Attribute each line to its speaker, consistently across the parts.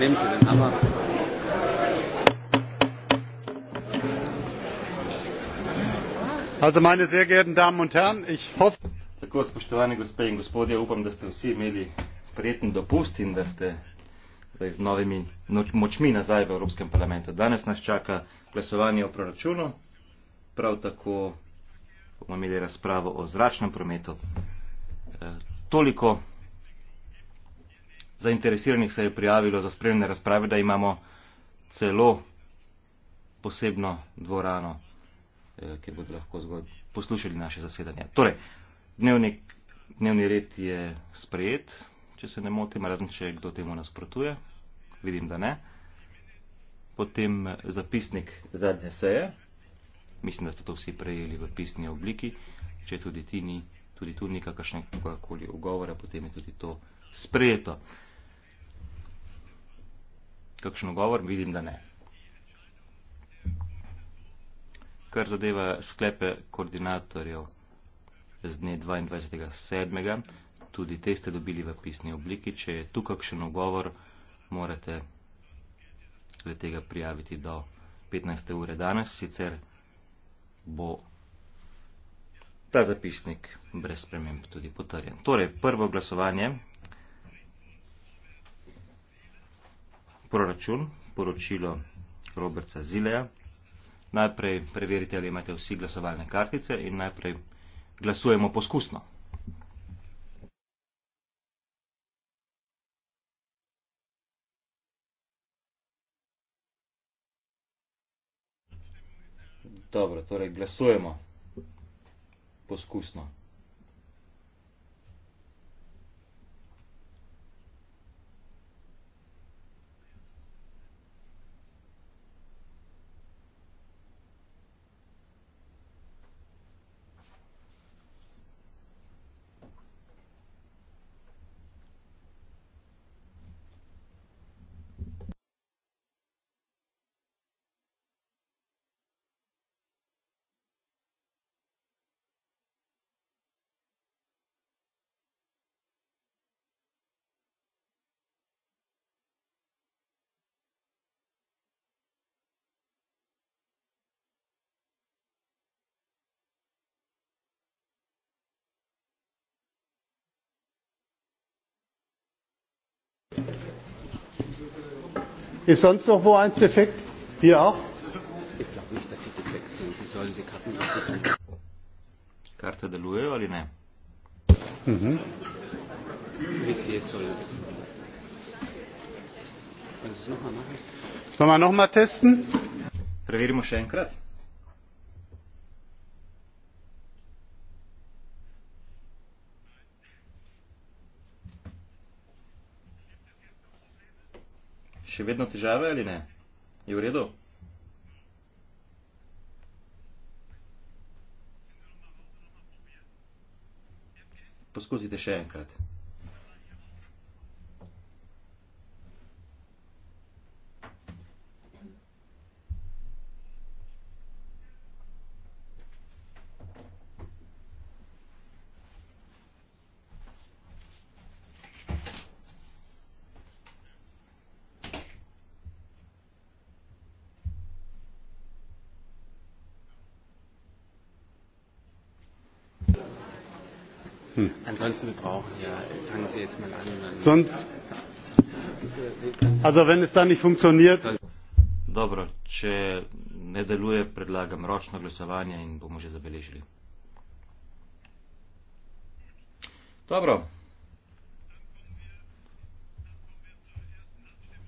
Speaker 1: nehmen Sie den Hammer. Also meine sehr geehrten Damen und Herren, ich hoffe. Tako, spoštovani gospe in gospodje, upam, da ste vsi imeli prijeten dopust in da ste zdaj z novimi močmi nazaj v Evropskem parlamentu. Danes nas čaka glasovanje o proračunu, prav tako bomo imeli razpravo o zračnem prometu. Eh, toliko zainteresiranih se je prijavilo za spremljene razprave, da imamo celo posebno dvorano, eh, kjer bodo lahko zgolj poslušali naše zasedanje. Torej, dnevnik, dnevni red je sprejet, če se ne motim, razen če kdo temu nasprotuje, vidim, da ne. Potem eh, zapisnik zadnje seje, mislim, da ste to vsi prejeli v pisni obliki, če tudi ti ni, tudi tu ni kakršnega koli ugovora, potem je tudi to sprejeto kakšen govor, vidim, da ne. Kar zadeva sklepe koordinatorjev z dne 22.7., tudi te ste dobili v pisni obliki. Če je tu kakšen govor, morate le tega prijaviti do 15. ure danes, sicer bo ta zapisnik brez sprememb tudi potrjen. Torej, prvo glasovanje. proračun, poročilo Roberta Zileja. Najprej preverite, ali imate vsi glasovalne kartice in najprej glasujemo poskusno. Dobro, torej glasujemo poskusno.
Speaker 2: Ist sonst noch wo ein Defekt? Hier auch?
Speaker 1: Ich glaube nicht, dass sie defekt sind. Wie sollen sie Karten ausdrücken? Karte der Lue oder nein? Mhm. Wie sie es sollen wissen. Können wir nochmal testen? Proberen wir es noch einmal. še vedno težave ali ne? Je v redu? Poskusite še enkrat. ansonsten brauchen. Ja, fangen Sie jetzt mal an. Sonst. Also, wenn es da nicht funktioniert. Dobro, če ne deluje, predlagam ročno glasovanje in bomo že zabeležili. Dobro.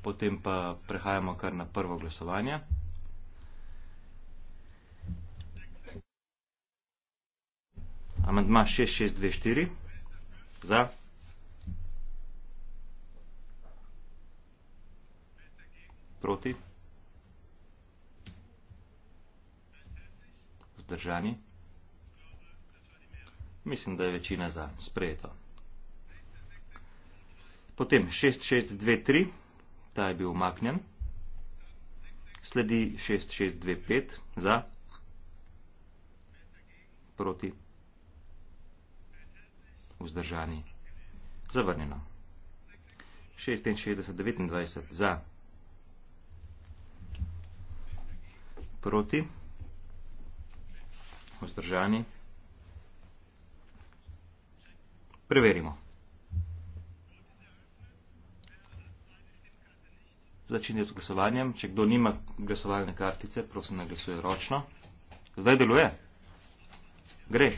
Speaker 1: Potem pa prehajamo kar na prvo glasovanje. Amandma 6624 za. Proti. Zdržani. Mislim, da je večina za sprejeto. Potem 6623, ta je bil umaknjen. Sledi 6625 za. Proti vzdržani. Zavrnjeno. 66-29 za. Proti. Vzdržani. Preverimo. Začinjajo z glasovanjem. Če kdo nima glasovalne kartice, prosim, naglasuje ročno. Zdaj deluje. Gre.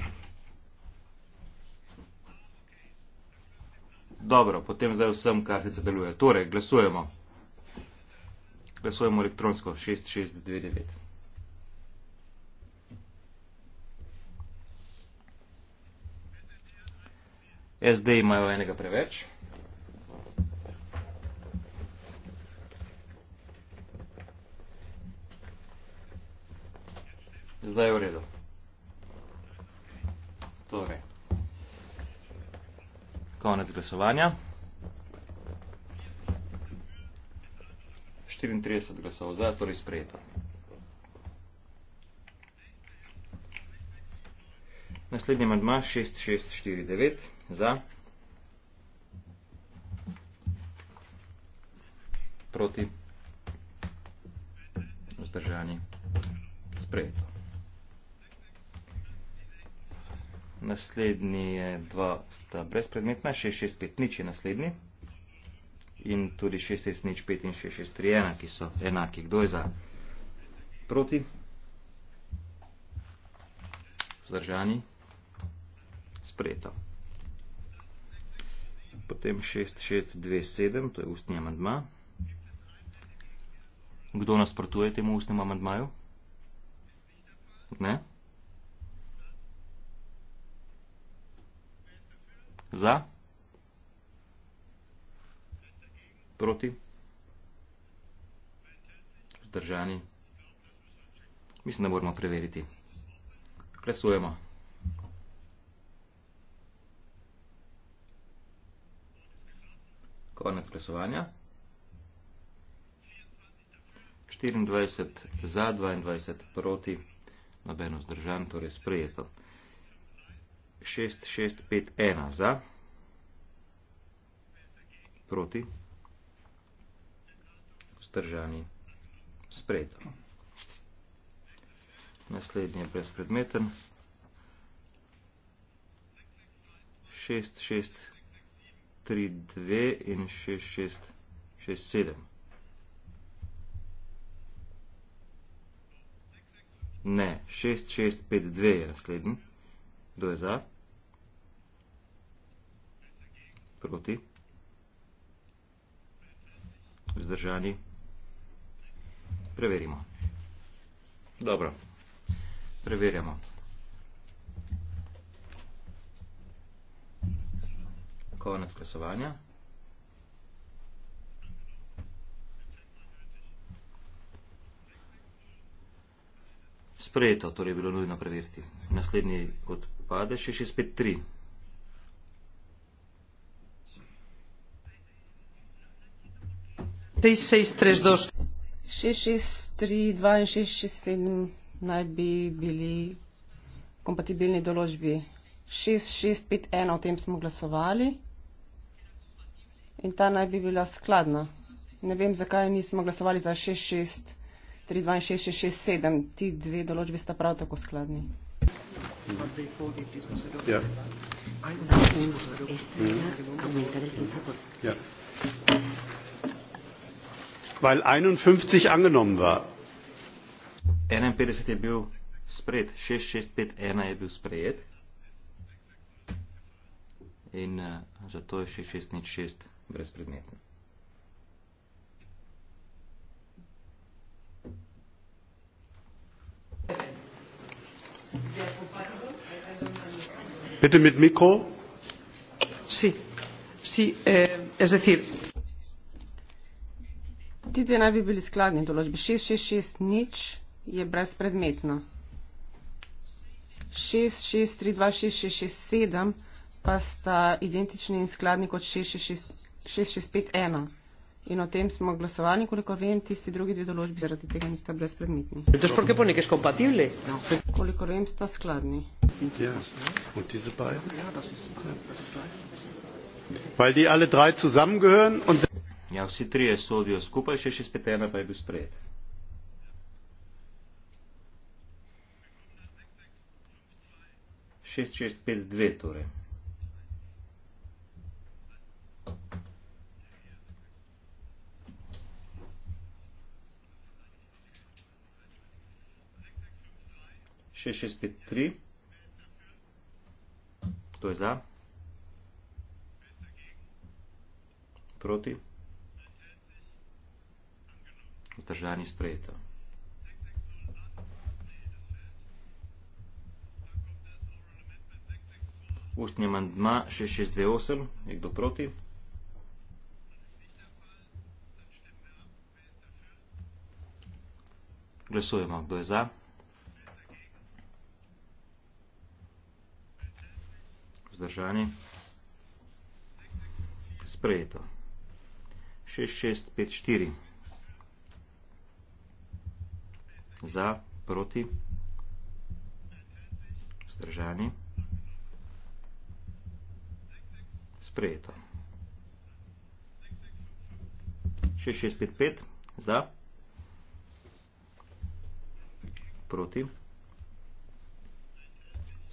Speaker 1: Dobro, potem zdaj vsem kartice deluje. Torej, glasujemo. Glasujemo elektronsko 6629. SD imajo enega preveč. Zdaj je v redu. Torej. Konec glasovanja. 34 glasov za, torej sprejeto. Naslednji mandma 6649 za. Proti. Zdržani. Sprejeto. naslednji je dva sta brezpredmetna, 665 nič je naslednji in tudi 660 nič 5 in 663 ena, ki so enaki, kdo je za proti zdržani sprejeto. Potem 6627, to je ustni amandma. Kdo nasprotuje temu ustnemu amandmaju? Ne? Ne? Za? Proti? Zdržani? Mislim, da moramo preveriti. Glasujemo. Konec glasovanja. 24 za, 22 proti, nobeno zdržan, torej sprejeto. 6651 za, proti, vzdržani, sprejeto. Naslednji je brezpredmeten. 6632 in 6667. Ne, 6652 je naslednji. Kdo je za? proti, vzdržani, preverimo. Dobro, preverjamo. Konec glasovanja. Sprejeto, torej je bilo nujno preveriti. Naslednji odpade, še še spet tri.
Speaker 3: 662 in 667 naj bi bili kompatibilni določbi. 6651 o tem smo glasovali in ta naj bi bila skladna. Ne vem, zakaj nismo glasovali za 6632 in 6667. Ti dve določbi sta prav tako skladni. Ja.
Speaker 1: Ja weil einundfünfzig angenommen war. In uh, zato je 6606 brezpredmeten.
Speaker 2: Bitte mit mikro.
Speaker 1: Si, si, eh, es decir
Speaker 3: ti dve naj bi bili skladni določbi. 666 nič je brezpredmetno. 6632667 pa sta identični in skladni kot 6651. In o tem smo glasovali, koliko vem, tisti drugi dve določbi zaradi tega nista brezpredmetni. Zato je porke ponekaj kompatibilni. No. Koliko vem, sta skladni. Ja, da si skladni.
Speaker 1: Weil die alle drei zusammengehören und. Ja, vsi trije sodijo skupaj, še šest pet ena pa je bil sprejet. Šest šest pet dve torej. Šest šest pet tri. To je za. Proti vzdržani sprejeto. Ustni mandma 6628, je kdo proti? Glasujemo, kdo je za? Vzdržani. Sprejeto. 6654. za, proti, vzdržani, sprejeto. Še 655 za, proti,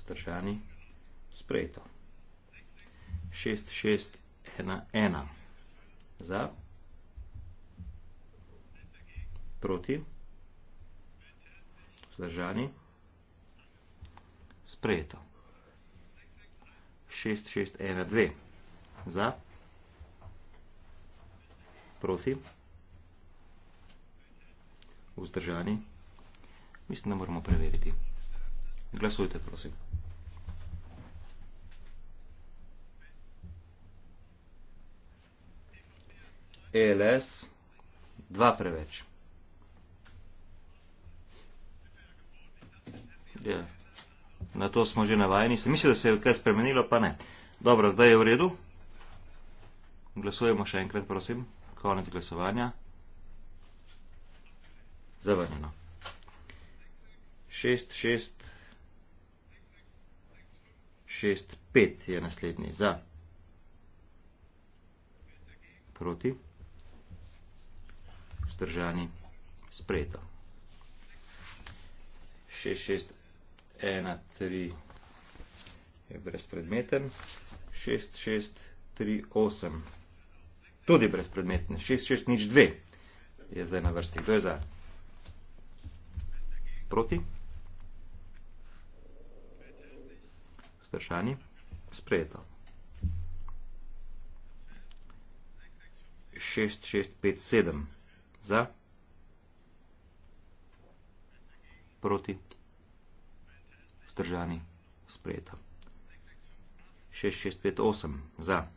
Speaker 1: vzdržani, sprejeto. 6611 za, proti, vzdržani, sprejeto vzdržani. Sprejeto. 6612. Za. Proti. Vzdržani. Mislim, da moramo preveriti. Glasujte, prosim. ELS, dva preveč. 6-6-1-2. Ja. Na to smo že navajeni. Se misli, da se je kaj spremenilo, pa ne. Dobro, zdaj je v redu. Glasujemo še enkrat, prosim. Konec glasovanja. Zavrnjeno. 6-6-6-5 je naslednji. Za. Proti. Vzdržani. Sprejeto. 6-6-5 ena, tri je brezpredmeten, šest, šest, tri, osem, tudi brezpredmetne, šest, šest, nič, dve je zdaj na vrsti. Kdo je za? Proti? Vstršani? Sprejeto. Šest, šest, pet, sedem. Za? Proti? Proti? Stržani sprejeta. 6658 za.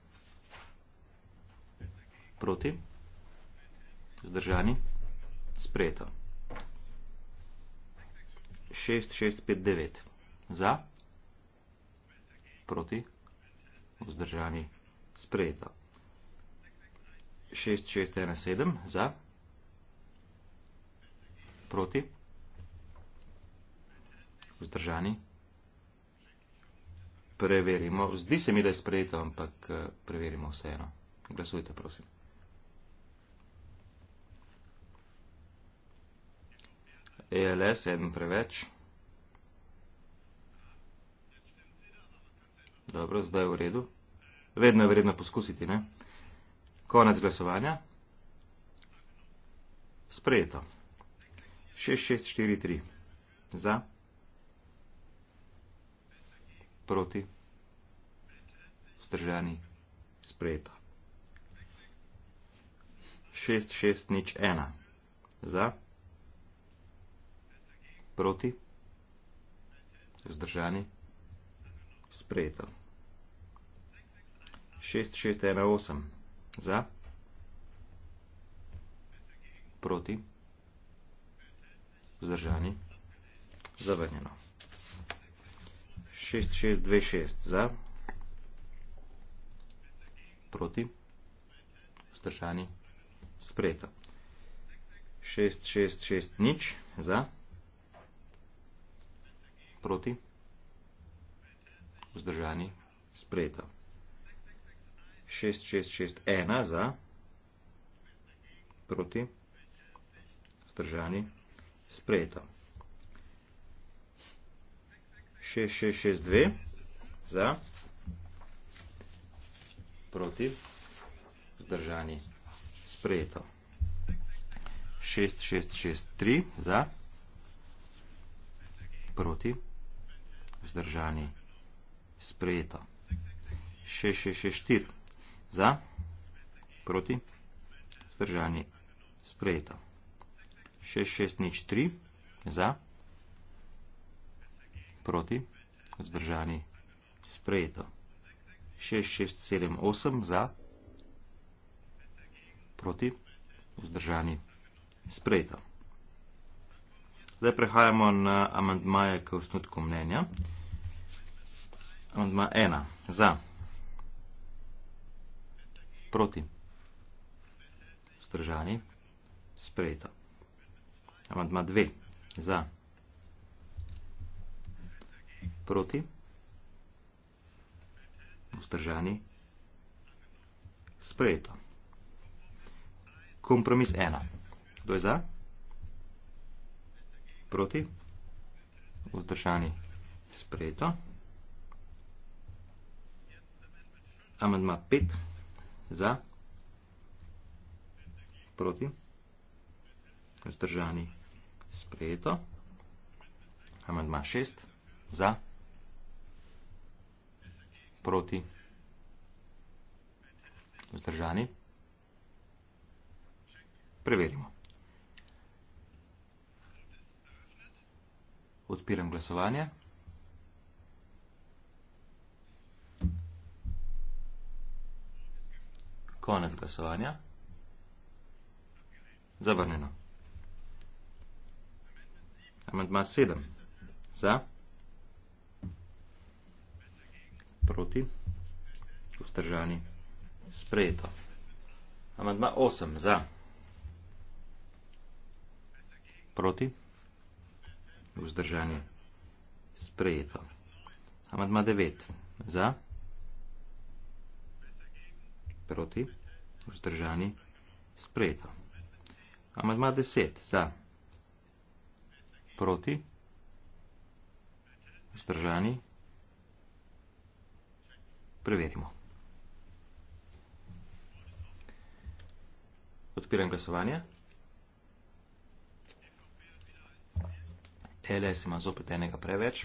Speaker 1: Proti. Zdržani sprejeta. 6659 za. Proti. Zdržani sprejeta. 6617 za. Proti vzdržani. Preverimo. Zdi se mi, da je sprejeto, ampak eh, preverimo vseeno. Glasujte, prosim. ELS, eden preveč. Dobro, zdaj je v redu. Vedno je vredno poskusiti, ne? Konec glasovanja. Sprejeto. 6643. Za proti, vzdržani, sprejeto. 6601 za, proti, vzdržani, sprejeto. 6618 za, proti, vzdržani, zavrnjeno. 6619. 6626 za, proti, vzdržani, sprejeto. 666 nič za, proti, vzdržani, sprejeto. 6661 za, proti, vzdržani, sprejeto. 6662 za proti zdržani sprejeto 6663 za proti zdržani sprejeto 6664 za proti zdržani sprejeto 6603 za proti proti, vzdržani, sprejeto. 6, 6, 7, 8 za, proti, vzdržani, sprejeto. Zdaj prehajamo na amandmaje k osnutku mnenja. Amandma 1 za, proti, vzdržani, sprejeto. Amandma 2 za, proti, vzdržani, sprejeto proti, vzdržani, sprejeto. Kompromis ena. Kdo je za? Proti, vzdržani, sprejeto. Amendma pet. Za, proti, vzdržani, sprejeto. Amendma šest. Za proti. Vzdržani. Preverimo. Odpiram glasovanje. Konec glasovanja. Zavrnjeno. Amendma 7. Za. proti, vzdržani, sprejeto. Amandma 8 za, proti, vzdržani, sprejeto. Amandma 9 za, proti, vzdržani, sprejeto. Amandma 10 za, proti, vzdržani, sprejeto. Preverimo. Odpiram glasovanje. LS ima zopet enega preveč.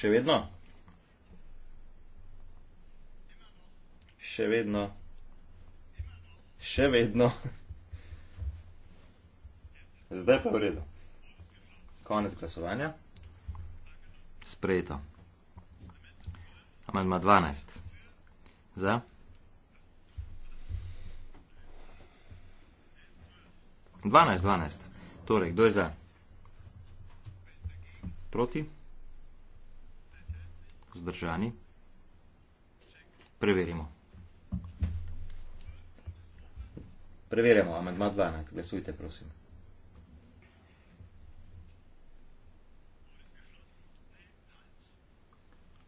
Speaker 1: Še vedno? Še vedno. Še vedno. Zdaj pa v redu. Konec glasovanja sprejeto. Amandma 12. Za? Dvanajst, dvanajst. Torej, kdo je za? Proti? Zdržani? Preverimo. Preverimo, amandma dvanajst. Glesujte, prosim.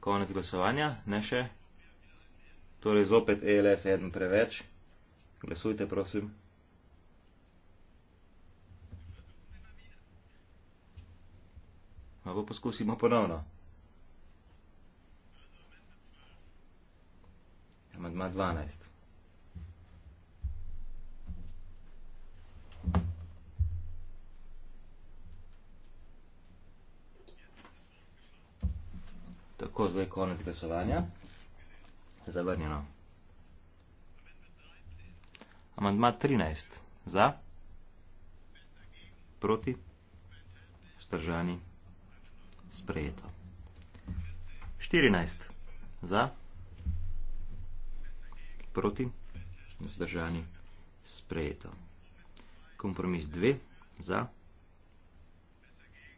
Speaker 1: konec glasovanja, ne še. Torej zopet ELS 1 preveč. Glasujte, prosim. Ampak poskusimo ponovno. Amadma 12. Tako, zdaj konec glasovanja. Zavrnjeno. Amandma 13. Za? Proti? Stržani? Sprejeto. 14. Za? Proti? Zdržani? Sprejeto. Kompromis 2. Za?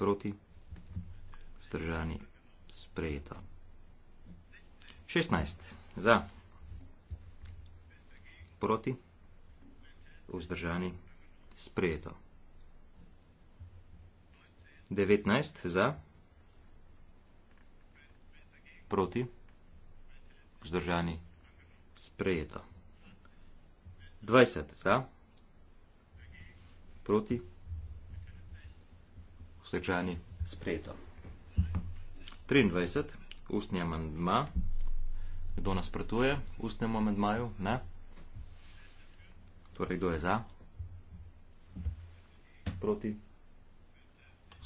Speaker 1: Proti? Zdržani? Sprejeto sprejeto. 16. Za. Proti. Vzdržani. Sprejeto. 19. Za. Proti. Vzdržani. Sprejeto. 20. Za. Proti. Vzdržani. Sprejeto. 23. Ustni amandma. Kdo nasprotuje ustnemu amandmaju? Ne. Torej, kdo je za? Proti?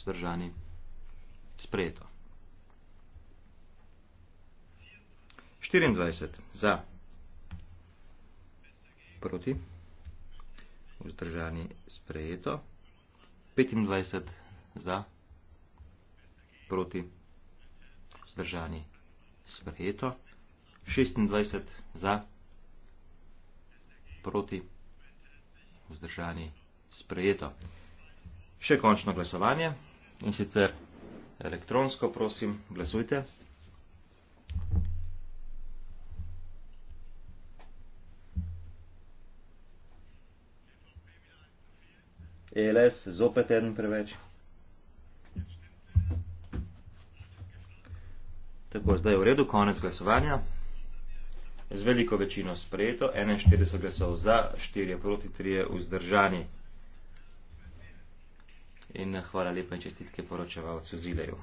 Speaker 1: Zdržani? Sprejeto. 24. Za. Proti? Vzdržani sprejeto. 25 za. Proti vzdržani. Sprejeto. 26 za. Proti. Vzdržani. Sprejeto. Še končno glasovanje. In sicer elektronsko, prosim, glasujte. ELS, zopet eden preveč. Tako, zdaj je v redu, konec glasovanja. Z veliko večino sprejeto, 41 glasov za, 4 proti, 3 vzdržani. In hvala lepa in čestitke poročevalcu Zidaju.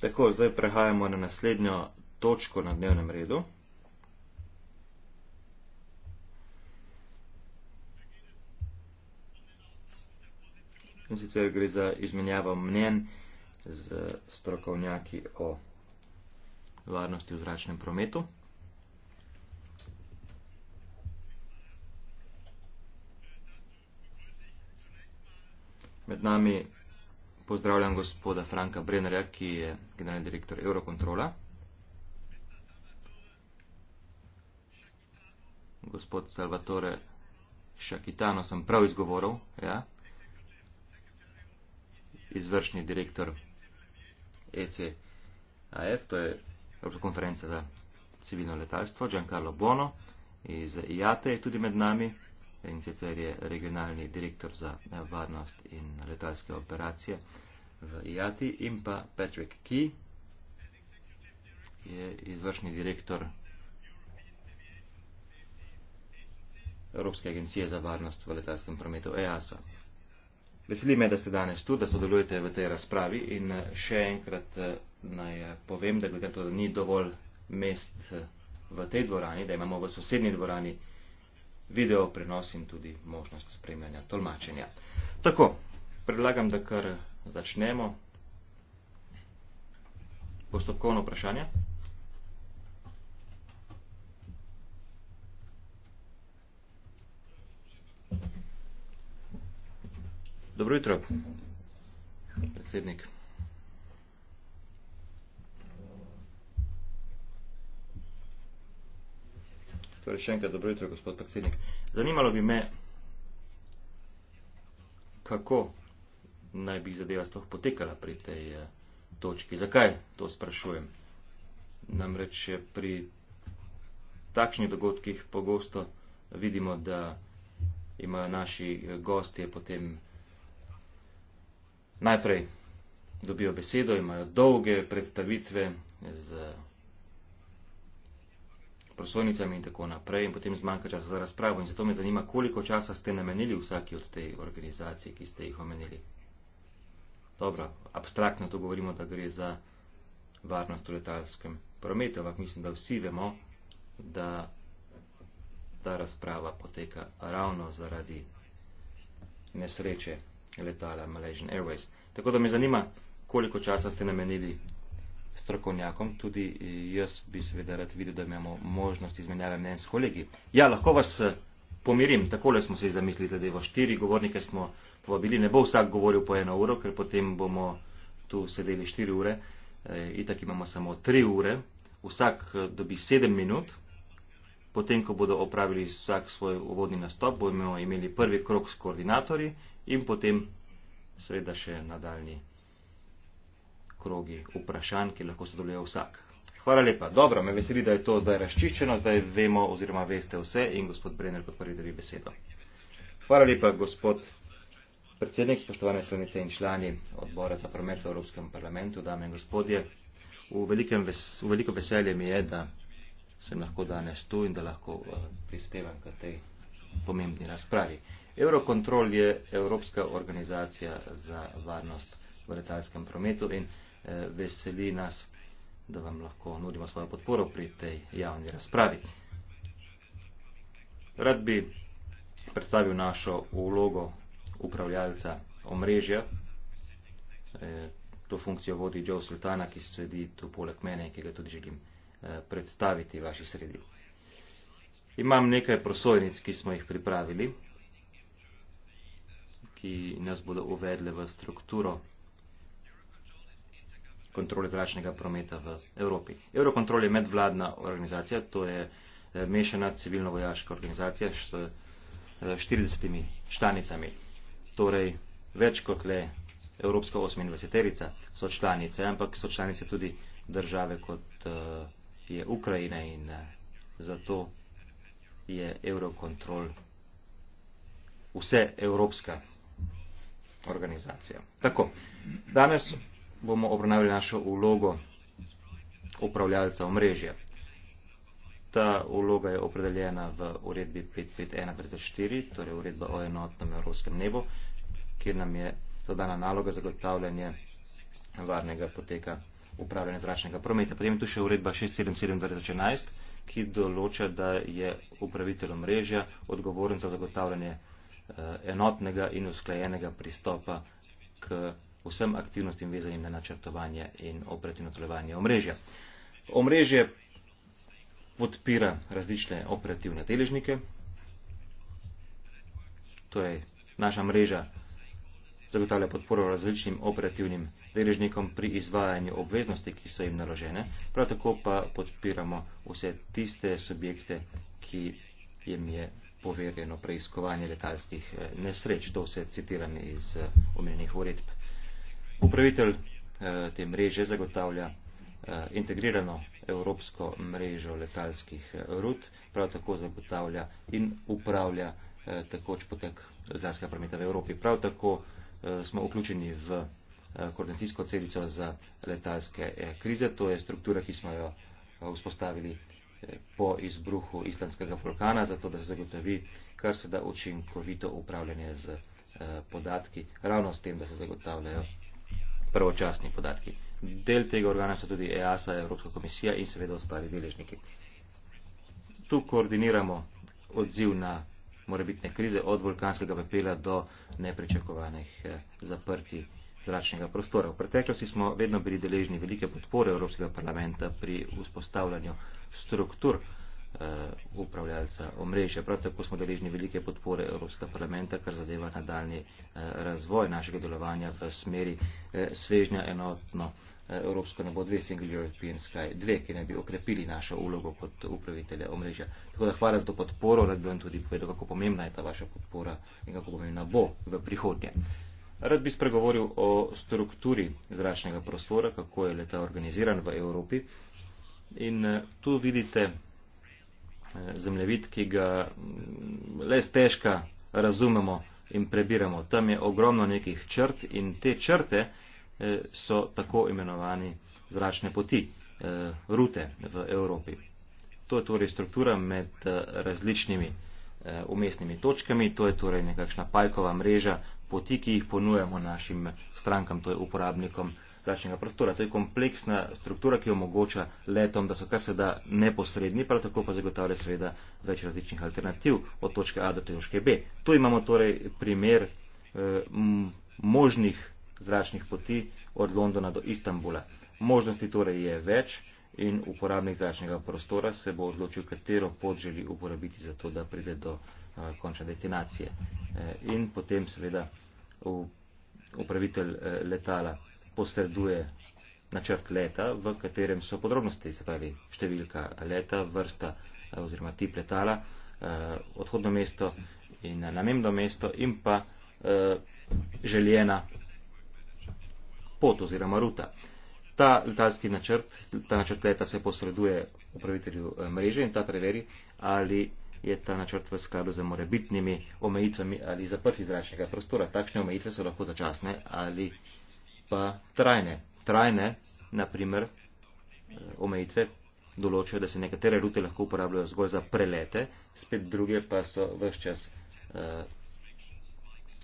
Speaker 1: Tako, zdaj prehajamo na naslednjo točko na dnevnem redu. In sicer gre za izmenjavo mnen z strokovnjaki o varnosti v zračnem prometu. Med nami pozdravljam gospoda Franka Brennerja, ki je generalni direktor Eurocontrola. Gospod Salvatore Šakitano sem prav izgovoril, ja? izvršni direktor ECAF, to je Evropska konferenca za civilno letalstvo, Giancarlo Bono iz IATE je tudi med nami in sicer je regionalni direktor za varnost in letalske operacije v IATI in pa Patrick Key je izvršni direktor Evropske agencije za varnost v letalskem prometu EASA. Veseli me, da ste danes tu, da sodelujete v tej razpravi in eh, še enkrat eh, naj eh, povem, da glede to, da ni dovolj mest v tej dvorani, da imamo v sosednji dvorani video prenos in tudi možnost spremljanja tolmačenja. Tako, predlagam, da kar začnemo. Postopkovno vprašanje. Dobro jutro, predsednik. Torej, še enkrat dobro jutro, gospod predsednik. Zanimalo bi me, kako naj bi zadeva sploh potekala pri tej eh, točki. Zakaj to sprašujem? Namreč eh, pri takšnih dogodkih pogosto vidimo, da imajo naši eh, gostje potem najprej dobijo besedo, imajo dolge predstavitve z prosojnicami in tako naprej in potem zmanjka časa za razpravo. In zato me zanima, koliko časa ste namenili vsaki od te organizacije, ki ste jih omenili. Dobro, abstraktno to govorimo, da gre za varnost v letalskem prometu, ampak mislim, da vsi vemo, da ta razprava poteka ravno zaradi nesreče letala Malaysian Airways. Tako da me zanima, koliko časa ste namenili strokovnjakom, tudi jaz bi seveda rad videl, da imamo možnost izmenjave mnen s kolegi. Ja, lahko vas eh, pomirim, takole smo se zamislili zadevo. Štiri govornike smo povabili, ne bo vsak govoril po eno uro, ker potem bomo tu sedeli štiri ure, e, itak imamo samo tri ure, vsak eh, dobi sedem minut. Potem, ko bodo opravili vsak svoj uvodni nastop, bomo imeli prvi krok s koordinatorji in potem seveda še nadaljni krogi vprašanj, ki lahko sodeluje vsak. Hvala lepa. Dobro, me veseli, da je to zdaj razčiščeno, zdaj vemo oziroma veste vse in gospod Brenner kot prvi drvi besedo. Hvala lepa, gospod predsednik, spoštovane članice in člani odbora za promet v Evropskem parlamentu, dame in gospodje. V, velikem, v veliko veselje mi je, da sem lahko danes tu in da lahko eh, prispevam k tej pomembni razpravi. Eurocontrol je Evropska organizacija za varnost v letalskem prometu in veseli nas, da vam lahko nudimo svojo podporo pri tej javni razpravi. Rad bi predstavil našo vlogo upravljalca omrežja. E, to funkcijo vodi Joe Sultana, ki sedi tu poleg mene in ki ga tudi želim e, predstaviti v vaši sredi. Imam nekaj prosojnic, ki smo jih pripravili, ki nas bodo uvedle v strukturo kontrole zračnega prometa v Evropi. Eurocontrol je medvladna organizacija, to je eh, mešana civilno-vojaška organizacija s 40 eh, članicami. Torej, več kot le Evropska 28-terica so članice, ampak so članice tudi države kot eh, je Ukrajina in zato je Eurocontrol vse evropska organizacija. Tako, danes bomo obravnavali našo vlogo upravljalca omrežja. Ta vloga je opredeljena v uredbi 551.4, torej uredba o enotnem evropskem nebu, kjer nam je zadana naloga zagotavljanje varnega poteka upravljanja zračnega prometa. Potem je tu še uredba 677.11, ki določa, da je upravitelj omrežja odgovoren za zagotavljanje eh, enotnega in usklajenega pristopa k vsem aktivnostim vezanim na načrtovanje in operativno delovanje omrežja. Omrežje podpira različne operativne deležnike. Torej, naša mreža zagotavlja podporo različnim operativnim deležnikom pri izvajanju obveznosti, ki so jim naložene, prav tako pa podpiramo vse tiste subjekte, ki jim je poverjeno preiskovanje letalskih eh, nesreč. To vse citiram iz eh, omenjenih uredb upravitelj eh, te mreže zagotavlja eh, integrirano evropsko mrežo letalskih eh, rut, prav tako zagotavlja in upravlja takoč potek letalskega prometa v Evropi. Prav tako smo vključeni v koordinacijsko celico za letalske krize, to je struktura, ki smo jo vzpostavili po izbruhu islandskega vulkana, zato da se zagotovi kar se da učinkovito upravljanje z podatki, ravno s tem, da se zagotavljajo prvočasni podatki. Del tega organa so tudi EASA, Evropska komisija in seveda ostali deležniki. Tu koordiniramo odziv na morebitne krize od vulkanskega pepela do nepričakovanih eh, zaprti zračnega prostora. V preteklosti smo vedno bili deležni velike podpore Evropskega parlamenta pri vzpostavljanju struktur uh, upravljalca omrežja. Prav tako smo deležni velike podpore Evropskega parlamenta, kar zadeva nadaljni uh, eh, razvoj našega delovanja v smeri uh, svežnja enotno uh, Evropsko nebo 2, Single European Sky 2, ki naj bi okrepili našo ulogo kot upravitelja omrežja. Tako da hvala za to podporo, rad bi vam tudi povedal, kako pomembna je ta vaša podpora in kako pomembna bo v prihodnje. Rad bi spregovoril o strukturi zračnega prostora, kako je leta organiziran v Evropi. In tu vidite zemljevid, ki ga mm, le stežka razumemo in prebiramo. Tam je ogromno nekih črt in te črte eh, so tako imenovani zračne poti, eh, rute v Evropi. To je torej struktura med eh, različnimi umestnimi točkami, to je torej nekakšna pajkova mreža poti, ki jih ponujemo našim strankam, to je uporabnikom zračnega prostora. To je kompleksna struktura, ki omogoča letom, da so kar se da neposredni, prav tako pa zagotavlja seveda več različnih alternativ od točke A do točke B. Tu imamo torej primer eh, možnih zračnih poti od Londona do Istanbula. Možnosti torej je več in uporabnik zračnega prostora se bo odločil, katero pot želi uporabiti za to, da pride do eh, končne destinacije. Eh, in potem seveda v, upravitelj eh, letala posreduje načrt leta, v katerem so podrobnosti, se pravi številka leta, vrsta eh, oziroma tip letala, eh, odhodno mesto in eh, namembno mesto in pa željena pot oziroma ruta. Ta letalski načrt, ta načrt leta se posreduje upravitelju mreže in ta preveri, ali je ta načrt v skladu z morebitnimi omejitvami ali zaprtih zračnega prostora. Takšne omejitve so lahko začasne ali pa trajne. Trajne, naprimer, eh, omejitve določajo, da se nekatere rute lahko uporabljajo zgolj za prelete, spet druge pa so vse čas eh,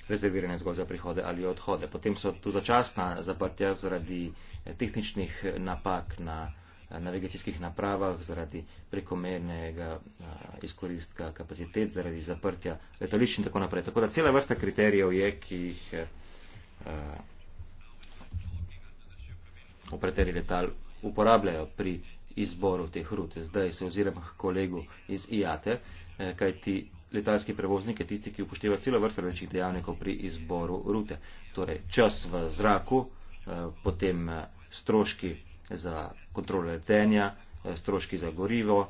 Speaker 1: rezervirane zgolj za prihode ali odhode. Potem so tu začasna zaprtja zaradi eh, tehničnih napak na navigacijskih napravah, zaradi prekomernega izkoristka kapacitet, zaradi zaprtja letališč in tako naprej. Tako da cela vrsta kriterijev je, ki jih. Uh, operateri letal uporabljajo pri izboru teh rut. Zdaj se oziram k kolegu iz IATE, eh, kaj ti letalski prevoznik je tisti, ki upošteva celo vrsto različnih dejavnikov pri izboru rute. Torej čas v zraku, eh, potem eh, stroški za kontrolo letenja, stroški za gorivo,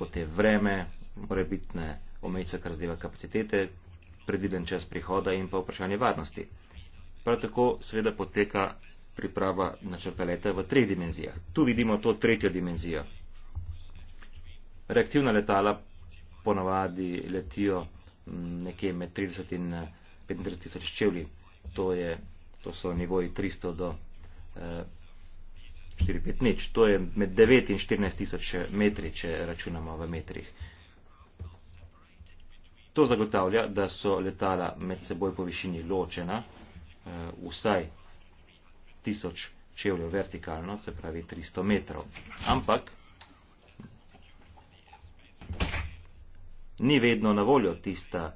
Speaker 1: potem vreme, morebitne omejitve, kar zadeva kapacitete, predviden čas prihoda in pa vprašanje varnosti. Prav tako seveda poteka priprava načrta leta v treh dimenzijah. Tu vidimo to tretjo dimenzijo. Reaktivna letala ponavadi letijo mm, nekje med 30 in 35 eh, tisoč čevlji. To, je, to so nivoji 300 do eh, 4-5 nič. To je med 9 in 14 tisoč metri, če računamo v metrih. To zagotavlja, da so letala med seboj po višini ločena, eh, vsaj tisoč čevljev vertikalno, se pravi 300 metrov. Ampak ni vedno na voljo tista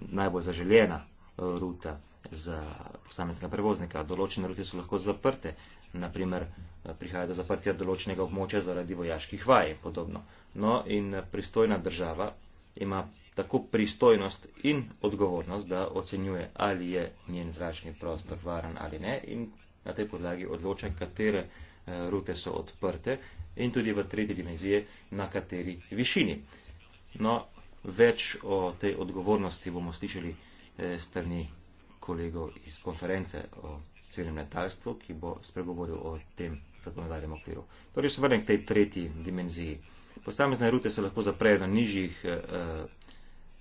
Speaker 1: najbolj zaželjena eh, ruta za posameznega prevoznika. Določene rute so lahko zaprte, naprimer eh, prihaja do zaprtja določenega območja zaradi vojaških vaj in podobno. No in eh, pristojna država ima tako pristojnost in odgovornost, da ocenjuje, ali je njen zračni prostor varen ali ne in na tej podlagi odloča, katere eh, rute so odprte in tudi v tretji dimenziji, na kateri višini. No, več o tej odgovornosti bomo slišali eh, strani kolegov iz konference o civilnem letalstvu, ki bo spregovoril o tem zakonodajnem okviru. Torej se vrnem k tej tretji dimenziji. Posamezne rute se lahko zaprejo na nižjih eh,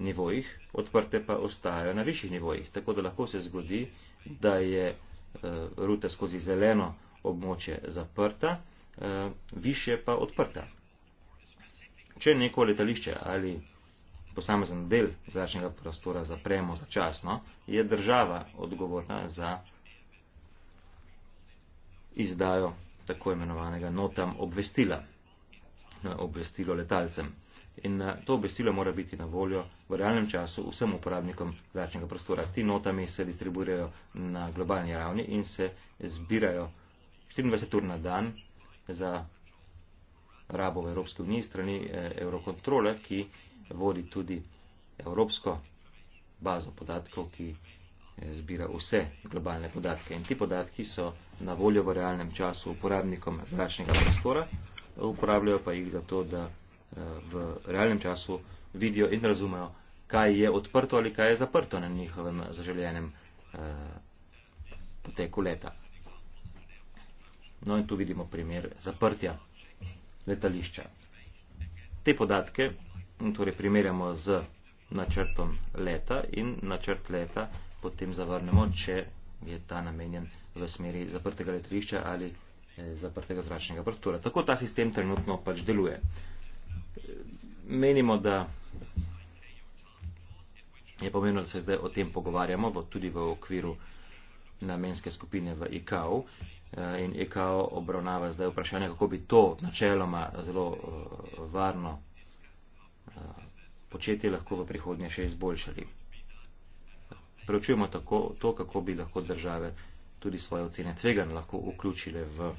Speaker 1: nivojih, odprte pa ostajajo na višjih nivojih. Tako da lahko se zgodi, da je Eh, rute skozi zeleno območje zaprta, eh, više pa odprta. Če neko letališče ali posamezen del zračnega prostora zapremo začasno, je država odgovorna za izdajo tako imenovanega notam obvestila, obvestilo letalcem in eh, to obvestilo mora biti na voljo v realnem času vsem uporabnikom zračnega prostora. Ti notami se distribuirajo na globalni ravni in se zbirajo 24 ur na dan za rabo v Evropski uniji strani eh, Eurokontrole, ki vodi tudi Evropsko bazo podatkov, ki eh, zbira vse globalne podatke. In ti podatki so na voljo v realnem času uporabnikom zračnega prostora, uporabljajo pa jih za to, da Eh, v realnem času vidijo in razumejo, kaj je odprto ali kaj je zaprto na njihovem zaželjenem eh, poteku leta. No in tu vidimo primer zaprtja letališča. Te podatke torej primerjamo z načrtom leta in načrt leta potem zavrnemo, če je ta namenjen v smeri zaprtega letališča ali eh, zaprtega zračnega prostora. Tako ta sistem trenutno pač deluje menimo, da je pomembno, da se zdaj o tem pogovarjamo, tudi v okviru namenske skupine v IKAO. Eh, in IKAO obravnava zdaj vprašanje, kako bi to načeloma zelo eh, varno eh, početje lahko v prihodnje še izboljšali. Preučujemo tako to, kako bi lahko države tudi svoje ocene tvegan lahko vključile v.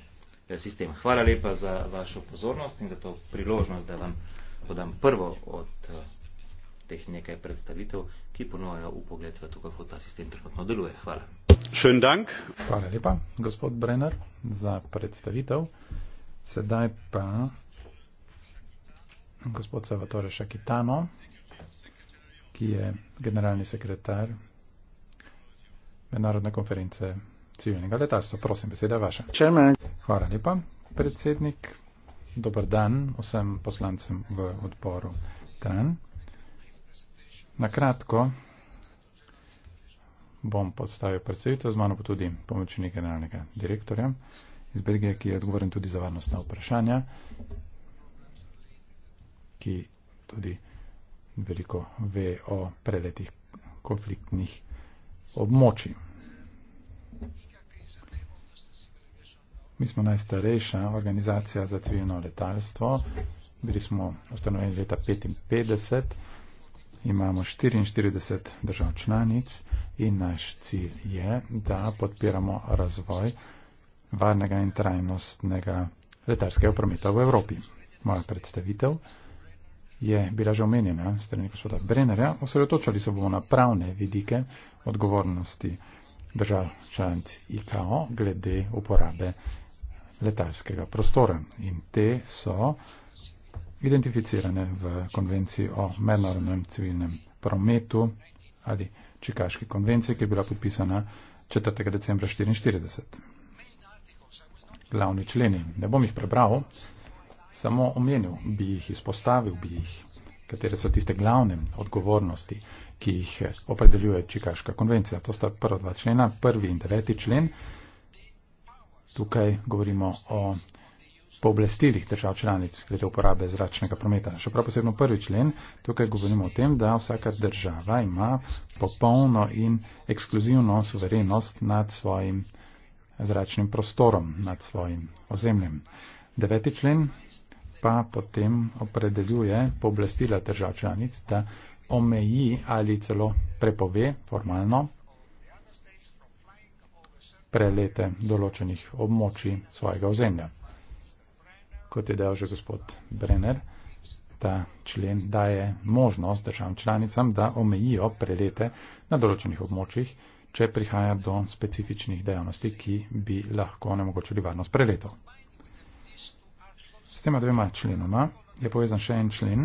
Speaker 1: Eh, sistem. Hvala lepa za vašo pozornost in za to priložnost, da vam podam prvo od eh, teh nekaj predstavitev, ki ponujajo upogled v to, kako ta sistem trenutno deluje. Hvala.
Speaker 2: Šen dank. Hvala lepa, gospod Brenner, za predstavitev. Sedaj pa gospod Salvatore Šakitano, ki je generalni sekretar Mednarodne konference civilnega letalstva. Prosim, beseda vaša. Čemen. Hvala lepa, predsednik. Dobar dan vsem poslancem v odporu TRAN. Na kratko bom postavil predstavitev, z mano pa tudi pomočnik generalnega direktorja iz Belgije, ki je odgovoren tudi za varnostna vprašanja, ki tudi veliko ve o preletih konfliktnih območij. Mi smo najstarejša organizacija za civilno letalstvo. Bili smo ustanovljeni leta 1955. Imamo 44 držav članic in naš cilj je, da podpiramo razvoj varnega in trajnostnega letalskega prometa v Evropi. Moja predstavitev je bila že omenjena strani gospoda Brennerja. Osredotočali se bomo na pravne vidike odgovornosti držav članic IKO glede uporabe letalskega prostora. In te so identificirane v konvenciji o mednarodnem civilnem prometu ali Čikaški konvenciji, ki je bila podpisana 4. decembra 1944. Glavni členi, ne bom jih prebral, samo omenil bi jih, izpostavil bi jih katere so tiste glavne odgovornosti, ki jih eh, opredeljuje Čikaška konvencija. To sta prva dva člena, prvi in deveti člen. Tukaj govorimo o pooblastilih držav članic glede uporabe zračnega prometa. Še prav posebno prvi člen, tukaj govorimo o tem, da vsaka država ima popolno in ekskluzivno suverenost nad svojim zračnim prostorom, nad svojim ozemljem. Deveti člen pa potem opredeljuje pooblastila držav članic, da omeji ali celo prepove formalno prelete določenih območij svojega ozemlja. Kot je dejal že gospod Brenner, ta člen daje možnost državam članicam, da omejijo prelete na določenih območjih, če prihaja do specifičnih dejavnosti, ki bi lahko onemogočili varnost preletov tema dvema členoma je povezan še en člen,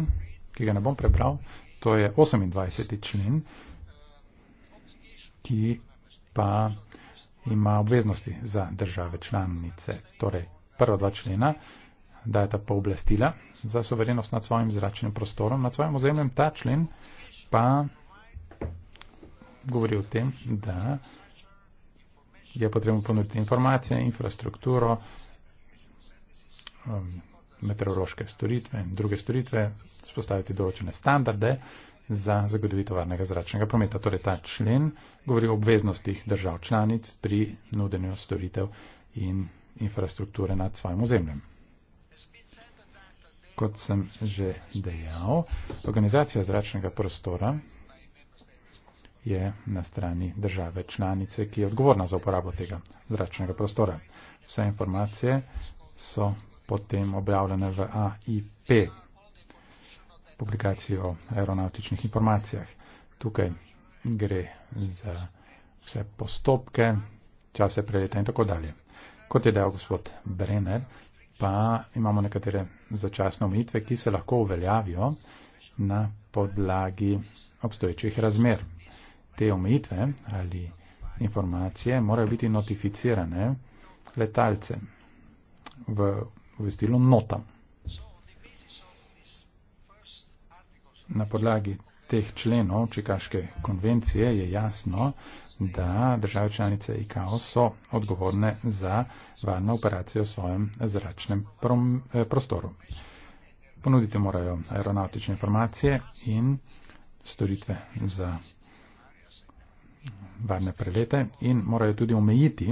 Speaker 2: ki ga ne bom prebral, to je 28. člen, ki pa ima obveznosti za države članice. Torej, prva dva člena dajeta pooblastila za soverenost nad svojim zračnim prostorom, nad svojim ozemljem. Ta člen pa govori o tem, da je potrebno ponuditi informacije, infrastrukturo, um, meteorološke storitve in druge storitve spostaviti določene standarde za zagotovitev varnega zračnega prometa. Torej ta člen govori o obveznostih držav članic pri nudenju storitev in infrastrukture nad svojim ozemljem. Kot sem že dejal, organizacija zračnega prostora je na strani države članice, ki je odgovorna za uporabo tega zračnega prostora. Vse informacije so potem objavljene v AIP, publikaciji o aeronautičnih informacijah. Tukaj gre za vse postopke, čase preleta in tako dalje. Kot je dejal gospod Brenner, pa imamo nekatere začasne omejitve, ki se lahko uveljavijo na podlagi obstoječih razmer. Te omejitve ali informacije morajo biti notificirane letalcem v obvestilo notam. Na podlagi teh členov Čikaške konvencije je jasno, da države članice IKO so odgovorne za varno operacijo v svojem zračnem prom, eh, prostoru. Ponuditi morajo aeronautične informacije in storitve za varne prelete in morajo tudi omejiti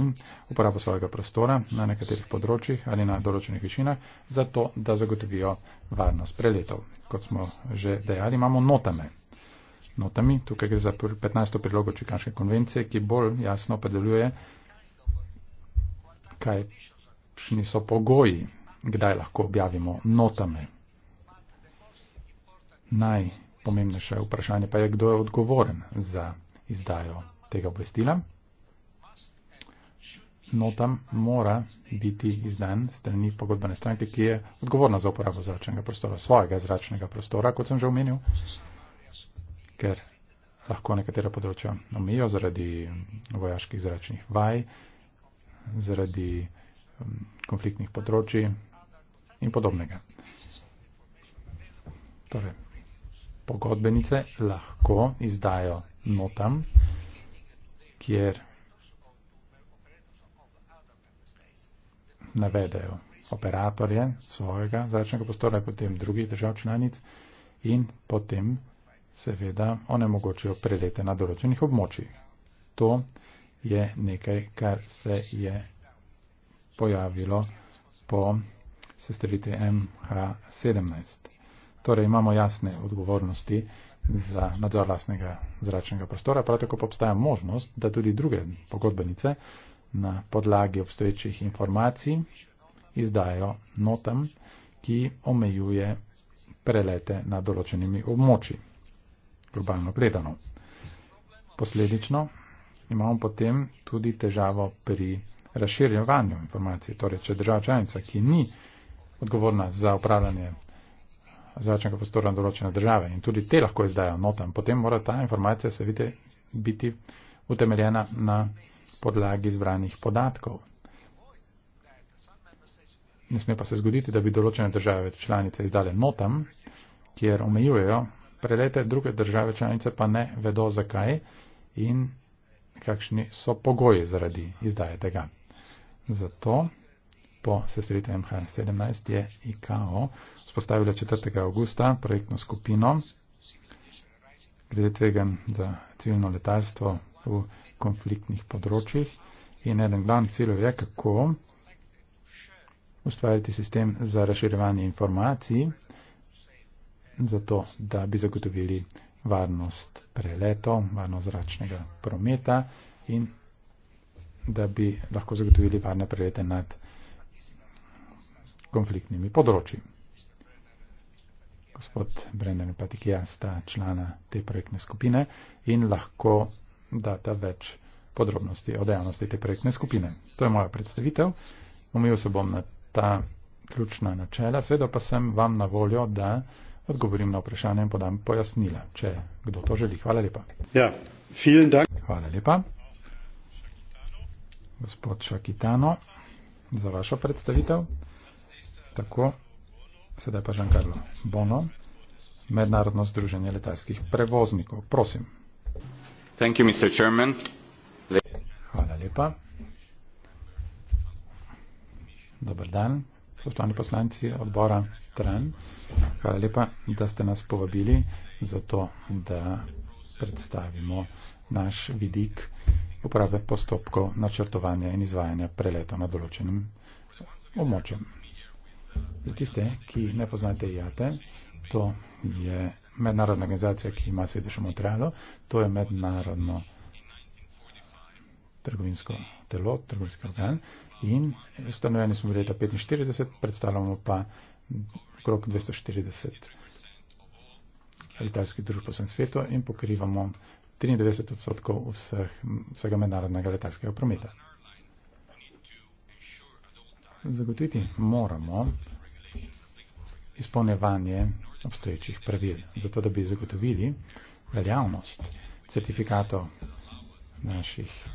Speaker 2: uporabo svojega prostora na nekaterih področjih ali na določenih višinah, zato da zagotovijo varnost preletov. Kot smo že dejali, imamo notame. Notami, tukaj gre za 15. prilogo Čikanske konvencije, ki bolj jasno opredeljuje, kaj niso pogoji, kdaj lahko objavimo notame. Najpomembnejše vprašanje pa je, kdo je odgovoren za izdajo tega obvestila. Nota mora biti izdan strani pogodbene stranke, ki je odgovorna za uporabo zračnega prostora, svojega zračnega prostora, kot sem že omenil, ker lahko nekatera področja omejijo zaradi vojaških zračnih vaj, zaradi um, konfliktnih področji in podobnega. Torej, pogodbenice lahko izdajo no tam, kjer navedejo operatorje svojega zračnega prostora, potem drugih držav članic in potem seveda onemogočijo prelete na določenih območij. To je nekaj, kar se je pojavilo po sestrelitvi MH17. Torej imamo jasne odgovornosti za nadzor lastnega zračnega prostora. Prav tako pa obstaja možnost, da tudi druge pogodbenice na podlagi obstoječih informacij izdajo notam, ki omejuje prelete na določenimi območji, globalno gledano. Posledično imamo potem tudi težavo pri razširjevanju informacij. Torej, če država članica, ki ni odgovorna za upravljanje zračnega prostora na določene države in tudi te lahko izdajo notam. Potem mora ta informacija seveda biti utemeljena na podlagi zbranih podatkov. Ne sme pa se zgoditi, da bi določene države članice izdale notam, kjer omejujejo prelete, druge države članice pa ne vedo zakaj in kakšni so pogoji zaradi izdaje tega. Zato po sestritvi MH17 je IKO spostavila 4. augusta projektno skupino glede tvegan za civilno letalstvo v konfliktnih področjih in eden glavnih ciljev je, kako ustvariti sistem za razširjevanje informacij, zato da bi zagotovili varnost preleto, varnost zračnega prometa in da bi lahko zagotovili varne prelete nad konfliktnimi področji gospod Brendan Patikija sta člana te projektne skupine in lahko data več podrobnosti o dejavnosti te projektne skupine. To je moja predstavitev. Omejil se bom na ta ključna načela, seveda pa sem vam na voljo, da odgovorim na vprašanje in podam pojasnila, če kdo to želi. Hvala lepa. Ja, Hvala lepa. Gospod Šakitano, za vašo predstavitev. Tako. Sedaj pa Žankarlo Bono, Mednarodno združenje letalskih prevoznikov. Prosim. Thank you, Mr. Chairman. Hvala lepa. Dobar dan, spoštovani poslanci odbora TRAN. Hvala lepa, da ste nas povabili za to, da predstavimo naš vidik uporabe postopkov načrtovanja in izvajanja preleta na določenem območju. Za tiste, ki ne poznate IATE, to je mednarodna organizacija, ki ima sedež v Montrealu, to je mednarodno trgovinsko telo, trgovinski organ in ustanovljeni smo bili leta 1945, predstavljamo pa krok 240 letalskih družb po vsem svetu in pokrivamo 93 odstotkov vseh, vsega mednarodnega letalskega prometa zagotoviti moramo izpolnevanje obstoječih pravil, zato da bi zagotovili veljavnost certifikatov naših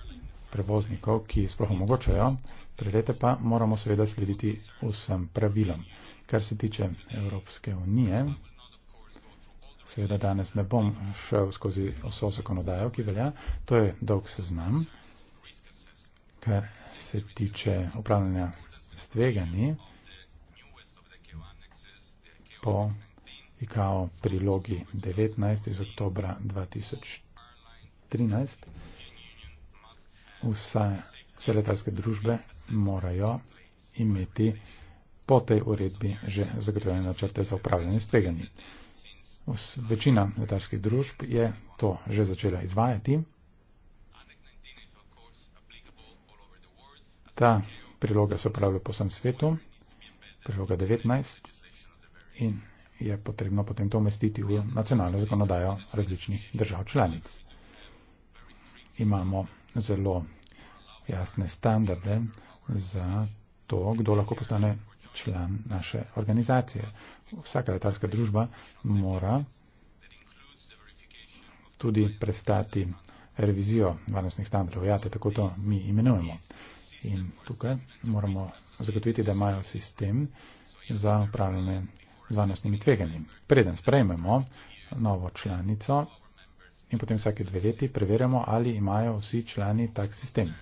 Speaker 2: prevoznikov, ki sploh omogočajo prelete, torej pa moramo seveda slediti vsem pravilom. Kar se tiče Evropske unije, seveda danes ne bom šel skozi vso zakonodajo, ki velja, to je dolg seznam, kar se tiče upravljanja stvegani po IKAO prilogi 19 iz oktobra 2013. Vse, vse letalske družbe morajo imeti po tej uredbi že zagotovljene načrte za upravljanje stvegani. Večina letalskih družb je to že začela izvajati. Ta priloga se pravijo po vsem svetu, priloga 19 in je potrebno potem to umestiti v nacionalno zakonodajo različnih držav članic. Imamo zelo jasne standarde za to, kdo lahko postane član naše organizacije. Vsaka letalska družba mora tudi prestati revizijo varnostnih standardov. Ja, tako to mi imenujemo. In tukaj moramo zagotoviti, da imajo sistem za upravljanje z varnostnimi tveganji. Preden sprejmemo novo članico in potem vsake dve leti preverjamo, ali imajo vsi člani tak sistem.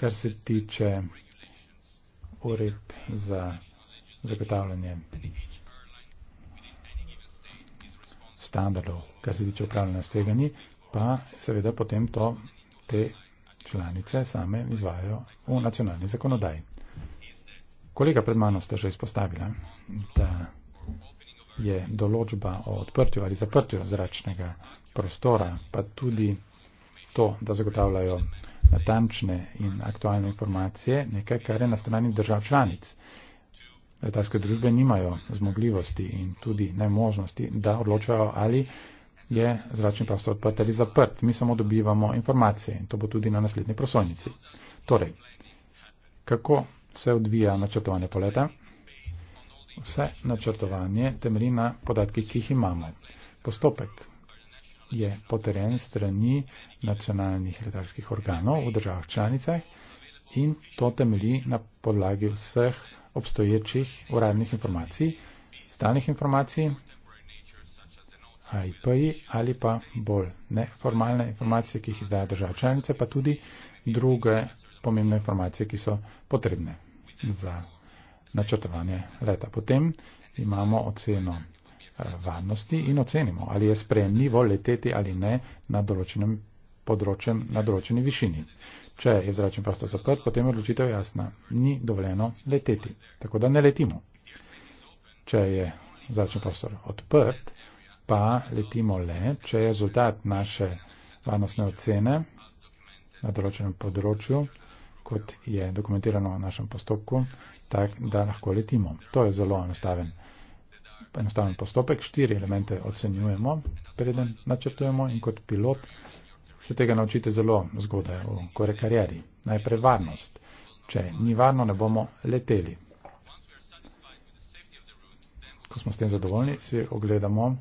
Speaker 2: Kar se tiče ured za zagotavljanje standardov, kar se tiče upravljanja s tveganji, pa seveda potem to te članice same izvajajo v nacionalni zakonodaji. Kolega pred mano ste že izpostavila, da je določba o odprtju ali zaprtju zračnega prostora, pa tudi to, da zagotavljajo natančne in aktualne informacije, nekaj, kar je na strani držav članic. Letalske družbe nimajo zmogljivosti in tudi ne možnosti, da odločajo ali je zračni prostor odprt ali zaprt. Mi samo dobivamo informacije in to bo tudi na naslednji prosojnici. Torej, kako se odvija načrtovanje poleta? Vse načrtovanje temelji na podatkih, ki jih imamo. Postopek je poterjen strani nacionalnih letalskih organov v državah članicah in to temelji na podlagi vseh obstoječih uradnih informacij, stalnih informacij AIP-ji ali pa bolj neformalne informacije, ki jih izdaja država članica, pa tudi druge pomembne informacije, ki so potrebne za načrtovanje leta. Potem imamo oceno eh, varnosti in ocenimo, ali je sprejemljivo leteti ali ne na določenem področjem, na določeni višini. Če je zračni prostor zaprt, potem je odločitev jasna. Ni dovoljeno leteti. Tako da ne letimo. Če je zračni prostor odprt, pa letimo le, če je rezultat naše varnostne ocene na določenem področju, kot je dokumentirano v našem postopku, tak, da lahko letimo. To je zelo enostaven, enostaven postopek. Štiri elemente ocenjujemo, preden načrtujemo in kot pilot se tega naučite zelo zgodaj v kore karjeri. Najprej varnost. Če ni varno, ne bomo leteli. Ko smo s tem zadovoljni, si ogledamo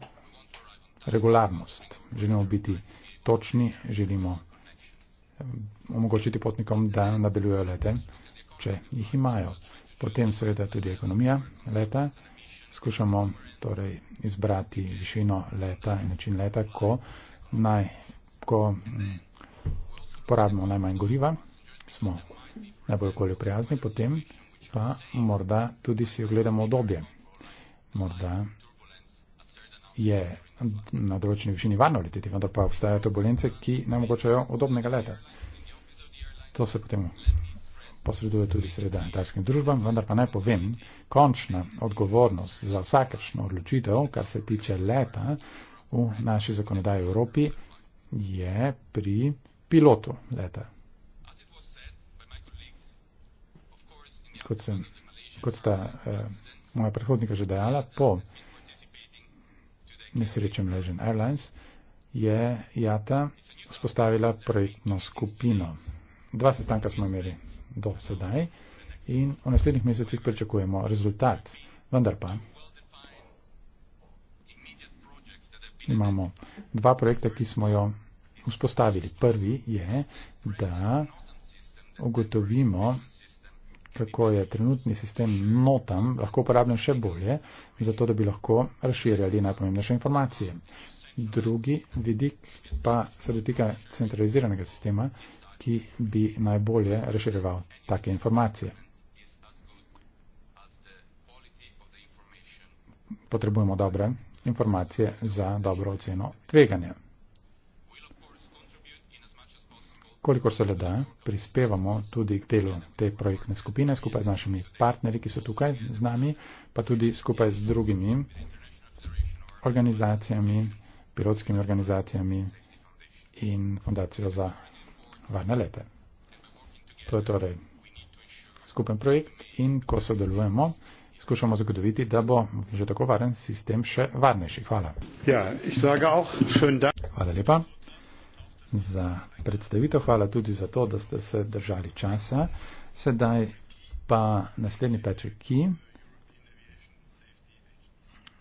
Speaker 2: regularnost. Želimo biti točni, želimo eh, omogočiti potnikom, da nadaljujejo lete, če jih imajo. Potem seveda tudi ekonomija leta. Skušamo torej izbrati višino leta in način leta, ko, naj, ko mm, porabimo najmanj goriva, smo najbolj okolju prijazni, potem pa morda tudi si ogledamo obdobje. Morda je na določeni višini varno leteti, vendar pa obstajajo turbulence, ki nam omogočajo odobnega leta. To se potem posreduje tudi sredo letalskim družbam, vendar pa naj povem, končna odgovornost za vsakršno odločitev, kar se tiče leta v naši zakonodaji Evropi, je pri pilotu leta. Kot, sem, kot sta uh, moja predhodnika že dejala, po uh, nesrečem Legion Airlines, je JATA spostavila projektno skupino. Dva sestanka smo imeli do sedaj in v naslednjih mesecih pričakujemo rezultat. Vendar pa imamo dva projekta, ki smo jo vzpostavili. Prvi je, da ugotovimo, kako je trenutni sistem notam, lahko uporabljen še bolje, zato da bi lahko razširjali najpomembnejše informacije. Drugi vidik pa se dotika centraliziranega sistema, ki bi najbolje reševal take informacije. Potrebujemo dobre informacije za dobro oceno tveganja. kolikor se le da, prispevamo tudi k delu te projektne skupine skupaj z našimi partnerji, ki so tukaj z nami, pa tudi skupaj z drugimi organizacijami, pilotskimi organizacijami in Fundacijo za varne lete. To je torej skupen projekt in ko sodelujemo, skušamo zagotoviti, da bo že tako varen sistem še varnejši. Hvala. Ja, ich sage auch, schön Hvala lepa za predstavitev, hvala tudi za to, da ste se držali časa. Sedaj pa naslednji Patrick Key,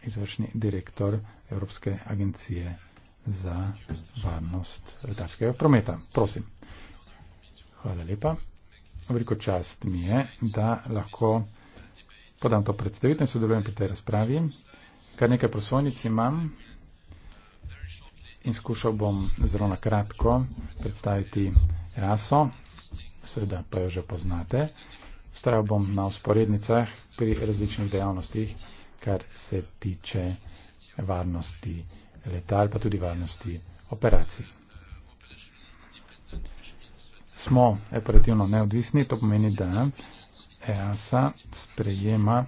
Speaker 2: izvršni direktor Evropske agencije za varnost letalskega prometa. Prosim. Hvala lepa. Veliko čast mi je, da lahko podam to predstavitev in sodelujem pri tej razpravi. Kar nekaj prosojnic imam in skušal bom zelo na kratko predstaviti raso, seveda pa jo že poznate. Vstrajal bom na usporednicah pri različnih dejavnostih, kar se tiče varnosti letal, pa tudi varnosti operacij. Smo operativno neodvisni, to pomeni, da EASA sprejema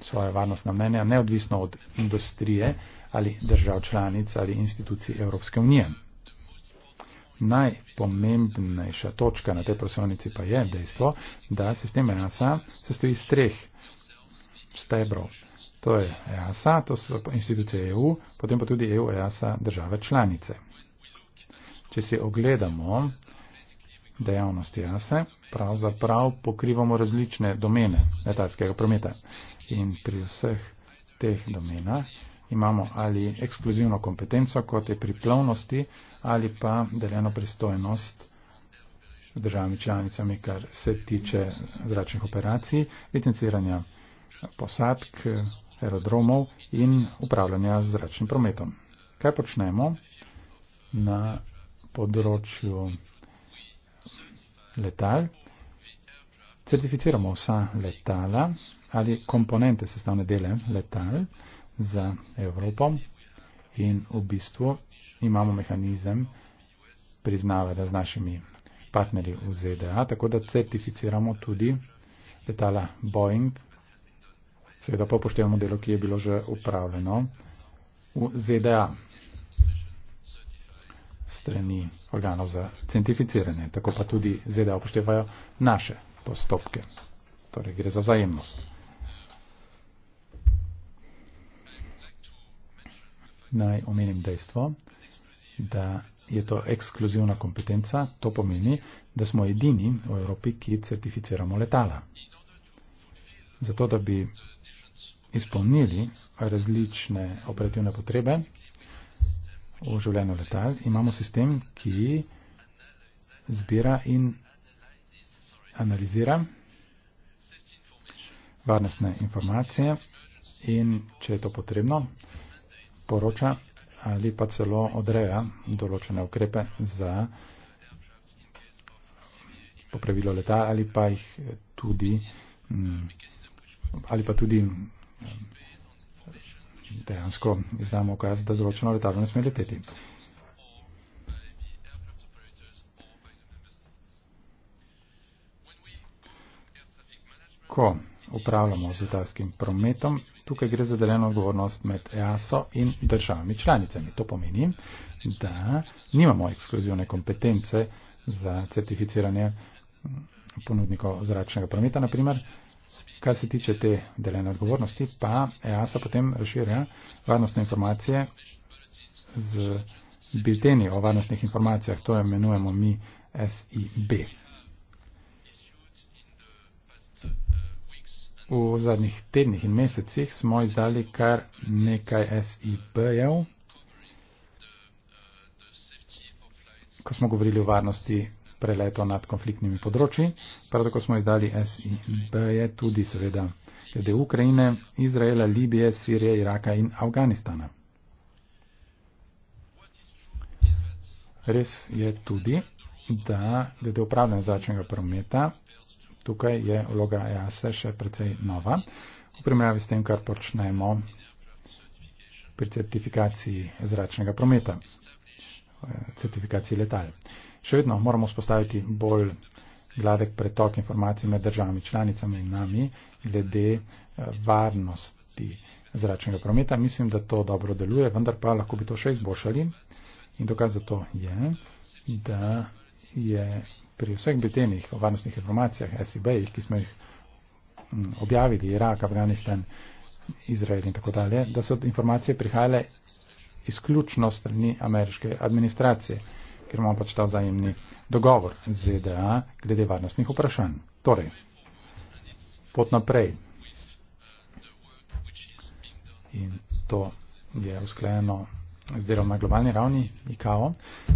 Speaker 2: svoje varnostna mnenja neodvisno od industrije, ali držav članic ali institucij Evropske unije. Najpomembnejša točka na tej prosovnici pa je dejstvo, da sistem EASA sestoji iz treh stebrov. To je EASA, to so institucije EU, potem pa tudi EU EASA države članice. Če si ogledamo dejavnosti EASA, pravzaprav pokrivamo različne domene letalskega prometa. In pri vseh teh domenah imamo ali ekskluzivno kompetenco, kot je priplovnosti, ali pa deljeno pristojnost z državami članicami, kar se tiče zračnih operacij, licenciranja posadk, aerodromov in upravljanja z zračnim prometom. Kaj počnemo na področju letal? Certificiramo vsa letala ali komponente sestavne dele letal za Evropo in v bistvu imamo mehanizem priznavanja z našimi partnerji v ZDA, tako da certificiramo tudi letala Boeing, seveda po poštevnemu delu, ki je bilo že upravljeno v ZDA strani organov za certificiranje. Tako pa tudi ZDA upoštevajo naše postopke. Torej gre za vzajemnost. naj omenim dejstvo, da je to ekskluzivna kompetenca, to pomeni, da smo edini v Evropi, ki certificiramo letala. Zato, da bi izpolnili različne operativne potrebe v življenju letal, imamo sistem, ki zbira in analizira varnostne informacije in, če je to potrebno, poroča ali pa celo odreja določene ukrepe za popravilo leta ali pa jih tudi mm, ali pa tudi mm, dejansko izdamo ukaz, da določeno letalo ne sme leteti. Ko upravljamo z letalskim prometom. Tukaj gre za deljeno odgovornost med EASO in državami članicami. To pomeni, da nimamo ekskluzivne kompetence za certificiranje ponudnikov zračnega prometa, naprimer. Kar se tiče te deljene odgovornosti, pa EASA potem razširja varnostne informacije z bilteni o varnostnih informacijah, to imenujemo mi SIB. V zadnjih tednih in mesecih smo izdali kar nekaj SIP-jev, ko smo govorili o varnosti preleto nad konfliktnimi področji. Prav tako smo izdali SIP-je tudi seveda glede Ukrajine, Izraela, Libije, Sirije, Iraka in Afganistana. Res je tudi, da glede upravljanja zračnega prometa Tukaj je vloga EASE še precej nova. V primerjavi s tem, kar počnemo pri certifikaciji zračnega prometa, certifikaciji letal. Še vedno moramo spostaviti bolj gladek pretok informacij med državami članicami in nami glede eh, varnosti zračnega prometa. Mislim, da to dobro deluje, vendar pa lahko bi to še izboljšali. In dokaz za to je, da je pri vseh biltenih o varnostnih informacijah, SIB-jih, ki smo jih mm, objavili, Irak, Afganistan, Izrael in tako dalje, da so informacije prihajale izključno strani ameriške administracije, ker imamo pač ta zajemni dogovor z ZDA glede varnostnih vprašanj. Torej, pot naprej. In to je usklajeno z delom na globalni ravni ICAO,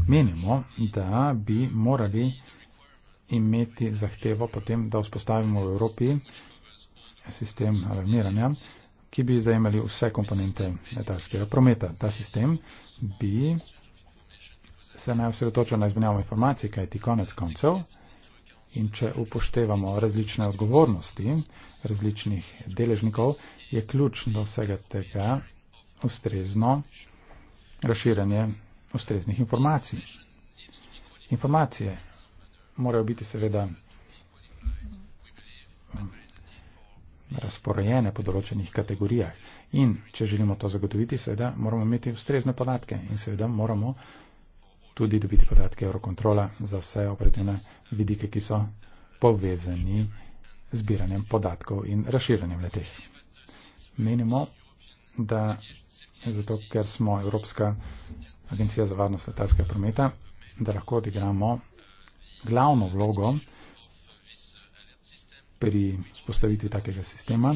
Speaker 2: menimo, da bi morali uh, imeti zahtevo potem, da vzpostavimo v Evropi sistem alarmiranja, ki bi zajemali vse komponente letalskega prometa. Ta sistem bi se naj osredotočil na izmenjavo informacij, kaj ti konec koncev. In če upoštevamo različne odgovornosti različnih deležnikov, je ključ do vsega tega ustrezno razširanje ustreznih informacij. Informacije morajo biti seveda um, razporejene po določenih kategorijah. In če želimo to zagotoviti, seveda moramo imeti ustrezne podatke in seveda moramo tudi dobiti podatke Eurocontrola za vse operativne vidike, ki so povezani z zbiranjem podatkov in razširanjem leteh. Menimo, da zato, ker smo Evropska agencija za varnost letalskega prometa, da lahko odigramo glavno vlogo pri vzpostavitvi takega sistema.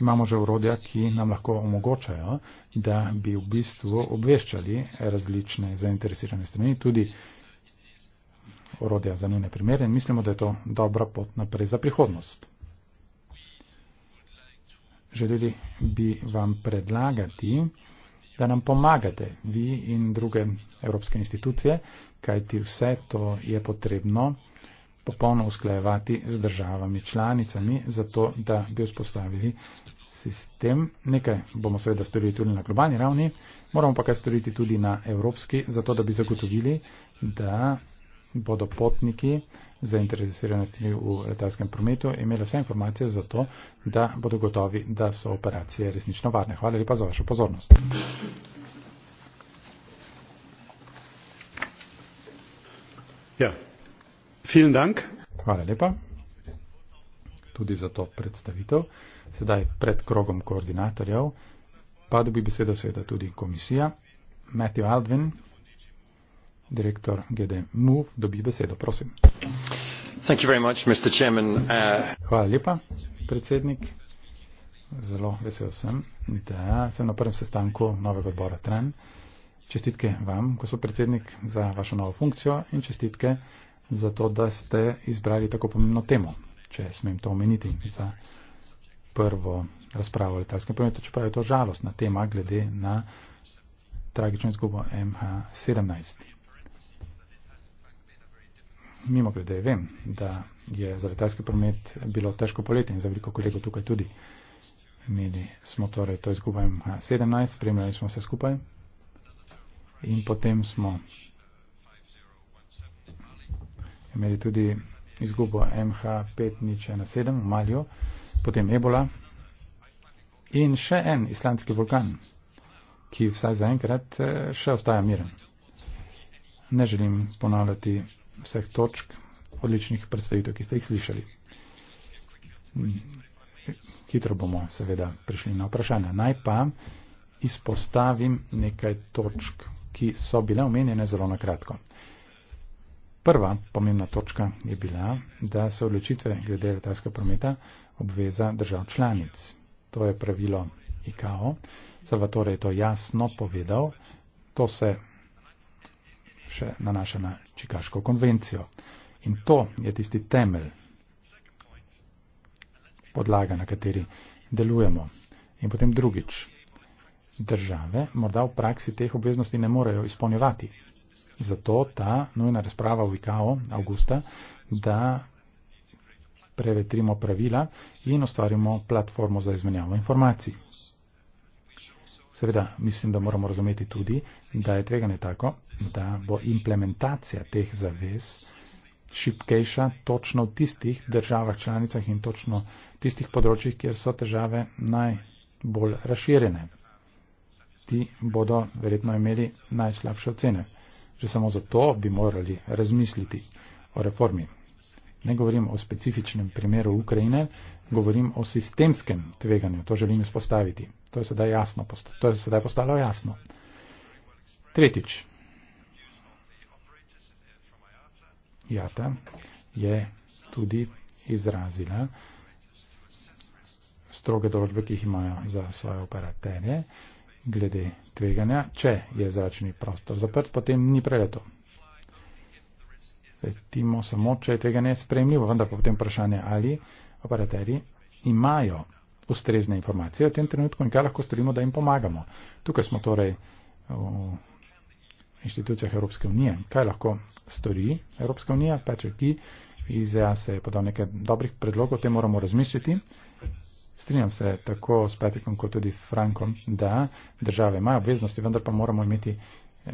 Speaker 2: Imamo že urodja, ki nam lahko omogočajo, da bi v bistvu obveščali različne zainteresirane strani, tudi urodja za nujne primere in mislimo, da je to dobra pot naprej za prihodnost. Želeli bi vam predlagati, da nam pomagate, vi in druge evropske institucije, kajti vse to je potrebno popolno usklajevati z državami članicami, zato da bi vzpostavili sistem. Nekaj bomo seveda storili tudi na globalni ravni, moramo pa kaj storiti tudi na evropski, zato da bi zagotovili, da bodo potniki zainteresirane strani v letalskem prometu imele vse informacije za to, da bodo gotovi, da so operacije resnično varne. Hvala lepa za vašo pozornost. Ja, vielen Dank. Hvala lepa tudi za to predstavitev. Sedaj pred krogom koordinatorjev pa dobi besedo seveda tudi komisija. Matthew Alvin, Direktor GD MOVE dobi besedo, prosim.
Speaker 1: Much, uh...
Speaker 2: Hvala lepa, predsednik. Zelo vesel sem, da sem na prvem sestanku novega odbora TREN. Čestitke vam, gospod predsednik, za vašo novo funkcijo in čestitke za to, da ste izbrali tako pomembno temo, če smem to omeniti, za prvo razpravo o letalskem prometu, čeprav je to žalostna tema glede na tragično izgubo MH17 mimo glede, vem, da je za letalski promet bilo težko poleti in za veliko kolegov tukaj tudi. Imeli smo torej to izguba MH17, spremljali smo vse skupaj in potem smo imeli tudi izgubo MH5017 v Malju, potem Ebola in še en islandski vulkan, ki vsaj zaenkrat eh, še ostaja miren. Ne želim ponavljati vseh točk, odličnih predstavitev, ki ste jih slišali. Hitro bomo seveda prišli na vprašanje. Naj pa izpostavim nekaj točk, ki so bile omenjene zelo na kratko. Prva pomembna točka je bila, da so odločitve glede letalskega prometa obveza držav članic. To je pravilo IKO. Salvatore je to jasno povedal. To se še nanaša na Čikaško konvencijo. In to je tisti temelj, podlaga, na kateri delujemo. In potem drugič, države morda v praksi teh obveznosti ne morejo izpolnjevati. Zato ta nujna razprava v IKO avgusta, da prevetrimo pravila in ustvarimo platformo za izmenjavo informacij. Seveda mislim, da moramo razumeti tudi, da je tveganje tako, da bo implementacija teh zavez šipkejša točno v tistih državah članicah in točno v tistih področjih, kjer so težave najbolj razširjene. Ti bodo verjetno imeli najslabše ocene. Že samo zato bi morali razmisliti o reformi. Ne govorim o specifičnem primeru Ukrajine, govorim o sistemskem tveganju. To želim izpostaviti. To je sedaj, jasno, to je sedaj postalo jasno. Tretjič. Jata je tudi izrazila stroge določbe, ki jih imajo za svoje operaterje glede tveganja. Če je zračni prostor zaprt, potem ni preletov. Vestimo samo, če je tega nespremljivo, vendar pa potem vprašanje, ali operaterji imajo ustrezne informacije v tem trenutku in kaj lahko storimo, da jim pomagamo. Tukaj smo torej v inštitucijah Evropske unije. Kaj lahko stori Evropska unija? Patrick G. iz EA se je podal nekaj dobrih predlogov, o tem moramo razmišljati. Strinjam se tako s Patrickom kot tudi Frankom, da države imajo obveznosti, vendar pa moramo imeti eh,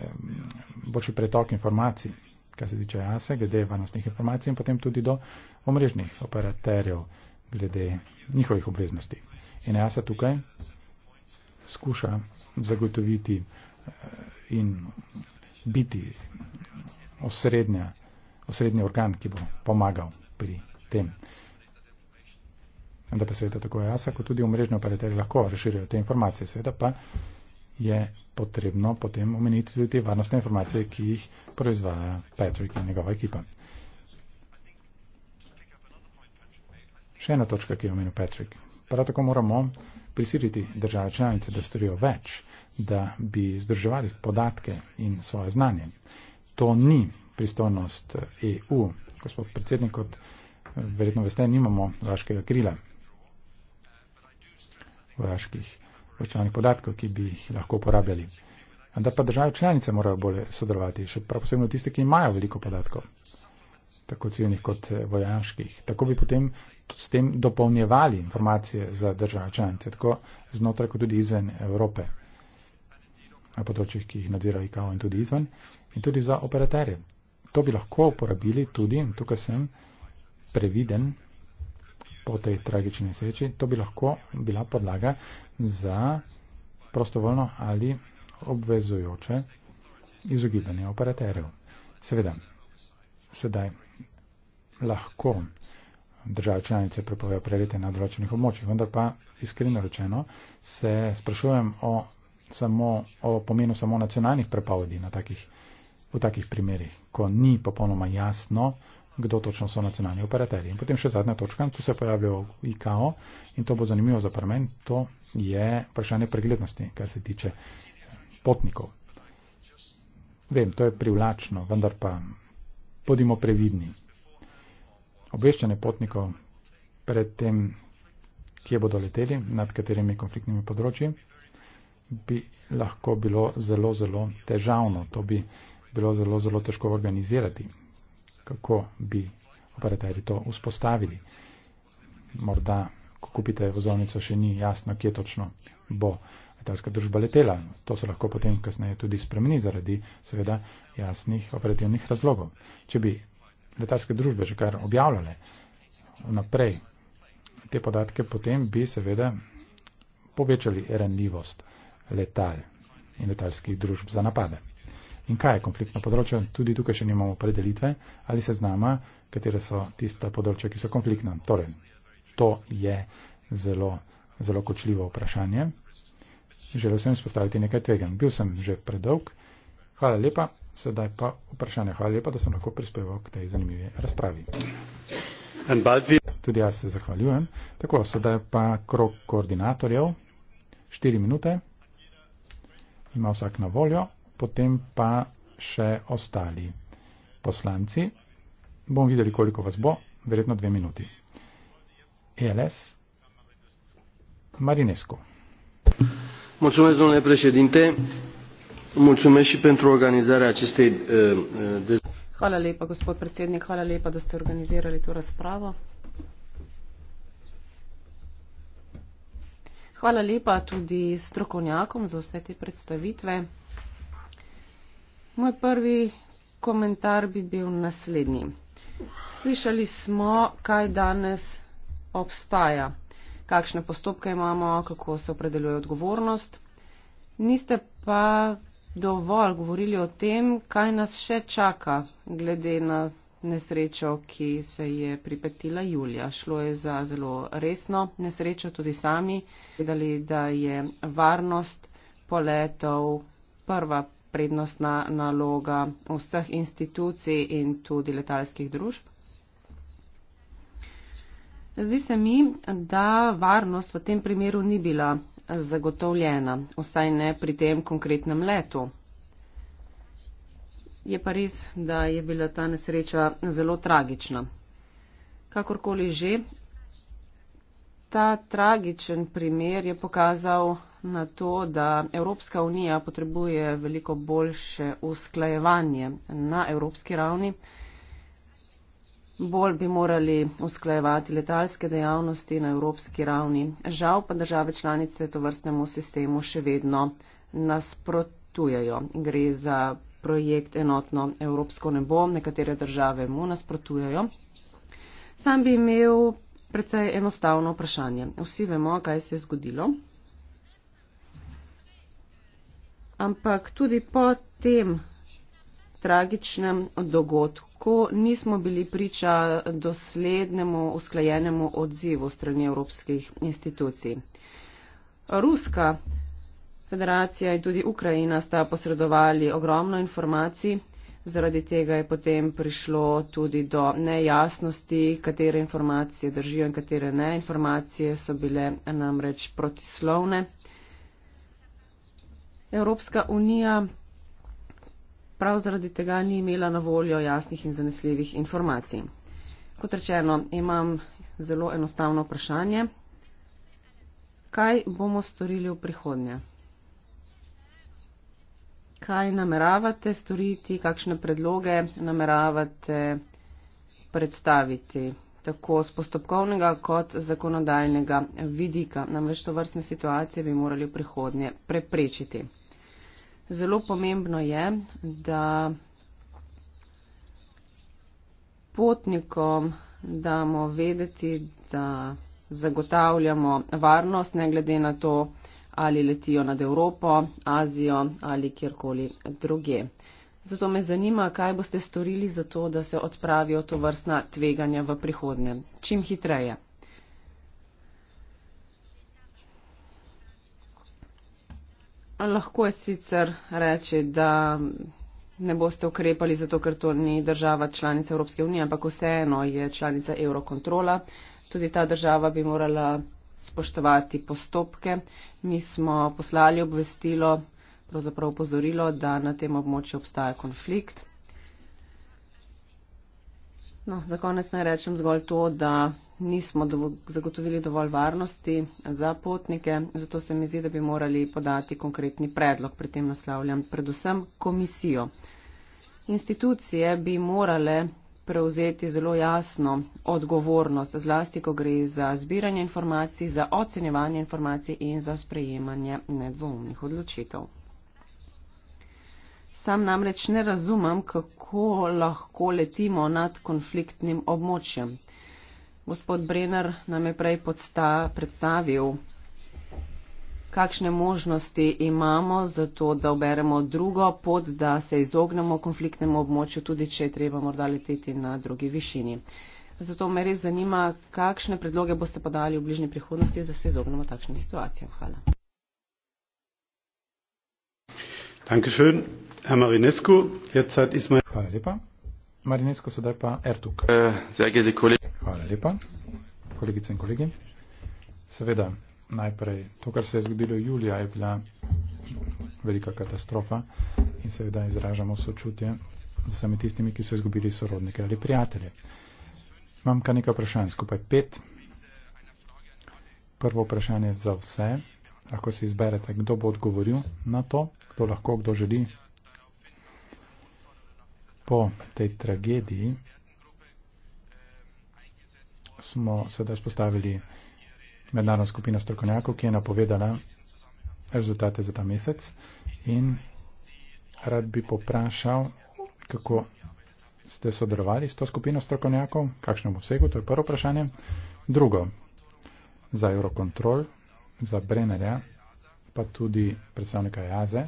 Speaker 2: boljši pretok informacij kar se tiče jase, glede varnostnih informacij in potem tudi do omrežnih operaterjev, glede njihovih obveznosti. In jasa tukaj skuša zagotoviti eh, in biti osrednja, osrednji organ, ki bo pomagal pri tem. Da pa seveda tako jasa, kot tudi omrežni operaterji lahko razširijo te informacije. Seveda pa je potrebno potem omeniti tudi te varnostne informacije, ki jih proizvaja Patrick in njegova ekipa. Še ena točka, ki je omenil Patrick. Prav tako moramo prisiliti države članice, da storijo več, da bi združevali podatke in svoje znanje. To ni pristojnost EU. Gospod predsednik, kot eh, verjetno veste, nimamo vaškega krila vojaških računalnih podatkov, ki bi jih lahko uporabljali. Da pa države članice morajo bolje sodelovati, še prav posebno tiste, ki imajo veliko podatkov, tako civilnih kot eh, vojaških. Tako bi potem s tem dopolnjevali informacije za države članice, tako znotraj kot tudi izven Evrope, na področjih, ki jih nadzira IKO in tudi izven, in tudi za operaterje. To bi lahko uporabili tudi, in tukaj sem previden, po tej tragični sreči, to bi lahko bila podlaga za prostovoljno ali obvezujoče izogibanje operaterjev. Seveda, sedaj lahko države članice prepovejo prelete na določenih območjih, vendar pa iskreno rečeno se sprašujem o, samo, o pomenu samo nacionalnih prepovedi na takih, v takih primerih, ko ni popolnoma jasno, kdo točno so nacionalni operaterji. In potem še zadnja točka, tu se pojavljajo IKO in to bo zanimivo za parlament, to je vprašanje preglednosti, kar se tiče eh, potnikov. Vem, to je privlačno, vendar pa bodimo previdni. Obveščanje potnikov pred tem, kje bodo leteli, nad katerimi konfliktnimi področji, bi lahko bilo zelo, zelo težavno. To bi bilo zelo, zelo težko organizirati kako bi operaterji to vzpostavili. Morda, ko kupite vozovnico, še ni jasno, kje točno bo letalska družba letela. To se lahko potem kasneje tudi spremeni zaradi seveda jasnih operativnih razlogov. Če bi letalske družbe že kar objavljale naprej te podatke, potem bi seveda povečali ranljivost letal in letalskih družb za napade. In kaj je konfliktno področje? Tudi tukaj še nimamo predelitve ali seznama, katere so tista področja, ki so konfliktna. Torej, to je zelo, zelo kočljivo vprašanje. Želel sem izpostaviti nekaj tvegan. Bil sem že predolg. Hvala lepa. Sedaj pa vprašanje. Hvala lepa, da sem lahko prispeval k tej zanimivi razpravi. Tudi jaz se zahvaljujem. Tako, sedaj pa krok koordinatorjev. Štiri minute. Ima vsak na voljo potem pa še ostali poslanci. Bom videli, koliko vas bo, verjetno dve minuti. ELS, Marinescu.
Speaker 1: Mulțumesc, domnule președinte. Mulțumesc și pentru organizarea acestei uh,
Speaker 3: Hvala lepa, gospod predsednik. Hvala lepa, da ste organizirali to razpravo. Hvala lepa tudi strokovnjakom za vse te predstavitve. Moj prvi komentar bi bil naslednji. Slišali smo, kaj danes obstaja, kakšne postopke imamo, kako se opredeljuje odgovornost. Niste pa dovolj govorili o tem, kaj nas še čaka, glede na nesrečo, ki se je pripetila Julija. Šlo je za zelo resno nesrečo, tudi sami vedeli, da je varnost poletov prva prednostna naloga vseh institucij in tudi letalskih družb. Zdi se mi, da varnost v tem primeru ni bila zagotovljena, vsaj ne pri tem konkretnem letu. Je pa res, da je bila ta nesreča zelo tragična. Kakorkoli že, ta tragičen primer je pokazal na to, da Evropska unija potrebuje veliko boljše usklajevanje na evropski ravni. Bolj bi morali usklajevati letalske dejavnosti na evropski ravni. Žal pa države članice to vrstnemu sistemu še vedno nasprotujejo. Gre za projekt enotno Evropsko nebo, nekatere države mu nasprotujejo. Sam bi imel precej enostavno vprašanje. Vsi vemo, kaj se je zgodilo. ampak tudi po tem tragičnem dogodku nismo bili priča doslednemu usklajenemu odzivu strani evropskih institucij. Ruska federacija in tudi Ukrajina sta posredovali ogromno informacij, zaradi tega je potem prišlo tudi do nejasnosti, katere informacije držijo in katere ne. Informacije so bile namreč protislovne. Evropska unija prav zaradi tega ni imela na voljo jasnih in zanesljivih informacij. Kot rečeno, imam zelo enostavno vprašanje. Kaj bomo storili v prihodnje? Kaj nameravate storiti, kakšne predloge nameravate predstaviti, tako z postopkovnega kot zakonodajnega vidika? Namreč to vrstne situacije bi morali v prihodnje preprečiti. Zelo pomembno je, da potnikom damo vedeti, da zagotavljamo varnost, ne glede na to, ali letijo nad Evropo, Azijo ali kjerkoli druge. Zato me zanima, kaj boste storili za to, da se odpravijo to vrstna tveganja v prihodnje. Čim hitreje. lahko je sicer reči, da ne boste ukrepali zato, ker to ni država članica Evropske unije, ampak vseeno je članica Eurokontrola. Tudi ta država bi morala spoštovati postopke. Mi smo poslali obvestilo, pravzaprav upozorilo, da na tem območju obstaja konflikt. No, za konec naj rečem zgolj to, da nismo dovo zagotovili dovolj varnosti za potnike, zato se mi zdi, da bi morali podati konkretni predlog. Pri tem naslavljam predvsem komisijo. Institucije bi morale preuzeti zelo jasno odgovornost, zlasti, ko gre za zbiranje informacij, za ocenjevanje informacij in za sprejemanje nedvoumnih odločitev. Sam namreč ne razumem, kako lahko letimo nad konfliktnim območjem. Gospod Brenner nam je prej podsta, predstavil, kakšne možnosti imamo za to, da oberemo drugo pot, da se izognemo konfliktnemu območju, tudi če je treba morda leteti na drugi višini. Zato me res zanima, kakšne predloge boste podali v bližnji prihodnosti, da se izognemo takšnim situacijam. Hvala.
Speaker 2: Dankeschön. Marinescu, jetzt hat Hvala lepa. Marinescu, sedaj pa Ertug. Eh, Hvala lepa, kolegice in kolegi. Seveda, najprej to, kar se je zgodilo julija, je bila velika katastrofa in seveda izražamo sočutje z vsemi tistimi, ki so izgubili sorodnike ali prijatelje. Imam kar nekaj vprašanj, skupaj pet. Prvo vprašanje za vse. Lahko si izberete, kdo bo odgovoril na to, kdo lahko, kdo želi, po tej tragediji smo sedaj spostavili mednarodno skupino strokovnjakov, ki je napovedala rezultate za ta mesec in rad bi poprašal, kako ste sodelovali s to skupino strokovnjakov, kakšnem obsegu, to je prvo vprašanje. Drugo, za Eurocontrol, za Brennerja, pa tudi predstavnika Jaze,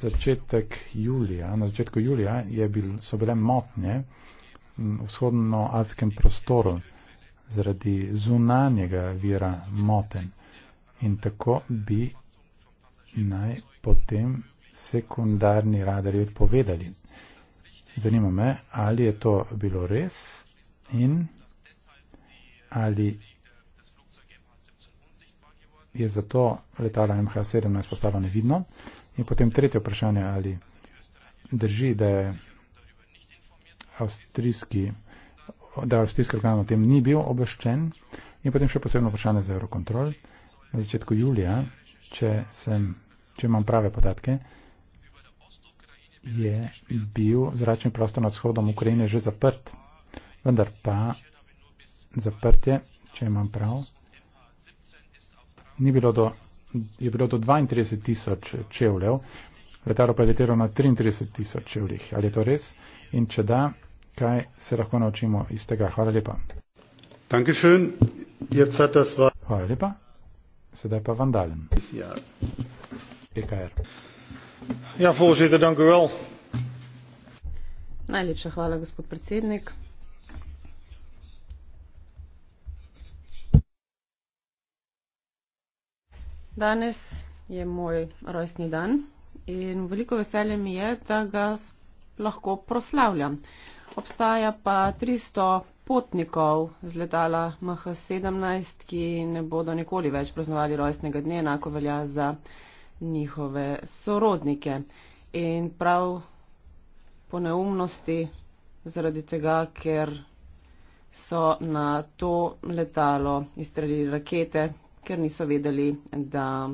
Speaker 2: začetek julija, na začetku julija je bil, so bile motnje v vzhodnoafrskem prostoru zaradi zunanjega vira moten. In tako bi naj potem sekundarni radarji odpovedali. Zanima me, ali je to bilo res in ali je zato letala MH17 postalo nevidno. In potem tretje vprašanje, ali drži, da je avstrijski, da avstrijski organ o tem ni bil obveščen. In potem še posebno vprašanje za Eurocontrol. Na začetku julija, če, sem, če imam prave podatke, je bil zračni prostor nad vzhodom Ukrajine že zaprt. Vendar pa zaprtje, če imam prav, ni bilo do je bilo do 32 tisoč čevljev, letalo pa je letelo na 33 tisoč čevljih. Ali je to res? In če da, kaj se lahko naučimo iz tega? Hvala lepa. Dankeschön. Jetzt hat das war... Hvala lepa. Sedaj pa vandalen. PKR.
Speaker 1: Ja.
Speaker 3: E ja, voorzitter, dank u wel. Najlepša hvala, gospod predsednik. Danes je moj rojstni dan in veliko veselje mi je, da ga lahko proslavljam. Obstaja pa 300 potnikov z letala MH17, ki ne bodo nikoli več praznovali rojstnega dne, enako velja za njihove sorodnike. In prav po neumnosti, zaradi tega, ker so na to letalo izstrelili rakete, ker niso vedeli, da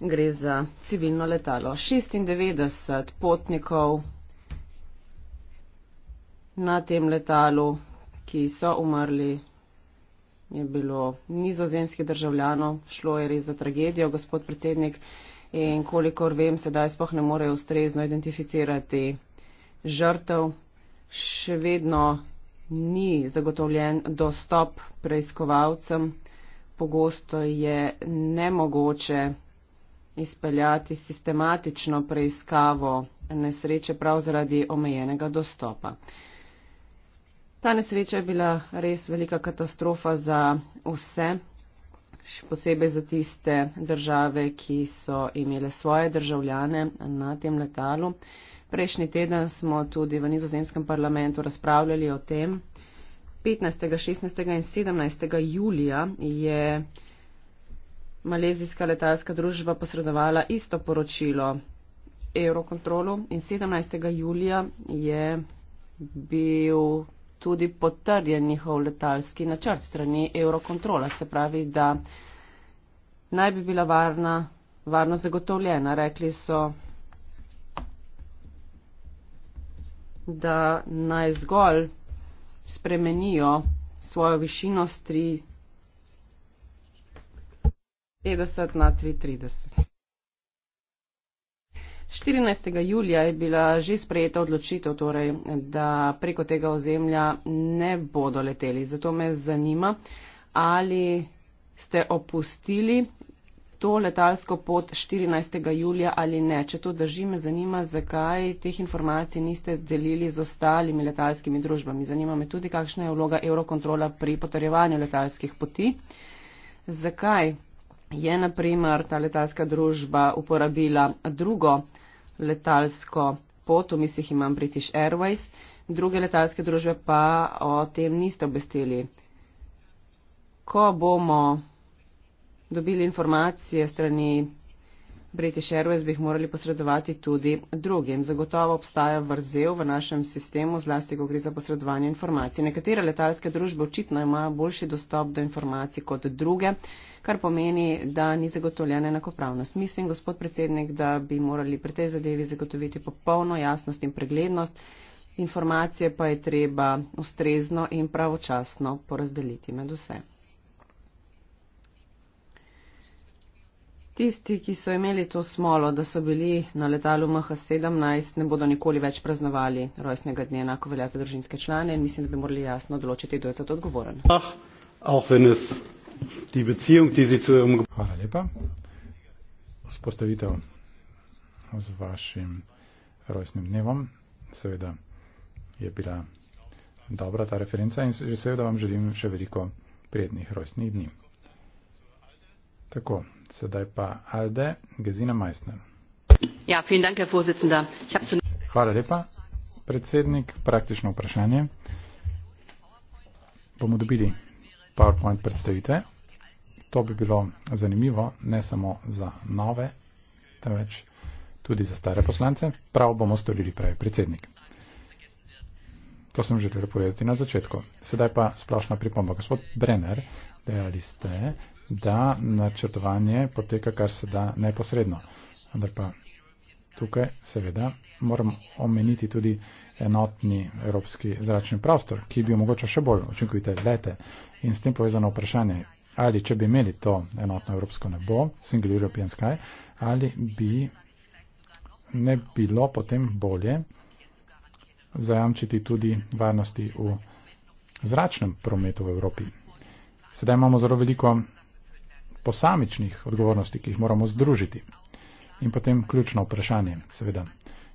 Speaker 3: gre za civilno letalo. 96 potnikov na tem letalu, ki so umrli, je bilo nizozemskih državljanov, šlo je res za tragedijo, gospod predsednik, in kolikor vem, sedaj spoh ne morejo ustrezno identificirati žrtev. Še vedno ni zagotovljen dostop preiskovalcem, pogosto je nemogoče izpeljati sistematično preiskavo nesreče prav zaradi omejenega dostopa. Ta nesreča je bila res velika katastrofa za vse, še posebej za tiste države, ki so imele svoje državljane na tem letalu. Prejšnji teden smo tudi v nizozemskem parlamentu razpravljali o tem. 15., 16. in 17. julija je malezijska letalska družba posredovala isto poročilo Eurocontrolu in 17. julija je bil tudi potrjen njihov letalski načrt strani Eurocontrola. Se pravi, da naj bi bila varna, varnost zagotovljena. Rekli so, da naj zgolj spremenijo svojo višino z 350 na 330. 14. julija je bila že sprejeta odločitev, torej, da preko tega ozemlja ne bodo leteli. Zato me zanima, ali ste opustili to letalsko pot 14. julija ali ne. Če to drži, me zanima, zakaj teh informacij niste delili z ostalimi letalskimi družbami. Zanima me tudi, kakšna je vloga Eurokontrola pri potrjevanju letalskih poti. Zakaj je, na primer, ta letalska družba uporabila drugo letalsko pot, v mislih imam British Airways, druge letalske družbe pa o tem niste obvestili. Ko bomo dobili informacije strani British Airways, bi jih morali posredovati tudi drugim. Zagotovo obstaja vrzel v našem sistemu, zlasti ko gre za posredovanje informacij. Nekatere letalske družbe očitno imajo boljši dostop do informacij kot druge, kar pomeni, da ni zagotovljena enakopravnost. Mislim, gospod predsednik, da bi morali pri tej zadevi zagotoviti popolno jasnost in preglednost. Informacije pa je treba ustrezno in pravočasno porazdeliti med vsem. Tisti, ki so imeli to smolo, da so bili na letalu MH17, ne bodo nikoli več praznovali rojstnega dne, enako velja za družinske člane in mislim, da bi morali jasno določiti, kdo je za to odgovoren.
Speaker 2: Hvala lepa. Spostavitev z vašim rojstnim dnevom seveda je bila dobra ta referenca in seveda vam želim še veliko prijetnih rojstnih dni. Tako, sedaj pa Alde Gezina Meissner.
Speaker 1: Ja, dank, zu...
Speaker 2: Hvala lepa, predsednik. Praktično vprašanje. Bomo dobili PowerPoint predstavitve. To bi bilo zanimivo ne samo za nove, temveč tudi za stare poslance. Prav bomo storili prej, predsednik. To sem želel povedati na začetku. Sedaj pa splošna pripomba. Gospod Brenner, dejali ste, da načrtovanje poteka kar se da neposredno. Ampak pa tukaj seveda moram omeniti tudi enotni evropski zračni prostor, ki bi omogočal še bolj učinkovite lete in s tem povezano vprašanje, ali če bi imeli to enotno evropsko nebo, single European sky, ali bi ne bilo potem bolje zajamčiti tudi varnosti v zračnem prometu v Evropi. Sedaj imamo zelo veliko posamičnih odgovornosti, ki jih moramo združiti. In potem ključno vprašanje, seveda.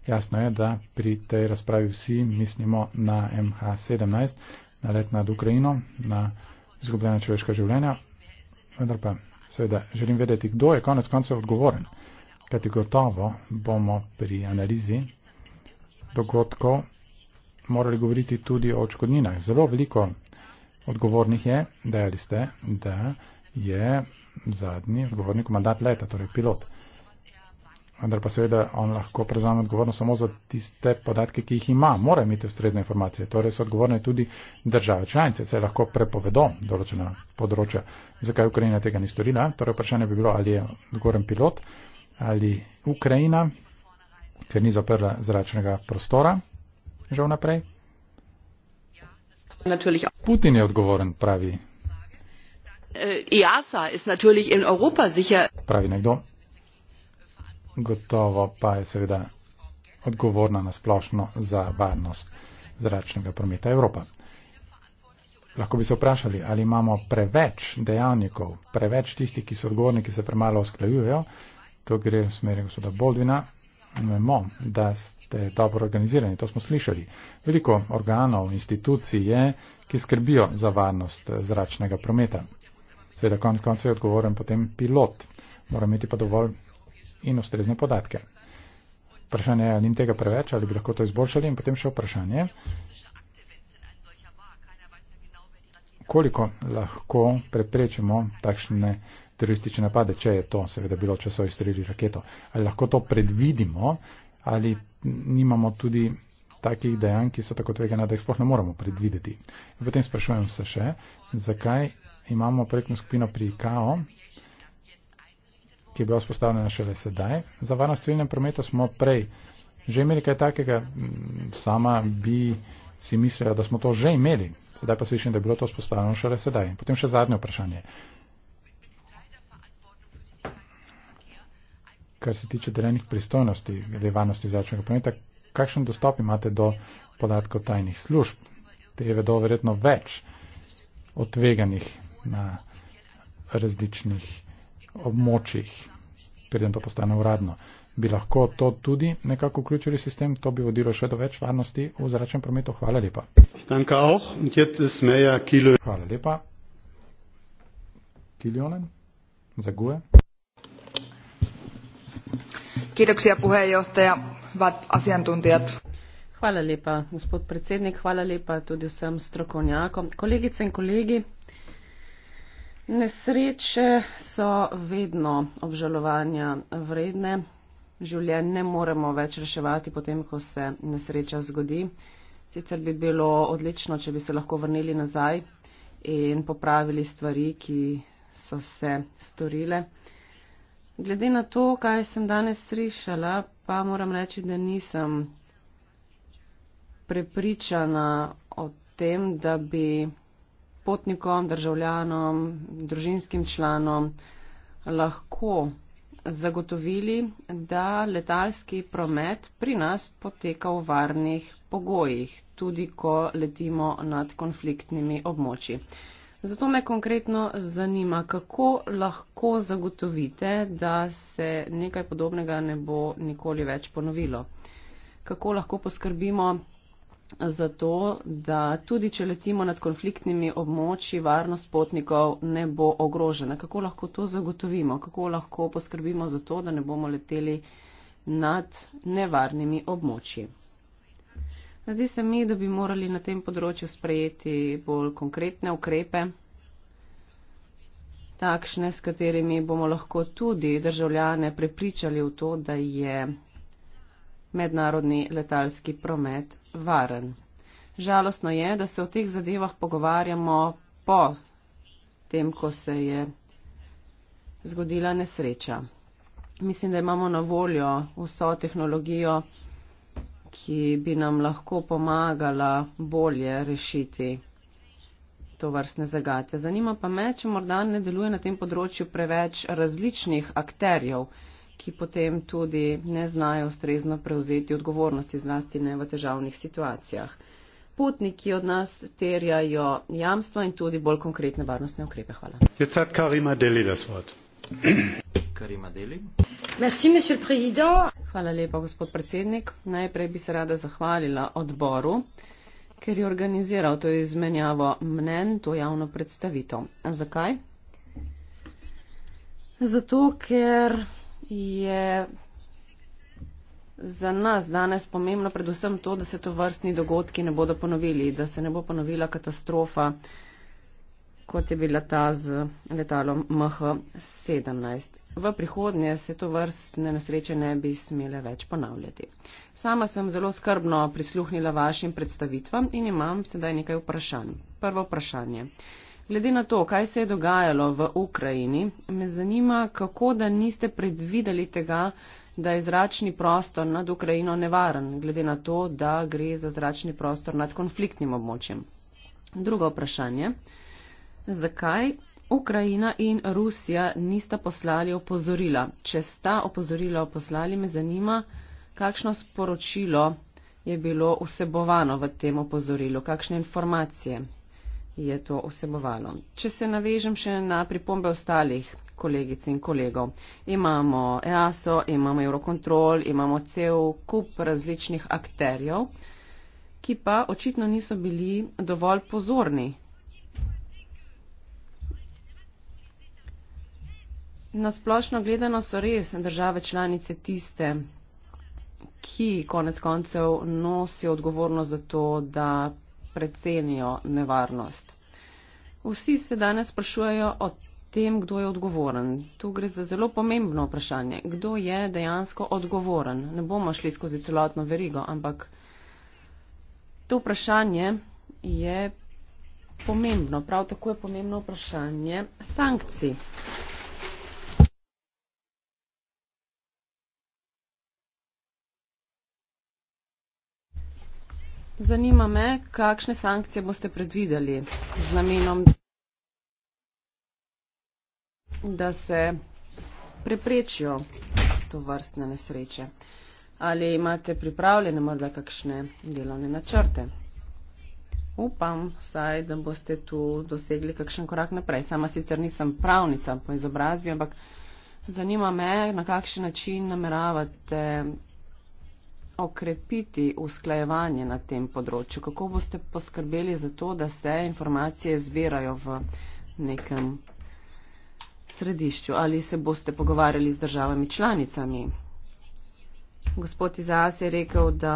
Speaker 2: Jasno je, da pri tej razpravi vsi mislimo na MH17, na let nad Ukrajino, na izgubljena človeška življenja, vendar pa seveda želim vedeti, kdo je konec koncev odgovoren. Kajti gotovo bomo pri analizi dogodkov morali govoriti tudi o odškodninah. Zelo veliko odgovornih je, dejali ste, da je zadnji odgovorni komandant leta, torej pilot. Vendar pa seveda on lahko prevzame odgovornost samo za tiste podatke, ki jih ima, mora imeti ustrezne informacije. Torej so odgovorne tudi države članice, saj lahko prepovedo določena področja, zakaj Ukrajina tega ni storila. Torej vprašanje bi bilo, ali je odgovoren pilot ali Ukrajina, ker ni zaprla zračnega prostora že vnaprej. Putin je odgovoren, pravi
Speaker 3: Äh, easa ist natürlich in Europa sicher.
Speaker 2: Pravi nekdo. Gotovo pa je seveda odgovorna na splošno za varnost zračnega prometa Evropa. Lahko bi se vprašali, ali imamo preveč dejavnikov, preveč tistih, ki so odgovorni, ki se premalo usklajujejo. To gre v smeri gospoda Boldvina. Vemo, da ste dobro organizirani, to smo slišali. Veliko organov, institucij je, ki skrbijo za varnost zračnega prometa. Seveda, konec koncev je odgovoren potem pilot. Mora imeti pa dovolj in ustrezne podatke. Vprašanje je, ali ni tega preveč, ali bi lahko to izboljšali in potem še vprašanje, koliko lahko preprečimo takšne teroristične napade, če je to seveda bilo, če so izstrelili raketo. Ali lahko to predvidimo, ali nimamo tudi takih dejanj, ki so tako tvegana, da jih sploh ne moramo predvideti. In potem sprašujem se še, zakaj imamo projektno skupino pri ICAO, ki je bila vzpostavljena šele sedaj. Za varnost civilnem prometu smo prej že imeli kaj takega, sama bi si mislila, da smo to že imeli, sedaj pa slišim, da je bilo to vzpostavljeno šele sedaj. Potem še zadnje vprašanje. Kar se tiče delenih pristojnosti glede varnosti zračnega prometa, kakšen dostop imate do podatkov tajnih služb? Te vedo verjetno več o tveganih na različnih območjih, preden to postane uradno. Bi lahko to tudi nekako vključili sistem, to bi vodilo še do več varnosti v zračnem prometu. Hvala lepa. Hvala lepa. Kiljonen, zaguje.
Speaker 3: Hvala lepa, gospod predsednik, hvala lepa tudi vsem strokovnjakom. Kolegice in kolegi, Nesreče so vedno obžalovanja vredne. Življenje ne moremo več reševati potem, ko se nesreča zgodi. Sicer bi bilo odlično, če bi se lahko vrnili nazaj in popravili stvari, ki so se storile. Glede na to, kaj sem danes slišala, pa moram reči, da nisem prepričana o tem, da bi potnikom, državljanom, družinskim članom lahko zagotovili, da letalski promet pri nas poteka v varnih pogojih, tudi ko letimo nad konfliktnimi območji. Zato me konkretno zanima, kako lahko zagotovite, da se nekaj podobnega ne bo nikoli več ponovilo. Kako lahko poskrbimo, zato, da tudi če letimo nad konfliktnimi območji, varnost potnikov ne bo ogrožena. Kako lahko to zagotovimo? Kako lahko poskrbimo za to, da ne bomo leteli nad nevarnimi območji? Zdi se mi, da bi morali na tem področju sprejeti bolj konkretne ukrepe, takšne, s katerimi bomo lahko tudi državljane prepričali v to, da je mednarodni letalski promet varen. Žalostno je, da se o teh zadevah pogovarjamo po tem, ko se je zgodila nesreča. Mislim, da imamo na voljo vso tehnologijo, ki bi nam lahko pomagala bolje rešiti to vrstne zagate. Zanima pa me, če morda ne deluje na tem področju preveč različnih akterjev ki potem tudi ne znajo ustrezno prevzeti odgovornosti, zlasti ne v težavnih situacijah. Potniki od nas terjajo jamstva in tudi bolj konkretne varnostne ukrepe. Hvala. Hvala lepa, gospod predsednik. Najprej bi se rada zahvalila odboru, ker je organiziral to izmenjavo mnen, to javno predstavitev. Zakaj? Zato, ker je za nas danes pomembno predvsem to, da se to vrstni dogodki ne bodo ponovili, da se ne bo ponovila katastrofa, kot je bila ta z letalom MH17. V prihodnje se to vrstne nesreče ne bi smele več ponavljati. Sama sem zelo skrbno prisluhnila vašim predstavitvam in imam sedaj nekaj vprašanj. Prvo vprašanje. Glede na to, kaj se je dogajalo v Ukrajini, me zanima, kako da niste predvideli tega, da je zračni prostor nad Ukrajino nevaren, glede na to, da gre za zračni prostor nad konfliktnim območjem. Drugo vprašanje. Zakaj Ukrajina in Rusija nista poslali opozorila? Če sta opozorila poslali, me zanima, kakšno sporočilo je bilo vsebovano v tem opozorilu, kakšne informacije je to vsebovalo. Če se navežem še na pripombe ostalih kolegic in kolegov. Imamo EASO, imamo Eurocontrol, imamo cel kup različnih akterjev, ki pa očitno niso bili dovolj pozorni. Na splošno gledano so res države članice tiste, ki konec koncev nosijo odgovornost za to, da precenijo nevarnost. Vsi se danes sprašujejo o tem, kdo je odgovoren. Tu gre za zelo pomembno vprašanje, kdo je dejansko odgovoren. Ne bomo šli skozi celotno verigo, ampak to vprašanje je pomembno. Prav tako je pomembno vprašanje sankcij. Zanima me, kakšne sankcije boste predvideli z namenom, da se preprečijo to vrstne nesreče. Ali imate pripravljene morda kakšne delovne načrte? Upam vsaj, da boste tu dosegli kakšen korak naprej. Sama sicer nisem pravnica po izobrazbi, ampak zanima me, na kakšen način nameravate okrepiti usklajevanje na tem področju? Kako boste poskrbeli za to, da se informacije zbirajo v nekem središču? Ali se boste pogovarjali z državami članicami? Gospod Izaas je rekel, da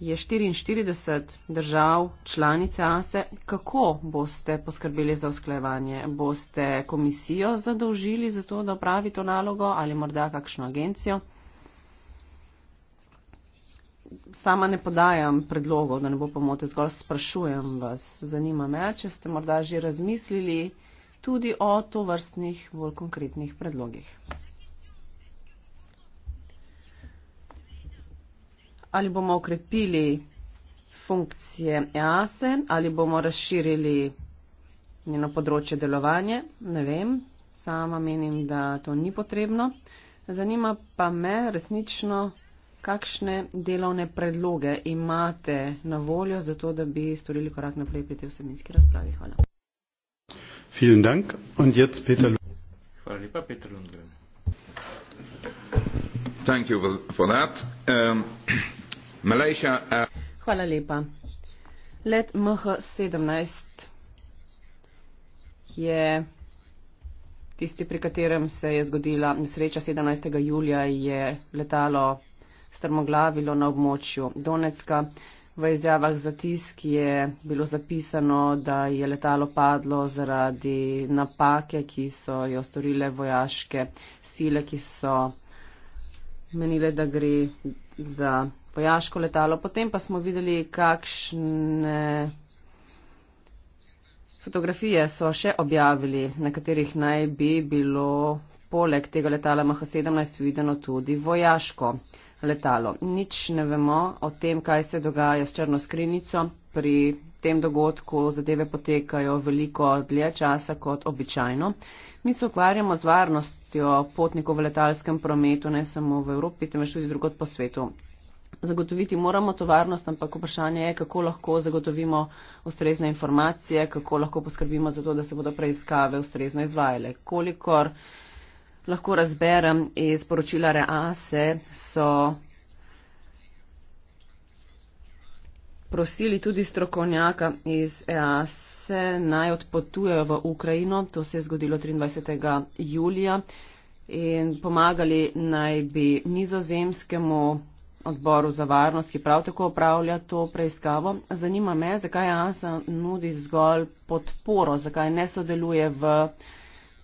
Speaker 3: je 44 držav članice ASE. Kako boste poskrbeli za usklajevanje? Boste komisijo zadolžili za to, da upravi to nalogo ali morda kakšno agencijo? sama ne podajam predlogov, da ne bo pomote, zgolj sprašujem vas, zanima me, če ste morda že razmislili tudi o to vrstnih bolj konkretnih predlogih. Ali bomo okrepili funkcije EASE, ali bomo razširili njeno področje delovanja, ne vem, sama menim, da to ni potrebno. Zanima pa me resnično, kakšne delovne predloge imate na voljo za to, da bi storili korak naprej pri tej vsebinski razpravi? Hvala.
Speaker 2: Dank. Und jetzt Peter
Speaker 1: Hvala lepa, Peter Lundgren.
Speaker 2: Thank you for that. Um,
Speaker 1: Malaysia, uh...
Speaker 3: Hvala lepa. Let MH17 je tisti, pri katerem se je zgodila nesreča 17. julija, je letalo strmoglavilo na območju Donetska. V izjavah za tisk je bilo zapisano, da je letalo padlo zaradi napake, ki so jo storile vojaške sile, ki so menile, da gre za vojaško letalo. Potem pa smo videli, kakšne fotografije so še objavili, na katerih naj bi bilo poleg tega letala MH17 videno tudi vojaško letalo letalo. Nič ne vemo o tem, kaj se dogaja s črno skrinico. Pri tem dogodku zadeve potekajo veliko dlje časa kot običajno. Mi se ukvarjamo z varnostjo potnikov v letalskem prometu, ne samo v Evropi, temveč tudi drugot po svetu. Zagotoviti moramo to varnost, ampak vprašanje je, kako lahko zagotovimo ustrezne informacije, kako lahko poskrbimo za to, da se bodo preiskave ustrezno izvajale. Kolikor lahko razberem iz poročila Rease, so prosili tudi strokovnjaka iz Rease naj odpotujejo v Ukrajino, to se je zgodilo 23. julija in pomagali naj bi nizozemskemu odboru za varnost, ki prav tako upravlja to preiskavo. Zanima me, zakaj ASA nudi zgolj podporo, zakaj ne sodeluje v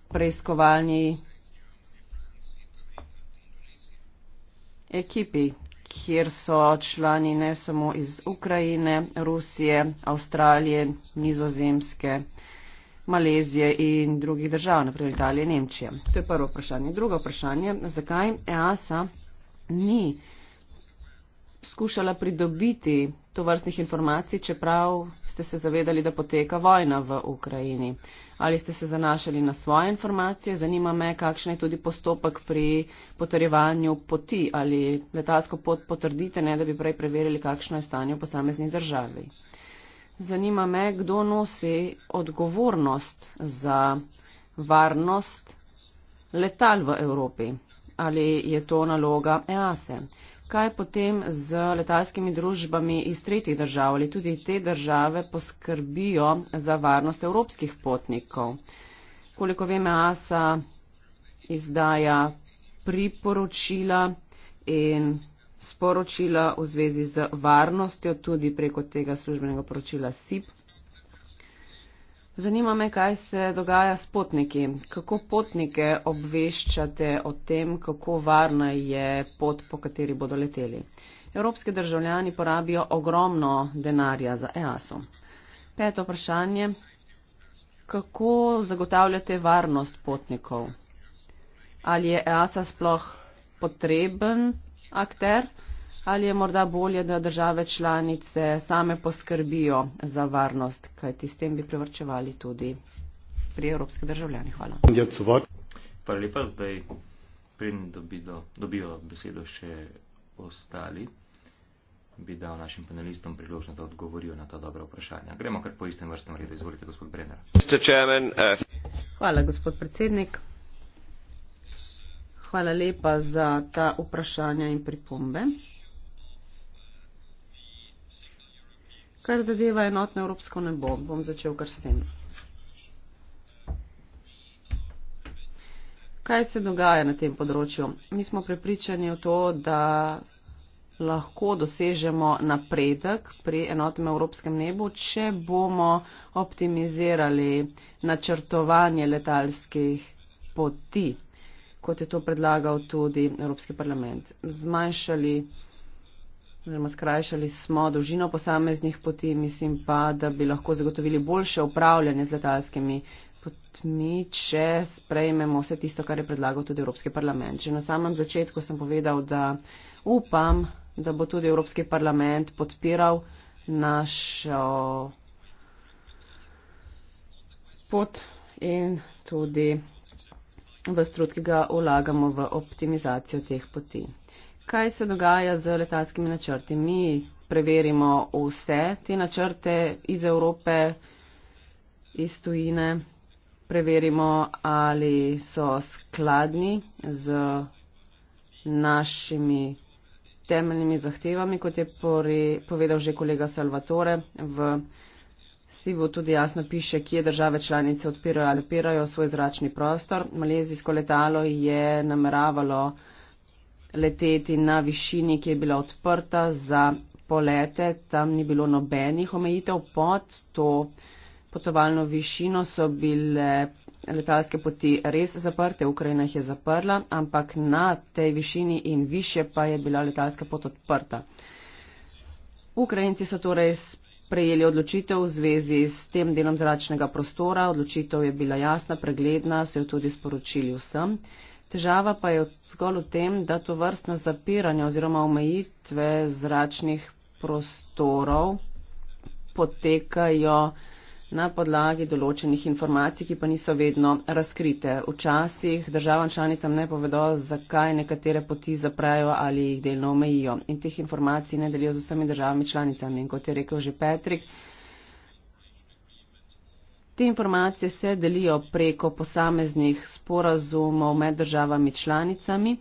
Speaker 3: preiskovalni ekipi, kjer so člani ne samo iz Ukrajine, Rusije, Avstralije, Nizozemske, Malezije in drugih držav, naprimer Italije, Nemčije. To je prvo vprašanje. Drugo vprašanje, zakaj EASA ni skušala pridobiti to vrstnih informacij, čeprav ste se zavedali, da poteka vojna v Ukrajini? Ali ste se zanašali na svoje informacije? Zanima me, kakšen je tudi postopek pri potrjevanju poti ali letalsko pot potrdite, ne da bi prej preverili, kakšno je stanje v posamezni državi. Zanima me, kdo nosi odgovornost za varnost letal v Evropi. Ali je to naloga EASE? kaj potem z letalskimi družbami iz tretjih držav ali tudi te države poskrbijo za varnost evropskih potnikov. Koliko veme, ASA izdaja priporočila in sporočila v zvezi z varnostjo tudi preko tega službenega poročila SIP. Zanima me, kaj se dogaja s potniki. Kako potnike obveščate o tem, kako varna je pot, po kateri bodo leteli? Evropski državljani porabijo ogromno denarja za EASO. Peto vprašanje. Kako zagotavljate varnost potnikov? Ali je EASA sploh potreben akter? ali je morda bolje, da države članice same poskrbijo za varnost, kajti s tem bi privrčevali tudi pri evropske državljani. Hvala.
Speaker 1: Hvala lepa. Zdaj, preden dobijo besedo še ostali, bi dal našim panelistom priložnost, da odgovorijo na ta dobra vprašanja. Gremo kar po istem vrstnem redu. Izvolite, gospod Brenner. Eh.
Speaker 3: Hvala, gospod predsednik. Hvala lepa za ta vprašanja in pripombe. Kar zadeva enotno evropsko nebo, bom začel kar s tem. Kaj se dogaja na tem področju? Mi smo prepričani v to, da lahko dosežemo napredek pri enotnem evropskem nebu, če bomo optimizirali načrtovanje letalskih poti, kot je to predlagal tudi Evropski parlament. Zmanjšali oziroma skrajšali smo dolžino posameznih poti, mislim pa, da bi lahko zagotovili boljše upravljanje z letalskimi potmi, če sprejmemo vse tisto, kar je predlagal tudi Evropski parlament. Že na samem začetku sem povedal, da upam, da bo tudi Evropski parlament podpiral našo pot in tudi v strud, ki ga vlagamo v optimizacijo teh poti kaj se dogaja z letalskimi načrti. Mi preverimo vse te načrte iz Evrope, iz tujine, preverimo, ali so skladni z našimi temeljnimi zahtevami, kot je pori, povedal že kolega Salvatore. V Sivu tudi jasno piše, kje države članice odpirajo ali pirajo svoj zračni prostor. Malezijsko letalo je nameravalo leteti na višini, ki je bila odprta za polete, tam ni bilo nobenih omejitev pod to potovalno višino, so bile letalske poti res zaprte, Ukrajina jih je zaprla, ampak na tej višini in više pa je bila letalska pot odprta. Ukrajinci so torej prejeli odločitev v zvezi s tem delom zračnega prostora, odločitev je bila jasna, pregledna, so jo tudi sporočili vsem. Težava pa je zgolj v tem, da to vrstno zapiranje oziroma omejitve zračnih prostorov potekajo na podlagi določenih informacij, ki pa niso vedno razkrite. Včasih državam članicam ne povedo, zakaj nekatere poti zaprajo ali jih delno omejijo. In teh informacij ne delijo z vsemi državami članicami. In kot je rekel že Petrik, Te informacije se delijo preko posameznih sporazumov med državami članicami,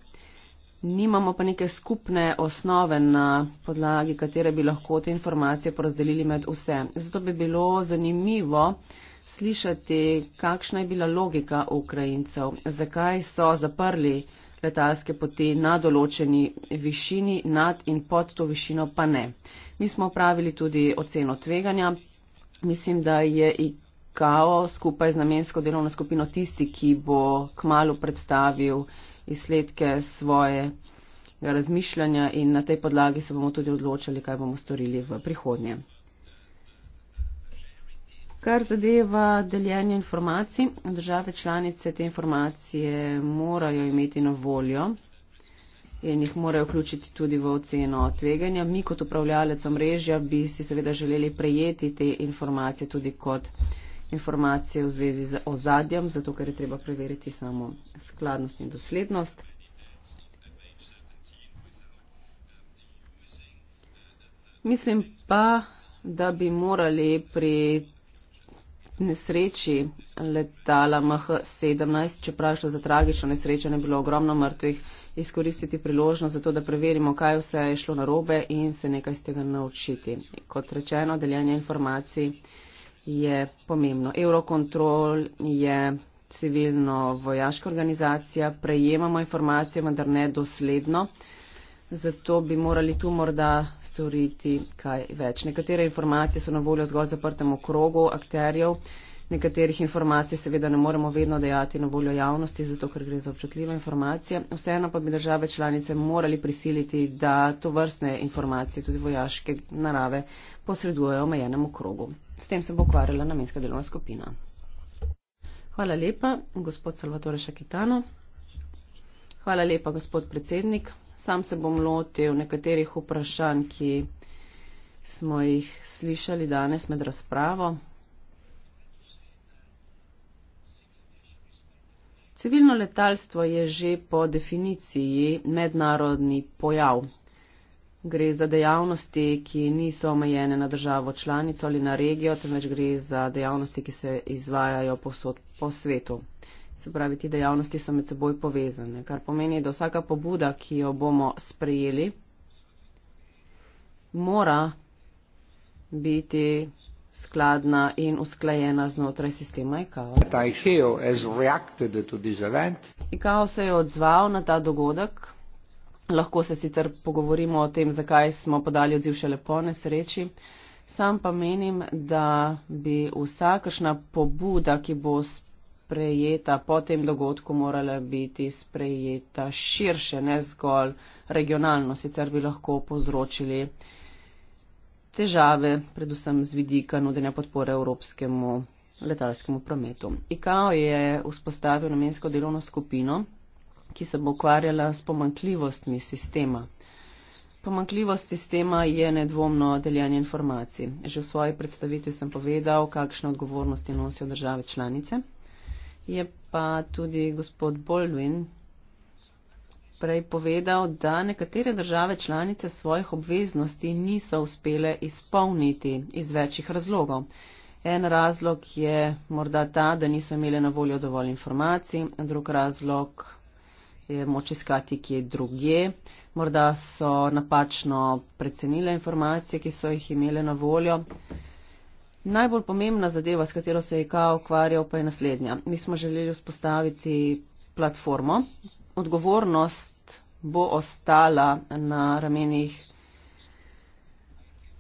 Speaker 3: nimamo pa neke skupne osnove, na podlagi katere bi lahko te informacije porazdelili med vse. Zato bi bilo zanimivo slišati, kakšna je bila logika Ukrajincev, zakaj so zaprli letalske poti na določeni višini, nad in pod to višino pa ne. Mi smo pravili tudi oceno tveganja. Mislim, da je kao skupaj z namensko delovno skupino tisti, ki bo k malu predstavil izsledke svoje razmišljanja in na tej podlagi se bomo tudi odločili, kaj bomo storili v prihodnje. Kar zadeva deljenje informacij, države članice te informacije morajo imeti na voljo in jih morajo vključiti tudi v oceno tveganja. Mi kot upravljalec omrežja bi si seveda želeli prejeti te informacije tudi kot informacije v zvezi z ozadjem, zato ker je treba preveriti samo skladnost in doslednost. Mislim pa, da bi morali pri nesreči letala MH17, čeprav šlo za tragično nesrečo, ne bilo ogromno mrtvih, izkoristiti priložnost za to, da preverimo, kaj vse je šlo narobe in se nekaj iz tega naučiti. Kot rečeno, deljenje informacij je pomembno. Eurocontrol je civilno-vojaška organizacija, prejemamo informacije, vendar ne dosledno. Zato bi morali tu morda storiti kaj več. Nekatere informacije so na voljo zgolj zaprtemu krogu akterjev, nekaterih informacij seveda ne moremo vedno dejati na voljo javnosti, zato ker gre za občutljive informacije. Vseeno pa bi države članice morali prisiliti, da to vrstne informacije, tudi vojaške narave, posredujejo omejenemu krogu. S tem se bo ukvarjala namenska delovna skupina. Hvala lepa, gospod Salvatore Šakitano. Hvala lepa, gospod predsednik. Sam se bom lotil nekaterih vprašanj, ki smo jih slišali danes med razpravo. Civilno letalstvo je že po definiciji mednarodni pojav. Gre za dejavnosti, ki niso omejene na državo članico ali na regijo, temveč gre za dejavnosti, ki se izvajajo posod po svetu. Se pravi, ti dejavnosti so med seboj povezane, kar pomeni, da vsaka pobuda, ki jo bomo sprejeli, mora biti skladna in usklajena znotraj sistema ICAO. ICAO se je odzval na ta dogodek. Lahko se sicer pogovorimo o tem, zakaj smo podali odziv šele po nesreči. Sam pa menim, da bi vsakršna pobuda, ki bo sprejeta po tem dogodku, morala biti sprejeta širše, ne zgolj regionalno, sicer bi lahko povzročili težave, predvsem z vidika nudenja podpore evropskemu letalskemu prometu. IKAO je vzpostavil namensko delovno skupino ki se bo ukvarjala s pomankljivostmi sistema. Pomankljivost sistema je nedvomno deljanje informacij. Že v svoji predstavitvi sem povedal, kakšne odgovornosti nosijo države članice. Je pa tudi gospod Baldwin prej povedal, da nekatere države članice svojih obveznosti niso uspele izpolniti iz večjih razlogov. En razlog je morda ta, da niso imeli na voljo dovolj informacij, drug razlog je moč iskati kje druge. Morda so napačno predcenile informacije, ki so jih imele na voljo. Najbolj pomembna zadeva, s katero se je IK ukvarjal, pa je naslednja. Mi smo želeli vzpostaviti platformo. Odgovornost bo ostala na ramenih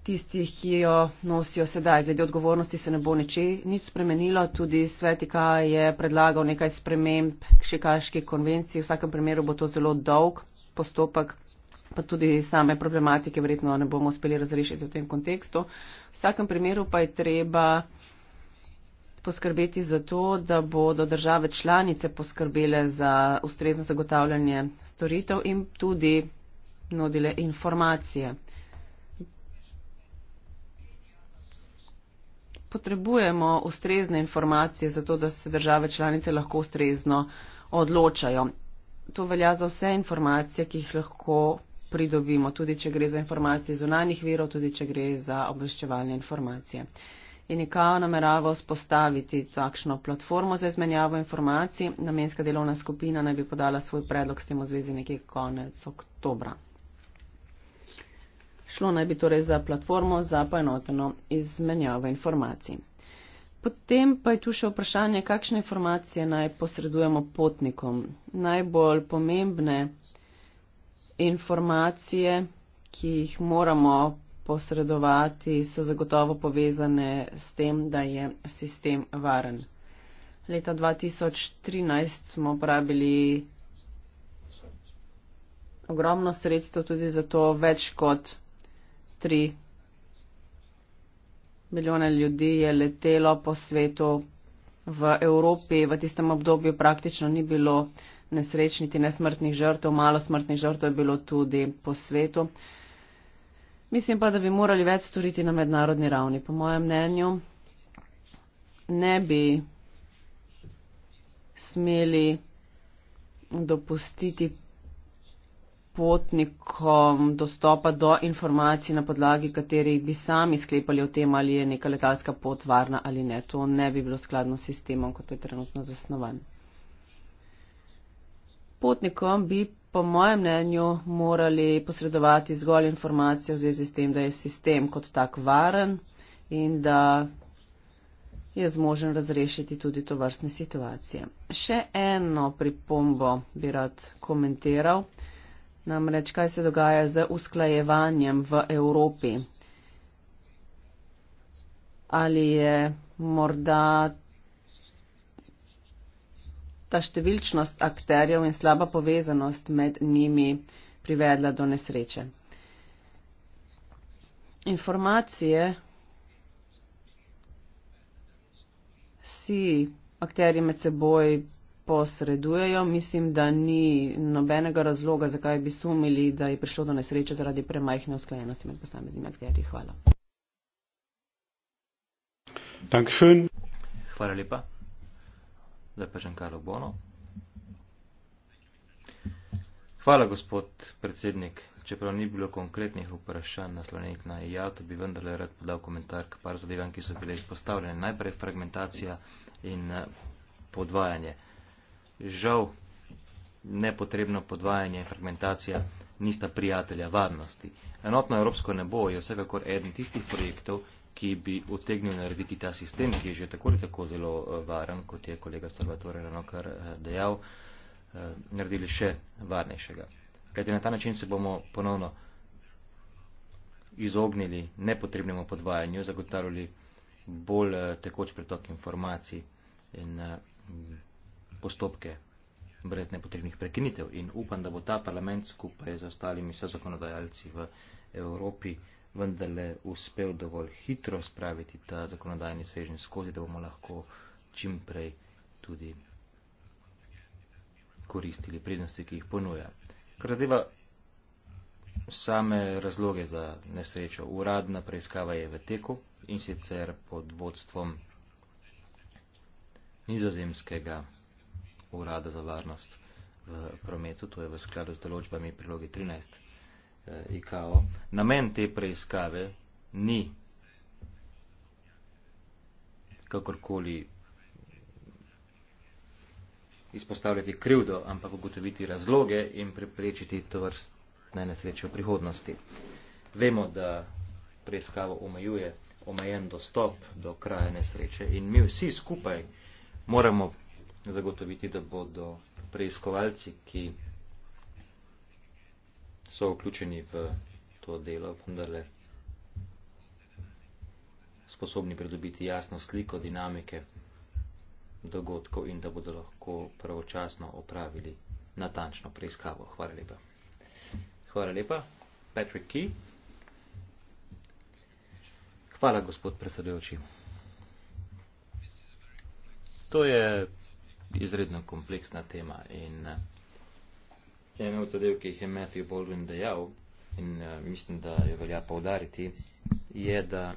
Speaker 3: tistih, ki jo nosijo sedaj. Glede odgovornosti se ne bo niči, nič spremenilo. Tudi Svetika je predlagal nekaj sprememb šikaške konvencije. V vsakem primeru bo to zelo dolg postopek, pa tudi same problematike verjetno ne bomo uspeli razrešiti v tem kontekstu. V vsakem primeru pa je treba poskrbeti za to, da bodo države članice poskrbele za ustrezno zagotavljanje storitev in tudi nudile informacije. potrebujemo ustrezne informacije, zato da se države članice lahko ustrezno odločajo. To velja za vse informacije, ki jih lahko pridobimo, tudi če gre za informacije zunanih virov, tudi če gre za obveščevalne informacije. In ICAO namerava spostaviti takšno platformo za izmenjavo informacij. Namenska delovna skupina naj bi podala svoj predlog s tem v zvezi nekje konec oktobra. Šlo naj bi torej za platformo za poenoteno izmenjavo informacij. Potem pa je tu še vprašanje, kakšne informacije naj posredujemo potnikom. Najbolj pomembne informacije, ki jih moramo posredovati, so zagotovo povezane s tem, da je sistem varen. Leta 2013 smo uporabili ogromno sredstvo tudi za to več kot 3 milijone ljudi je letelo po svetu. V Evropi v tistem obdobju praktično ni bilo nesrečnih in nesmrtnih žrtev, malo smrtnih žrtev je bilo tudi po svetu. Mislim pa, da bi morali več storiti na mednarodni ravni. Po mojem mnenju ne bi smeli dopustiti potnikom dostopa do informacij, na podlagi katerih bi sami sklepali o tem, ali je neka letalska pot varna ali ne. To ne bi bilo skladno s sistemom, kot je trenutno zasnovan. Potnikom bi, po mojem mnenju, morali posredovati zgolj informacije v zvezi s tem, da je sistem kot tak varen in da je zmožen razrešiti tudi to vrstne situacije. Še eno pripombo bi rad komentiral. Namreč, kaj se dogaja z usklajevanjem v Evropi? Ali je morda ta številčnost akterjev in slaba povezanost med njimi privedla do nesreče? Informacije si akterji med seboj posredujejo. Mislim, da ni nobenega razloga, zakaj bi sumili, da je prišlo do nesreče zaradi premajhne usklajenosti med posameznimi akterji. Hvala.
Speaker 1: Dankeschön. Hvala lepa. Zdaj pa Čankarlo Bono. Hvala, gospod predsednik. Čeprav ni bilo konkretnih vprašanj naslovljenih na IATO, bi vendarle rad podal komentar k par zadevam, ki so bile izpostavljene. Najprej fragmentacija in eh, podvajanje žal nepotrebno podvajanje in fragmentacija nista prijatelja varnosti. Enotno Evropsko nebo je vsekakor eden tistih projektov, ki bi utegnil narediti ta sistem, ki je že tako ali tako zelo eh, varen, kot je kolega Salvatore Renokar eh, dejal, eh, naredili še varnejšega. Kajti na ta način se bomo ponovno izognili nepotrebnemu podvajanju, zagotavljali bolj tekoč pretok informacij in postopke brez nepotrebnih prekinitev. In upam, da bo ta parlament skupaj z ostalimi vse zakonodajalci v Evropi vendarle uspel dovolj hitro spraviti ta zakonodajni svežen skozi, da bomo lahko čim prej tudi koristili prednosti, ki jih ponuja. Kar zadeva same razloge za nesrečo. Uradna preiskava je v teku in sicer pod vodstvom nizozemskega urada za varnost v prometu, to je v skladu z določbami prilogi 13 eh, IKO. Namen te preiskave ni kakorkoli izpostavljati krivdo, ampak ugotoviti razloge in preprečiti to vrstne nesreče v prihodnosti. Vemo, da preiskavo omejuje omejen dostop do kraja nesreče in mi vsi skupaj moramo zagotoviti, da bodo preiskovalci, ki so vključeni v to delo, vendarle sposobni pridobiti jasno sliko dinamike dogodkov in da bodo lahko pravočasno opravili natančno preiskavo. Hvala lepa. Hvala lepa, Patrick Key. Hvala, gospod predsedujoči. To je izredno kompleksna tema in uh, ena od zadev, ki jih je Matthew Baldwin dejal in uh, mislim, da jo velja povdariti, je, da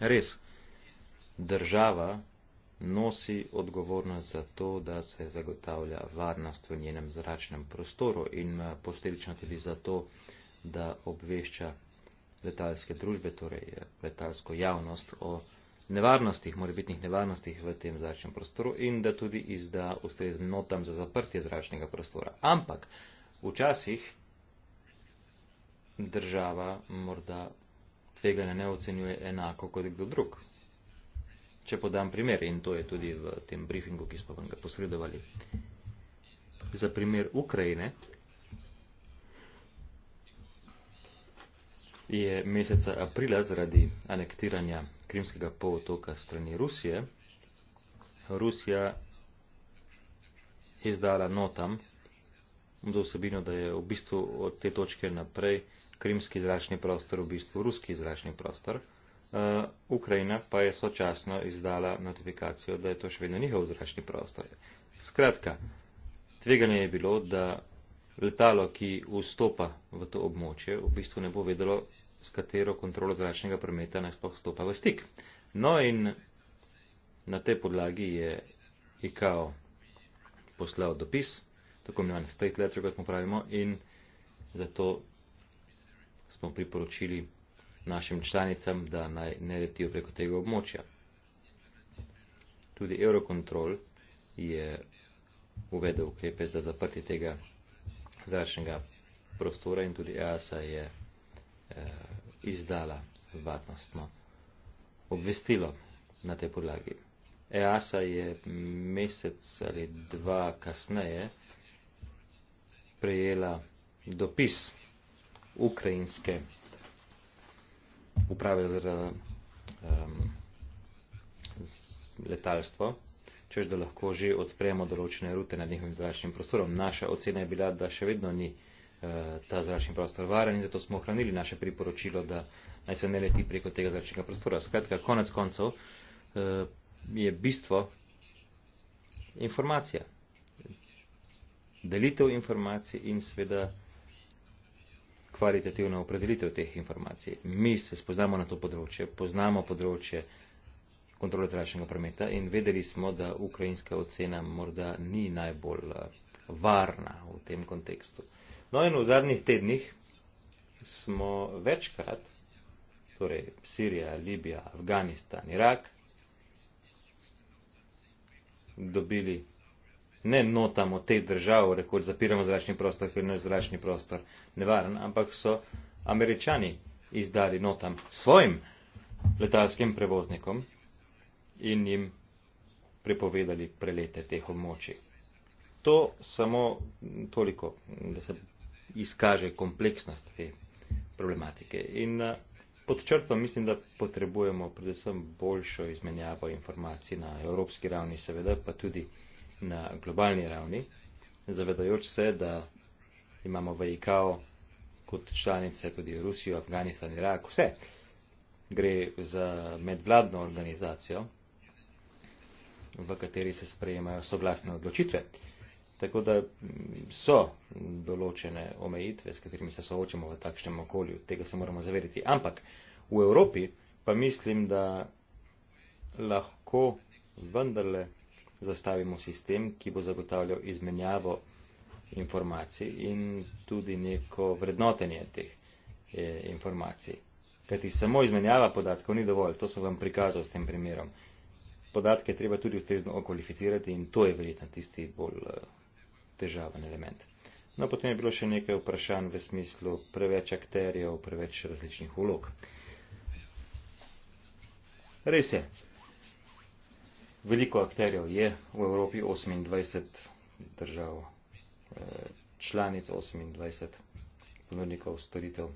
Speaker 1: res država nosi odgovornost za to, da se zagotavlja varnost v njenem zračnem prostoru in uh, posledično tudi za to, da obvešča letalske družbe, torej letalsko javnost o nevarnostih, morebitnih nevarnostih v tem zračnem prostoru in da tudi izda ustrezno notam za zaprtje zračnega prostora. Ampak včasih država morda tveganja ne ocenjuje enako kot kdo drug. Če podam primer, in to je tudi v tem briefingu, ki smo vam ga posredovali, za primer Ukrajine je meseca aprila zaradi anektiranja Krimskega polotoka strani Rusije. Rusija je izdala notam do vsebino, da je v bistvu od te točke naprej krimski zračni prostor v bistvu ruski zračni prostor. Uh, Ukrajina pa je sočasno izdala notifikacijo, da je to še vedno njihov zračni prostor. Skratka, tveganje je bilo, da letalo, ki vstopa v to območje, v bistvu ne bo vedelo, s katero kontrola zračnega prometa naj sploh stopa v stik. No in na tej podlagi je IKAO poslal dopis, tako imenovan state letter, kot mu pravimo, in zato smo priporočili našim članicam, da naj ne letijo preko tega območja. Tudi Eurocontrol je uvedel ukrepe za zaprti tega zračnega prostora in tudi EASA je eh, izdala varnostno obvestilo na tej podlagi. EASA je mesec ali dva kasneje prejela dopis ukrajinske uprave za um, letalstvo, čež da lahko že odpremo določene rute nad njihovim zračnim prostorom. Naša ocena je bila, da še vedno ni uh, Eh, ta zračni prostor varen in zato smo ohranili naše priporočilo, da naj se ne leti preko tega zračnega prostora. Skratka, konec koncev eh, je bistvo informacija. Delitev informacij in seveda kvalitativna opredelitev teh informacij. Mi se spoznamo na to področje, poznamo področje kontrole zračnega prometa in vedeli smo, da ukrajinska ocena morda ni najbolj eh, varna v tem kontekstu. No in v zadnjih tednih smo večkrat, torej Sirija, Libija, Afganistan, Irak, dobili ne notamo te države, rekoč zapiramo zračni prostor, ker je naš zračni prostor nevaren, ampak so američani izdali notam svojim letalskim prevoznikom in jim prepovedali prelete teh območij. To samo toliko, da se izkaže kompleksnost te problematike. In eh, pod črto mislim, da potrebujemo predvsem boljšo izmenjavo informacij na evropski ravni, seveda pa tudi na globalni ravni, zavedajoč se, da imamo v IKO kot članice tudi Rusijo, Afganistan, Irak, vse gre za medvladno organizacijo, v kateri se sprejemajo soglasne odločitve. Uh, Tako da mm, so določene omejitve, s katerimi se soočamo v takšnem okolju, tega se moramo zaveriti. Ampak v Evropi pa mislim, da lahko vendarle zastavimo sistem, ki bo zagotavljal izmenjavo informacij in tudi neko vrednotenje teh eh, informacij. Kajti samo izmenjava podatkov ni dovolj, to sem vam prikazal s tem primerom. Podatke treba tudi ustrezno okvalificirati in to je verjetno tisti bolj. Eh, težaven element. No, potem je bilo še nekaj vprašanj v smislu preveč akterjev, preveč različnih ulog. Res je, veliko akterjev je v Evropi, 28 držav, eh, članic 28 ponudnikov storitev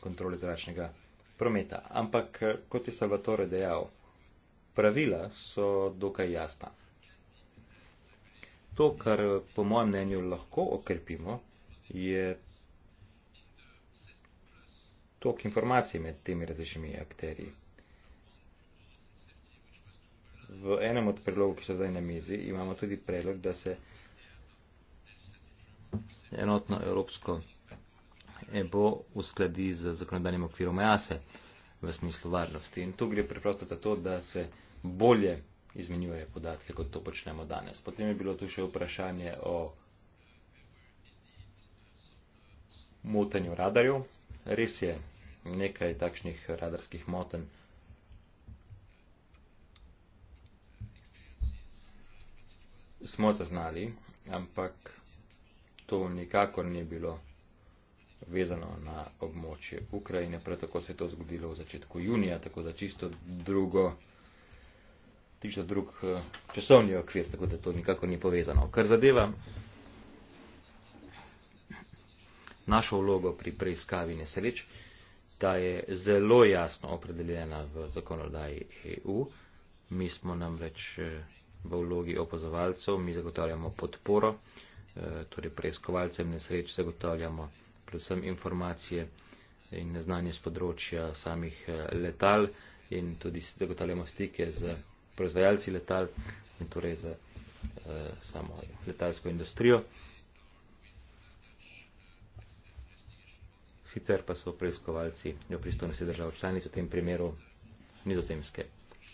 Speaker 1: kontrole zračnega prometa. Ampak, eh, kot je Salvatore dejal, pravila so dokaj jasna. To, kar po mojem mnenju lahko okrepimo, je tok informacij med temi različnimi akterji. V enem od predlogov, ki so zdaj na mizi, imamo tudi predlog, da se enotno evropsko EBO uskladi z zakonodajnim okvirom EASE e v smislu varnosti. In tu gre preprosto za to, da se bolje izmenjujejo podatke, kot to počnemo danes. Potem je bilo tu še vprašanje o motenju radarjev. Res je, nekaj takšnih radarskih moten. Smo zaznali, ampak to nikakor ni bilo vezano na območje Ukrajine, prav tako se je to zgodilo v začetku junija, tako da čisto drugo čisto drug eh, časovni okvir, tako da to nikako ni povezano. Kar zadeva našo vlogo pri preiskavi nesreč, ta je zelo jasno opredeljena v zakonodaji EU. Mi smo namreč eh, v vlogi opozovalcev, mi zagotavljamo podporo, eh, torej preiskovalcem nesreč zagotavljamo predvsem informacije in znanje z področja samih letal in tudi zagotavljamo stike z proizvajalci letal in torej za eh, samo letalsko industrijo. Sicer pa so preiskovalci jo pristojnosti držav članic, v tem primeru nizozemske.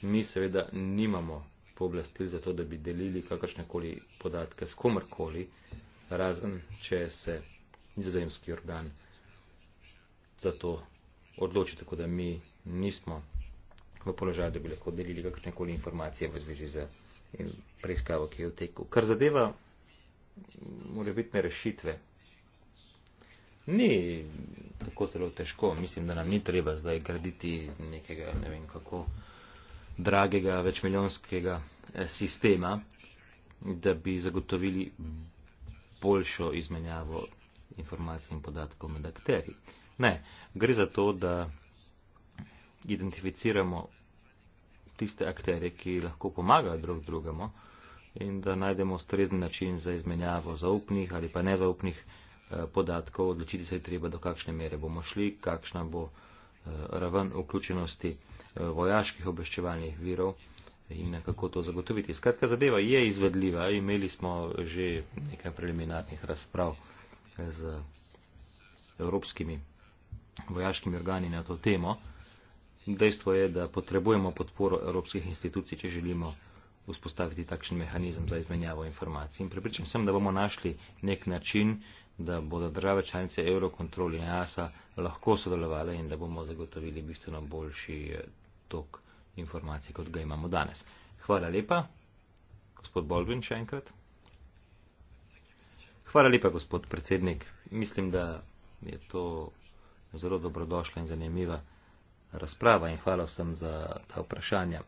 Speaker 1: Mi seveda nimamo pooblastil za to, da bi delili kakršnekoli podatke s komarkoli, razen če se nizozemski organ za to odloči, tako da mi nismo v položaju, da bi lahko delili kakšne koli informacije v zvezi z preiskavo, ki je v teku. Kar zadeva morajo biti rešitve. Ni tako zelo težko. Mislim, da nam ni treba zdaj graditi nekega, ne vem kako, dragega, večmiljonskega eh, sistema, da bi zagotovili boljšo izmenjavo informacij in podatkov med akteri. Ne, gre za to, da identificiramo tiste akterje, ki lahko pomagajo drug drugemu in da najdemo ustrezni način za izmenjavo zaupnih ali pa nezaupnih eh, podatkov, odločiti se je treba, do kakšne mere bomo šli, kakšna bo eh, raven vključenosti eh, vojaških obveščevalnih virov in kako to zagotoviti. Skratka, zadeva je izvedljiva, imeli smo že nekaj preliminarnih razprav z evropskimi vojaškimi organi na to temo dejstvo je, da potrebujemo podporo evropskih institucij, če želimo vzpostaviti takšen mehanizem za izmenjavo informacij. In pripričam sem, da bomo našli nek način, da bodo države članice Eurocontrol in EASA lahko sodelovali in da bomo zagotovili bistveno boljši eh, tok informacij, kot ga imamo danes. Hvala lepa, gospod Bolbin, še enkrat. Hvala lepa, gospod predsednik. Mislim, da je to zelo dobrodošla in zanimiva razprava in hvala vsem za ta vprašanja.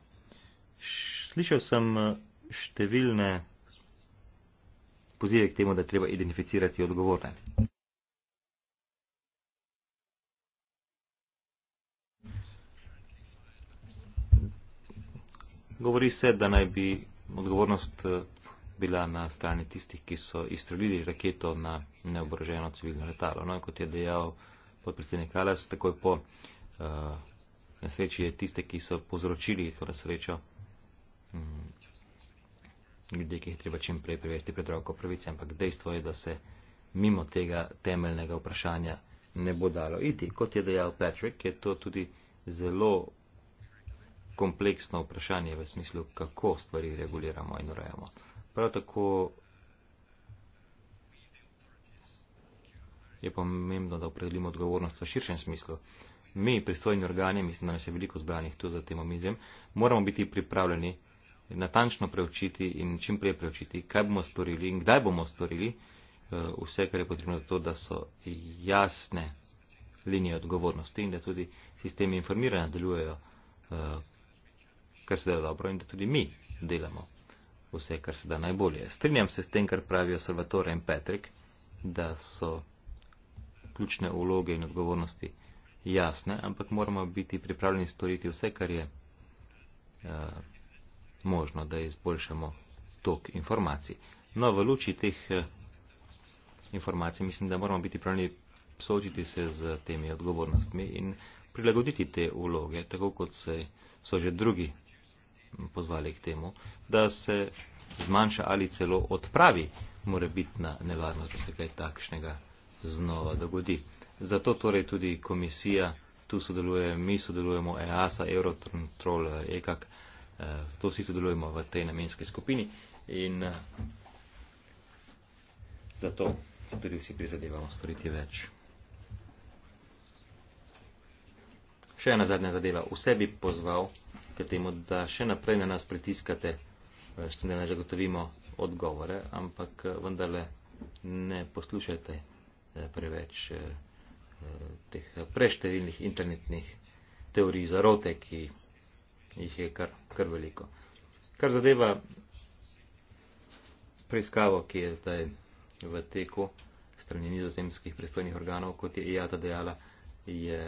Speaker 1: Slišal sem eh, številne pozive k temu, da treba identificirati odgovorne. Govori se, da naj bi odgovornost eh, bila na strani tistih, ki so izstrelili raketo na neoboroženo civilno letalo. No, kot je dejal podpredsednik Kalas, takoj po uh, uh, eh, nesreči je tiste, ki so povzročili to nesrečo, um, ljudje, ki jih treba čim prej privesti pred roko pravice, ampak dejstvo je, da se mimo tega temeljnega vprašanja ne bo dalo iti. Kot je dejal Patrick, je to tudi zelo kompleksno vprašanje v smislu, kako stvari reguliramo in urejamo. Prav tako je pomembno, da opredelimo odgovornost v širšem smislu. Uh, mi, pristojni organi, mislim, da nas je veliko zbranih tu za tem omizjem, moramo biti pripravljeni natančno preučiti in čim prej preučiti, kaj bomo storili in kdaj bomo storili eh, vse, kar je potrebno za to, da so jasne linije odgovornosti in da tudi sistemi informiranja delujejo, eh, kar se da dobro in da tudi mi delamo vse, kar se da najbolje. Strinjam se s tem, kar pravijo Salvatore in Patrick, da so ključne uloge in odgovornosti jasne, ampak moramo biti pripravljeni storiti vse, kar je eh, možno, da izboljšamo tok informacij. No, v luči teh eh, informacij mislim, da moramo biti pripravljeni soočiti se z temi odgovornostmi in prilagoditi te vloge, tako kot se so že drugi mm, pozvali k temu, da se zmanjša ali celo odpravi morebitna nevarnost, da se kaj takšnega znova dogodi. Zato torej tudi komisija, tu sodeluje, mi sodelujemo EASA, Eurotrol, EKAK, eh, to vsi sodelujemo v tej namenski skupini in eh, zato se tudi vsi prizadevamo storiti več. Še ena zadnja zadeva. Vse bi pozval k temu, da še naprej na nas pritiskate, što eh, ne zagotovimo odgovore, ampak vendarle ne poslušajte preveč teh preštevilnih internetnih teorij zarote, ki jih je kar, kar veliko. Kar zadeva preiskavo, ki je zdaj v teku strani nizozemskih pristojnih organov, kot je IATA e dejala, je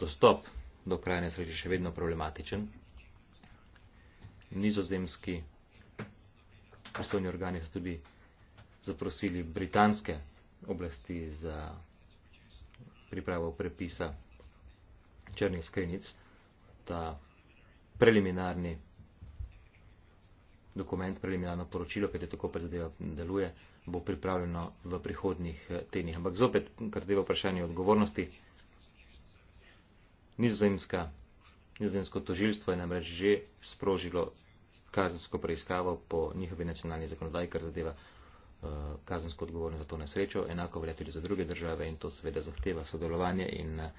Speaker 1: dostop do krajne sreče še vedno problematičen. Nizozemski pristojni organi so tudi zaprosili britanske oblasti za pripravo prepisa črnih skrinic, ta preliminarni dokument, preliminarno poročilo, kajte tako predzadeva deluje, bo pripravljeno v prihodnih eh, tednih. Ampak zopet, kar zadeva vprašanje odgovornosti, nizozemska, nizozemsko tožilstvo je namreč že sprožilo kazensko preiskavo po njihovi nacionalni zakonodaji, kar zadeva Eh, kazensko odgovorni za to nesrečo, enako velja tudi za druge države in to seveda zahteva sodelovanje in eh,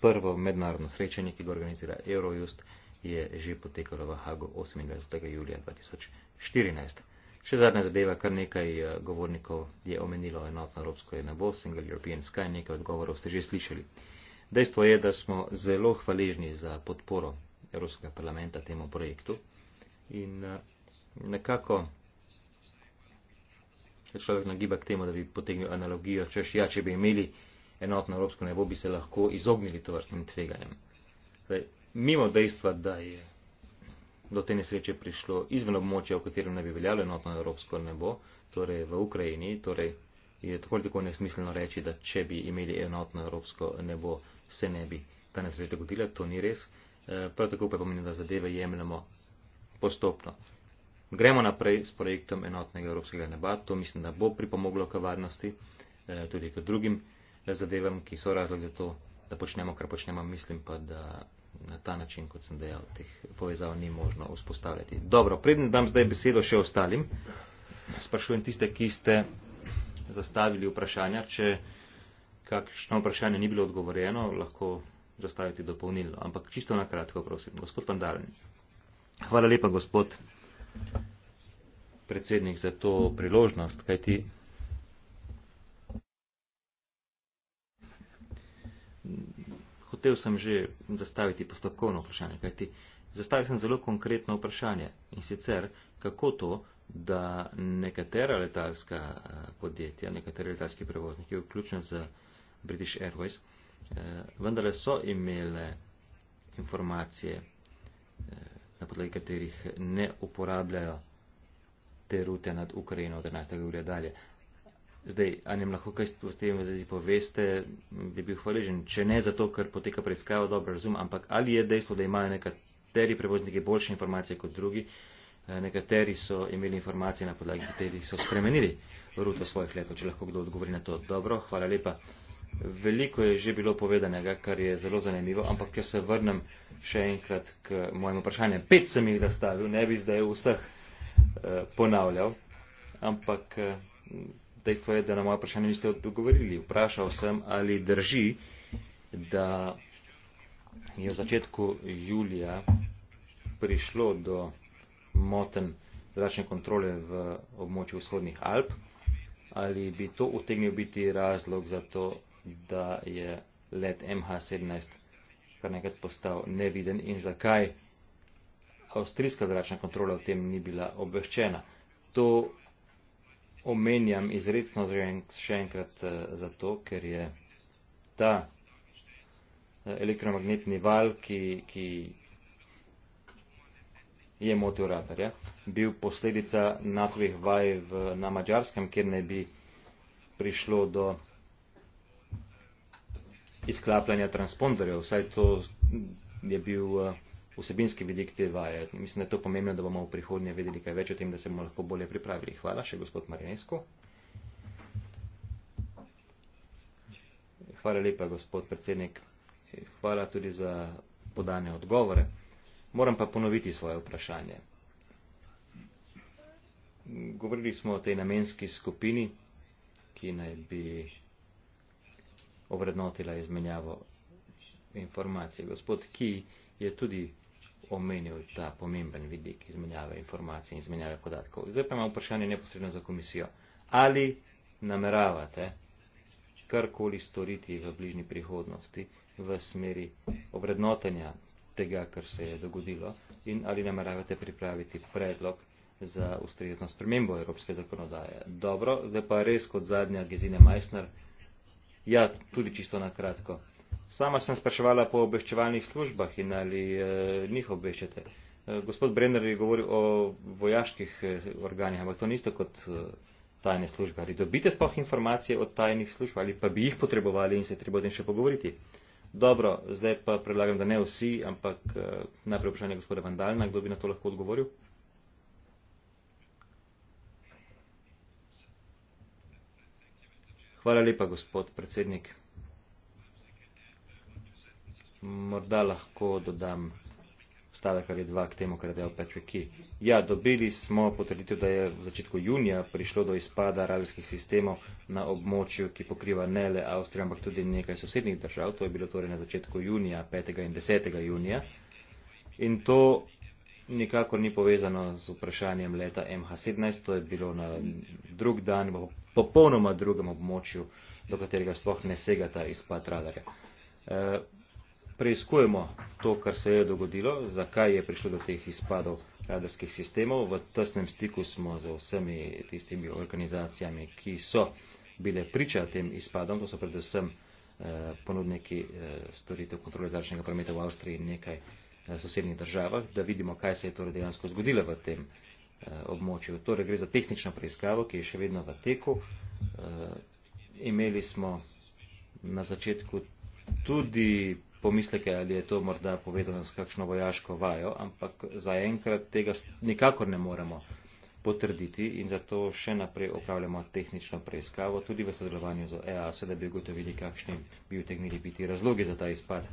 Speaker 1: prvo mednarodno srečanje, ki ga organizira Eurojust, je že potekalo v Hagu 28. julija 2014. Še zadnja zadeva, kar nekaj eh, govornikov je omenilo enotno Evropsko enobo, Single European Sky, nekaj odgovorov ste že slišali. Dejstvo je, da smo zelo hvaležni za podporo Evropskega parlamenta temu projektu in nekako človek nagiba k temu, da bi potegnil analogijo, češ, ja, če bi imeli enotno evropsko nebo, bi se lahko izognili tovrstnim tveganjem. Torej, mimo dejstva, da je do te nesreče prišlo izven območja, v katerem ne bi veljalo enotno evropsko nebo, torej v Ukrajini, torej je tako ali tako nesmiselno reči, da če bi imeli enotno evropsko nebo, se ne bi ta nesreča dogodila, to ni res. Eh, prav tako pa pomeni, da zadeve jemljamo postopno. Gremo naprej s projektom enotnega evropskega neba. To mislim, da bo pripomoglo k varnosti, eh, tudi k drugim eh, zadevam, ki so razlog za to, da počnemo, kar počnemo. Mislim pa, da na ta način, kot sem dejal, teh povezav ni možno vzpostavljati. Dobro, predem dam zdaj besedo še ostalim. Sprašujem tiste, ki ste zastavili vprašanja. Če kakšno vprašanje ni bilo odgovorjeno, lahko zastavite dopolnilno. Ampak čisto na kratko, prosim. Gospod Pandaren. Hvala lepa, gospod predsednik za to priložnost, kaj ti? Hotev sem že zastaviti postopkovno vprašanje, kaj ti? Zastavil sem zelo konkretno vprašanje in sicer, kako to, da nekatera letalska eh, podjetja, nekateri letalski prevozniki, vključno z British Airways, eh, vendarle so imele informacije, eh, na podlagi katerih ne uporabljajo te rute nad Ukrajino od 11. ure dalje. Zdaj, a ne lahko kaj v tem zvezi poveste, bi bil hvaležen, če ne zato, ker poteka preiskava, dobro razumem, ampak ali je dejstvo, da imajo nekateri prevozniki boljše informacije kot drugi, eh, nekateri so imeli informacije na podlagi katerih so spremenili ruto svojih letov, če lahko kdo odgovori na to. Dobro, hvala lepa. Veliko je že bilo povedanega, kar je zelo zanimivo, ampak jaz se vrnem še enkrat k mojemu vprašanju. Pet sem jih zastavil, ne bi zdaj vseh eh, ponavljal, ampak eh, dejstvo je, da na moje vprašanje niste odgovorili. Vprašal sem, ali drži, da je v začetku julija prišlo do moten zračne kontrole v območju vzhodnih Alp, ali bi to utegnil biti razlog za to, da je let MH17 kar nekrat postal neviden in zakaj avstrijska zračna kontrola o tem ni bila obveščena. To omenjam izredno še enkrat eh, zato, ker je ta eh, elektromagnetni val, ki, ki je motil radarja, bil posledica NATO-vih vaj v, na Mačarskem, kjer ne bi prišlo do izklapljanja transponderjev, vsaj to je bil eh, vsebinski vidik te vaje. Mislim, da je to pomembno, da bomo v prihodnje vedeli kaj več o tem, da se bomo lahko bolje pripravili. Hvala še gospod Marinesko. Hvala lepa, gospod predsednik. Hvala tudi za podane odgovore. Moram pa ponoviti svoje vprašanje. Govorili smo o tej namenski skupini, ki naj bi ovrednotila izmenjavo informacij. Gospod Ki je tudi omenil ta pomemben vidik izmenjave informacij in izmenjave podatkov. Zdaj pa imamo vprašanje neposredno za komisijo. Ali nameravate karkoli storiti v bližnji prihodnosti v smeri ovrednotenja tega, kar se je dogodilo in ali nameravate pripraviti predlog za ustrezno spremembo evropske zakonodaje. Dobro, zdaj pa res kot zadnja Gezine Meissner. Ja, tudi čisto na kratko. Sama sem spraševala po obveščevalnih službah in ali eh, njih obveščate. Eh, gospod Brenner je govoril o vojaških eh, organih, ampak to niste kot eh, tajne službe. Ali dobite sploh informacije od tajnih služb ali pa bi jih potrebovali in se treba o tem še pogovoriti? Dobro, zdaj pa predlagam, da ne vsi, ampak eh, najprej vprašanje gospoda Vandalna, kdo bi na to lahko odgovoril. Hvala lepa, gospod predsednik. Morda lahko dodam stavek ali dva k temu, kar je dejal Patrick Key. Ja, dobili smo potrditev, da je v začetku junija prišlo do izpada radijskih sistemov na območju, ki pokriva ne le Avstrijo, ampak tudi nekaj sosednjih držav. To je bilo torej na začetku junija, 5. in 10. junija. In to nikakor ni povezano z vprašanjem leta MH17, to je bilo na drug dan, popolnoma drugem območju, do katerega sploh ne segata izpad radarja. E, preizkujemo to, kar se je dogodilo, zakaj je prišlo do teh izpadov radarskih sistemov. V tesnem stiku smo z vsemi tistimi organizacijami, ki so bile priča tem izpadom, to so predvsem e, ponudniki e, storitev kontrole zračnega prometa v Avstriji in nekaj e, sosednjih državah, da vidimo, kaj se je torej dejansko zgodilo v tem Eh, območju. Torej gre za tehnično preiskavo, ki je še vedno v teku. Eh, imeli smo na začetku tudi pomisleke, ali je to morda povezano s kakšno vojaško vajo, ampak zaenkrat tega nikakor ne moremo potrditi in zato še naprej opravljamo tehnično preiskavo, tudi v sodelovanju z EASO, da bi ugotovili, kakšni bi utegnili biti razlogi za ta izpad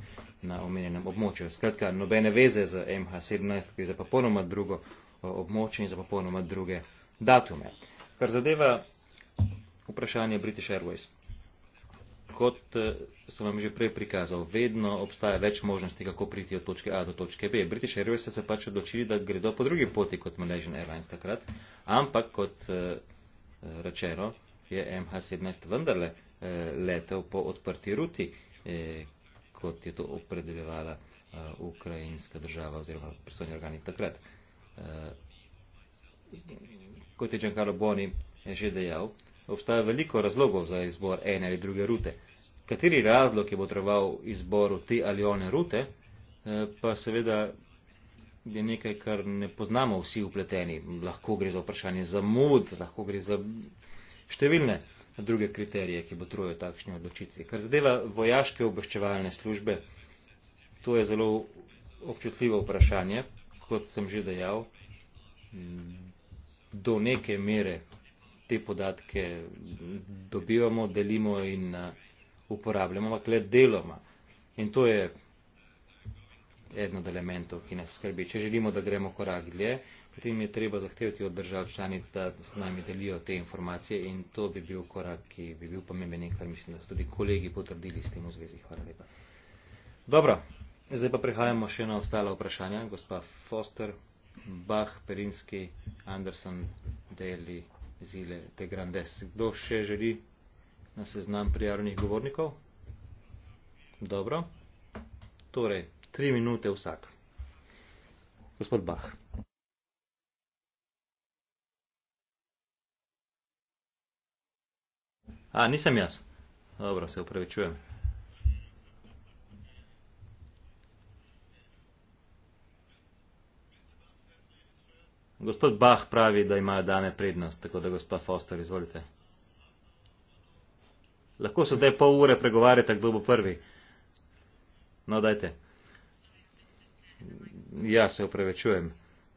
Speaker 1: na omenjenem območju. Skratka, nobene veze z MH17, ki je za popolnoma drugo območje in za popolnoma druge datume. Kar zadeva vprašanje British Airways. Kot eh, sem vam že prej prikazal, vedno obstaja več možnosti, kako priti od točke A do točke B. British Airways so se pač odločili, da gredo po drugi poti kot Malaysian Airlines takrat, ampak kot eh, rečeno, je MH17 vendarle eh, letel po odprti ruti, kot je to opredeljevala ukrajinska država oziroma pristojni organi takrat. Eh, kot je Giancarlo Boni že dejal, obstaja veliko razlogov za izbor ene ali druge rute. Kateri razlog je potreboval izboru te ali one rute, eh, pa seveda je nekaj, kar ne poznamo vsi upleteni. Lahko gre za vprašanje za mod, lahko gre za številne druge kriterije, ki potrujejo takšne odločitve. Kar zadeva vojaške obveščevalne službe, to je zelo občutljivo vprašanje, kot sem že dejal, do neke mere te podatke dobivamo, delimo in uh, uporabljamo, ampak le deloma. In to je eden od elementov, ki nas skrbi. Če želimo, da gremo korak dlje, potem je treba zahtevati od držav članic, da z nami delijo te informacije in to bi bil korak, ki bi bil pomemben in kar mislim, da so tudi kolegi potrdili s tem v zvezi. Hvala lepa. Dobro. Zdaj pa prehajamo še na ostala vprašanja. Gospa Foster, Bach, Perinski, Anderson, Deli, Zile, De Grandes. Kdo še želi na seznam prijavljenih govornikov? Dobro. Torej, tri minute vsak. Gospod Bach. A, nisem jaz. Dobro, se upravičujem. Gospod Bach pravi, da imajo dame prednost, tako da gospa Foster, izvolite. Lahko se zdaj pol ure pregovarjate, kdo bo prvi. No, dajte. Ja, se upravičujem,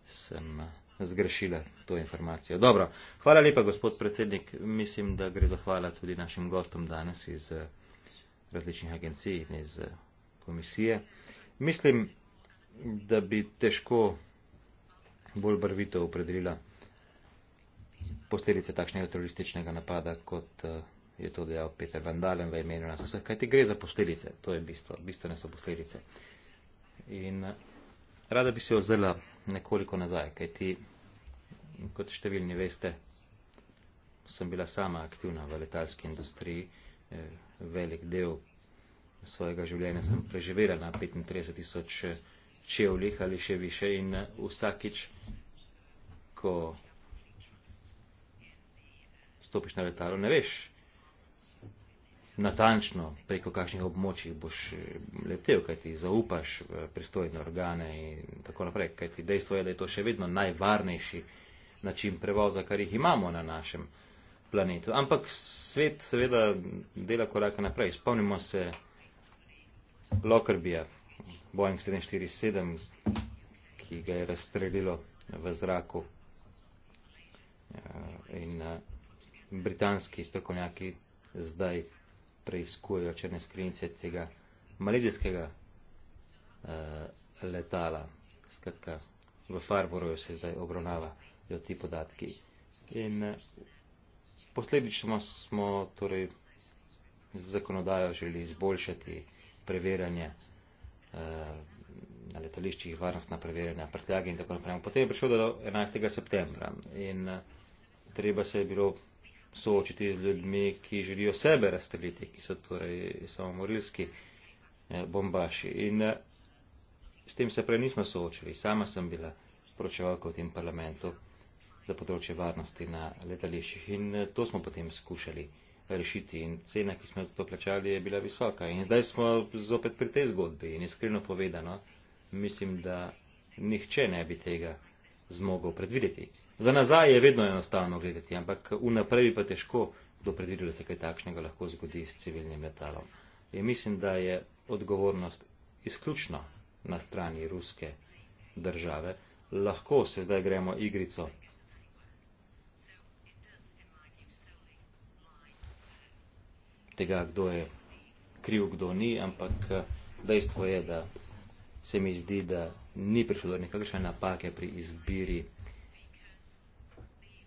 Speaker 1: sem eh, zgrešila to informacijo. Dobro, hvala lepa, gospod predsednik. Mislim, da gre za hvala tudi našim gostom danes iz eh, različnih agencij in iz eh, komisije. Mislim, da bi težko bolj brvito opredelila posledice takšnega terorističnega napada, kot eh, je to dejal Peter Vandalen v imenu nas vseh. Kaj ti gre za posledice? To je bistvo. Bistvene so posledice. In eh, rada bi se ozrla nekoliko nazaj, kaj ti, kot številni veste, sem bila sama aktivna v letalski industriji, eh, velik del svojega življenja sem preživela na 35 tisoč čevljih ali še više in eh, vsakič, ko stopiš na letalo, ne veš natančno, preko kakšnih območjih boš eh, letel, kaj ti zaupaš v pristojne organe in tako naprej, kaj ti dejstvo je, da je to še vedno najvarnejši način prevoza, kar jih imamo na našem planetu. Ampak svet seveda dela korak naprej. Spomnimo se Lockerbie, Boeing 747, ki ga je razstrelilo v zraku. Eh, in eh, britanski strokovnjaki zdaj preizkujejo črne skrinjice tega malezijskega eh, letala. Skratka, v Farboru se zdaj obravnavajo ti podatki. In posledično smo torej zakonodajo želeli izboljšati preverjanje uh, Eh, na letališčih varnostna preverjanja, prtljage in tako naprej. Potem je prišlo do 11. septembra in eh, treba se je bilo soočiti z ljudmi, ki želijo sebe razstreliti, ki so torej samomorilski eh, bombaši. In s tem se prej nismo soočili. Sama sem bila poročevalka v tem parlamentu za področje varnosti na letališčih in to smo potem skušali uh, rešiti. In cena, ki smo jo za to plačali, je bila visoka. In zdaj smo zopet pri tej zgodbi. In iskreno povedano, mislim, da nihče ne bi tega zmogel predvideti. Za nazaj je vedno enostavno gledati, ampak vnaprej pa težko kdo predvidi, da se kaj takšnega lahko zgodi s civilnim letalom. In mislim, da je odgovornost izključno na strani ruske države. Lahko se zdaj gremo igrico tega, kdo je kriv, kdo ni, ampak eh, dejstvo je, da se mi zdi, da ni prišlo do nekakšne napake pri izbiri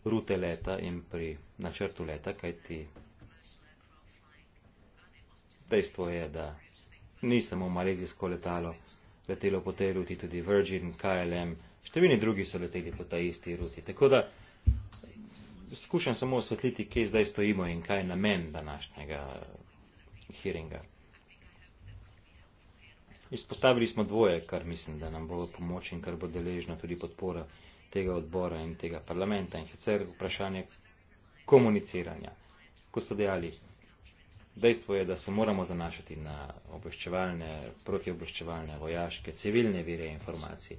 Speaker 1: rute leta in pri načrtu leta, kajti dejstvo je, da ni samo malezijsko letalo letelo po tej ruti, tudi Virgin, KLM, številni drugi so leteli po tej isti ruti. Tako da skušam samo osvetliti, kje zdaj stojimo in kaj je namen današnjega hiringa. Izpostavili smo dvoje, kar mislim, da nam bo v pomoč in kar bo deležna tudi podpora tega odbora in tega parlamenta in sicer vprašanje komuniciranja. Kot so dejali, dejstvo je, da se moramo zanašati na obveščevalne, protioboščevalne, vojaške, civilne vire informacij.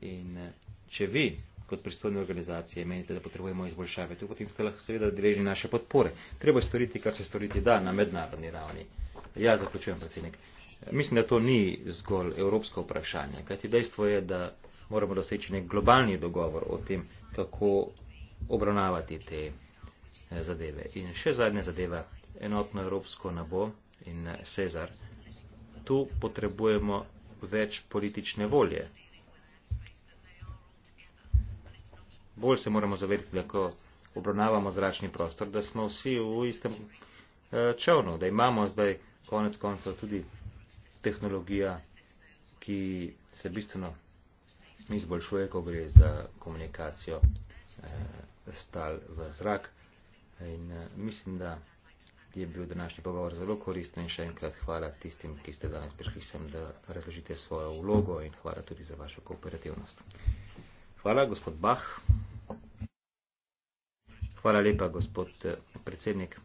Speaker 1: In eh, če vi kot pristojne organizacije menite, da potrebujemo izboljšave, tu potem ste lahko seveda deležni naše podpore. Treba je storiti, kar se storiti da na mednarodni ravni. Ja, zaključujem, predsednik. Mislim, da to ni zgolj evropsko vprašanje, kajti dejstvo je, da moramo doseči nek globalni dogovor o tem, kako obravnavati te eh, zadeve. In še zadnja zadeva, enotno evropsko nabo in eh, Cezar. Tu potrebujemo več politične volje. bolj se moramo zavedati, da ko obravnavamo zračni prostor, da smo vsi v istem eh, čovnu, da imamo zdaj konec koncev tudi tehnologija, ki se bistveno izboljšuje, ko gre za komunikacijo eh, stal v zrak. In eh, mislim, da je bil današnji pogovor zelo koristen in še enkrat hvala tistim, ki ste danes prišli sem, da razložite svojo vlogo in hvala tudi za vašo kooperativnost. Hvala, gospod Bah. Hvala lepa, gospod eh, predsednik.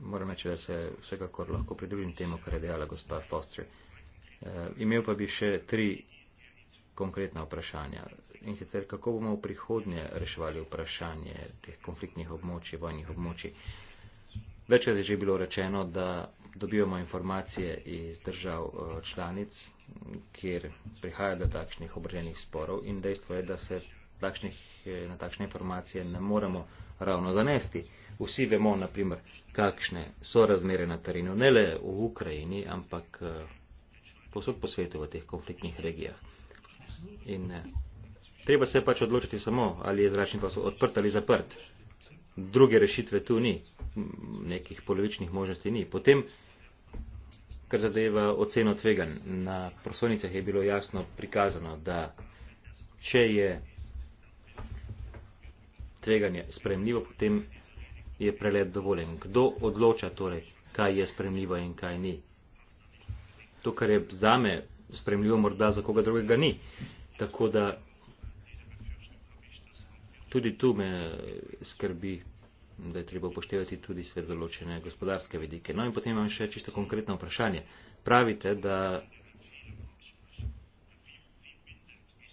Speaker 1: Moram reči, da se vsekakor lahko pridružim temu, kar je dejala gospa Foster. E, imel pa bi še tri konkretna vprašanja. In sicer, kako bomo v prihodnje reševali vprašanje teh konfliktnih območij, vojnih območij. Večkrat je že bilo rečeno, da dobivamo informacije iz držav eh, članic, kjer prihaja do takšnih obrženih sporov in dejstvo je, da se takšnih, eh, na takšne informacije ne moremo ravno zanesti. Vsi vemo, naprimer, kakšne so razmere na terenu, ne le v Ukrajini, ampak eh, posod po svetu v teh konfliktnih regijah. In treba se pač odločiti samo, ali je zračni prostor odprt ali zaprt. Druge rešitve tu ni, nekih polovičnih možnosti ni. Potem kar zadeva oceno tvegan. Na prosonicah je bilo jasno prikazano, da če je tveganje spremljivo, potem je prelet dovoljen. Kdo odloča torej, kaj je spremljivo in kaj ni? To, kar je zame spremljivo, morda za koga drugega ni. Tako da tudi tu me skrbi da je treba upoštevati tudi svet določene gospodarske vidike. No in potem imam še čisto konkretno vprašanje. Pravite, da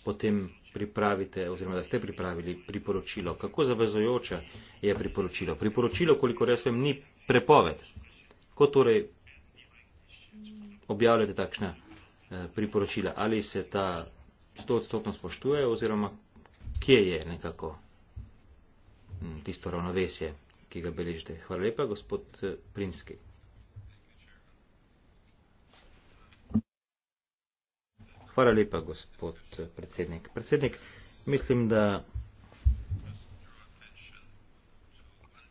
Speaker 1: potem pripravite oziroma da ste pripravili priporočilo. Kako zavezojoče je priporočilo? Priporočilo, koliko jaz vem, ni prepoved. Ko torej objavljate takšna eh, priporočila, ali se ta 100-odstotno spoštuje oziroma kje je nekako Mm, tisto ravnovesje, ki ga beležite. Hvala lepa, gospod eh, Prinski. Hvala lepa, gospod eh, predsednik. Predsednik, mislim, da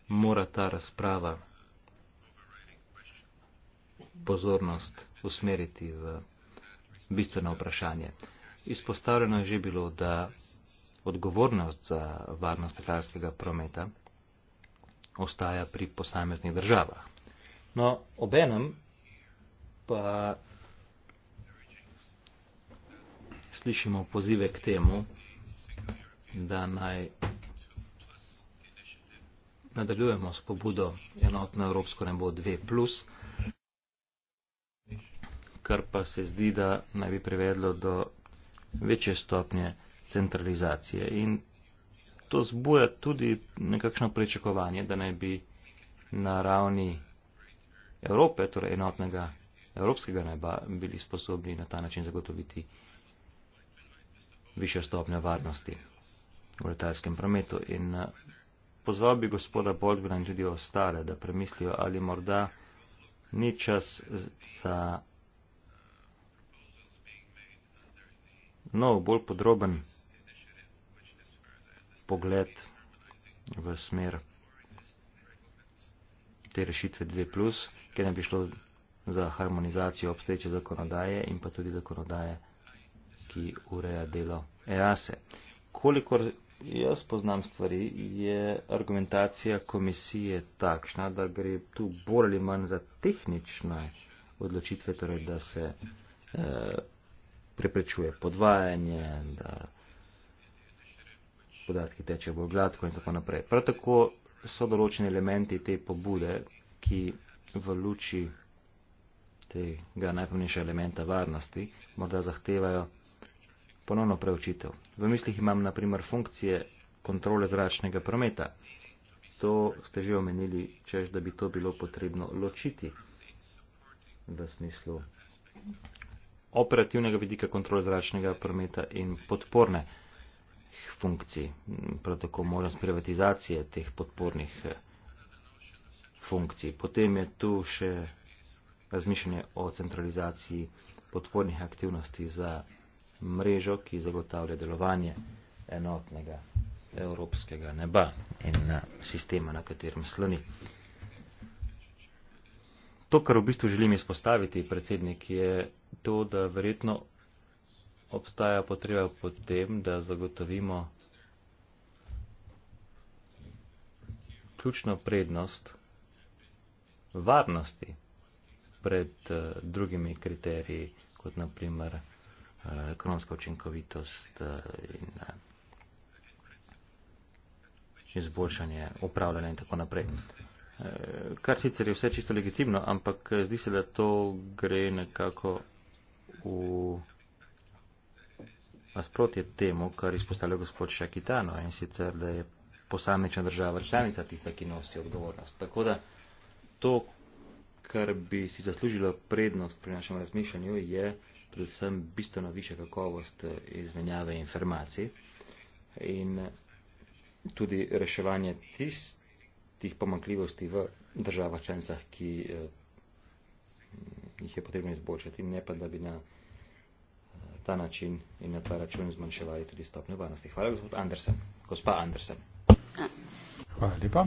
Speaker 1: mora ta razprava pozornost usmeriti v bistveno vprašanje. Izpostavljeno je že bilo, da odgovornost za varnost petarskega prometa ostaja pri posameznih državah. No, obenem pa slišimo pozive k temu, da naj nadaljujemo s pobudo enotno Evropsko nebo 2, kar pa se zdi, da naj bi privedlo do večje stopnje centralizacije. In to zbuja tudi nekakšno pričakovanje, da naj bi na ravni Evrope, torej enotnega evropskega neba, bili sposobni na ta način zagotoviti više stopnje varnosti v letalskem prometu. In eh, pozval bi gospoda Bolgna in tudi ostale, da premislijo, ali morda ni čas za nov, bolj podroben pogled v smer te rešitve 2, ker ne bi šlo za harmonizacijo obstoječe zakonodaje in pa tudi zakonodaje, ki ureja delo EASE. E. Kolikor jaz poznam stvari, je argumentacija komisije takšna, da gre tu bolj ali manj za tehnične odločitve, torej da se eh, preprečuje podvajanje, da podatki tečejo bolj gladko in tako naprej. Prav tako so določeni elementi te pobude, ki v luči tega najpomnejšega elementa varnosti morda zahtevajo ponovno preučitev. V mislih imam naprimer funkcije kontrole zračnega prometa. To ste že omenili, čež da bi to bilo potrebno ločiti v smislu operativnega vidika kontrole zračnega prometa in podporne funkcij, mm, prav tako možnost privatizacije teh podpornih eh, funkcij. Potem je tu še razmišljanje o centralizaciji podpornih aktivnosti za mrežo, ki zagotavlja delovanje enotnega evropskega neba in na eh, sistema, na katerem sloni. To, kar v bistvu želim izpostaviti, predsednik, je to, da verjetno obstaja potreba potem, da zagotovimo ključno prednost varnosti pred uh, drugimi kriteriji, kot naprimer uh, eh, ekonomska učinkovitost uh, in uh, izboljšanje upravljanja in tako naprej. Uh, kar sicer je vse čisto legitimno, ampak zdi se, da to gre nekako v. Uh, nasprotje temu, kar izpostavlja gospod Šakitano in sicer, da je posamečna država članica tista, ki nosi odgovornost. Tako da to, kar bi si zaslužilo prednost pri našem razmišljanju, je predvsem bistveno više kakovost eh, izmenjave informacij in eh, tudi reševanje tistih pomankljivosti v državah članicah, ki eh, jih je potrebno izboljšati, ne pa da bi na ta način in na ta račun zmanjševali tudi stopne varnosti. Hvala, gospod Andersen. Gospa Andersen.
Speaker 2: Hvala lepa.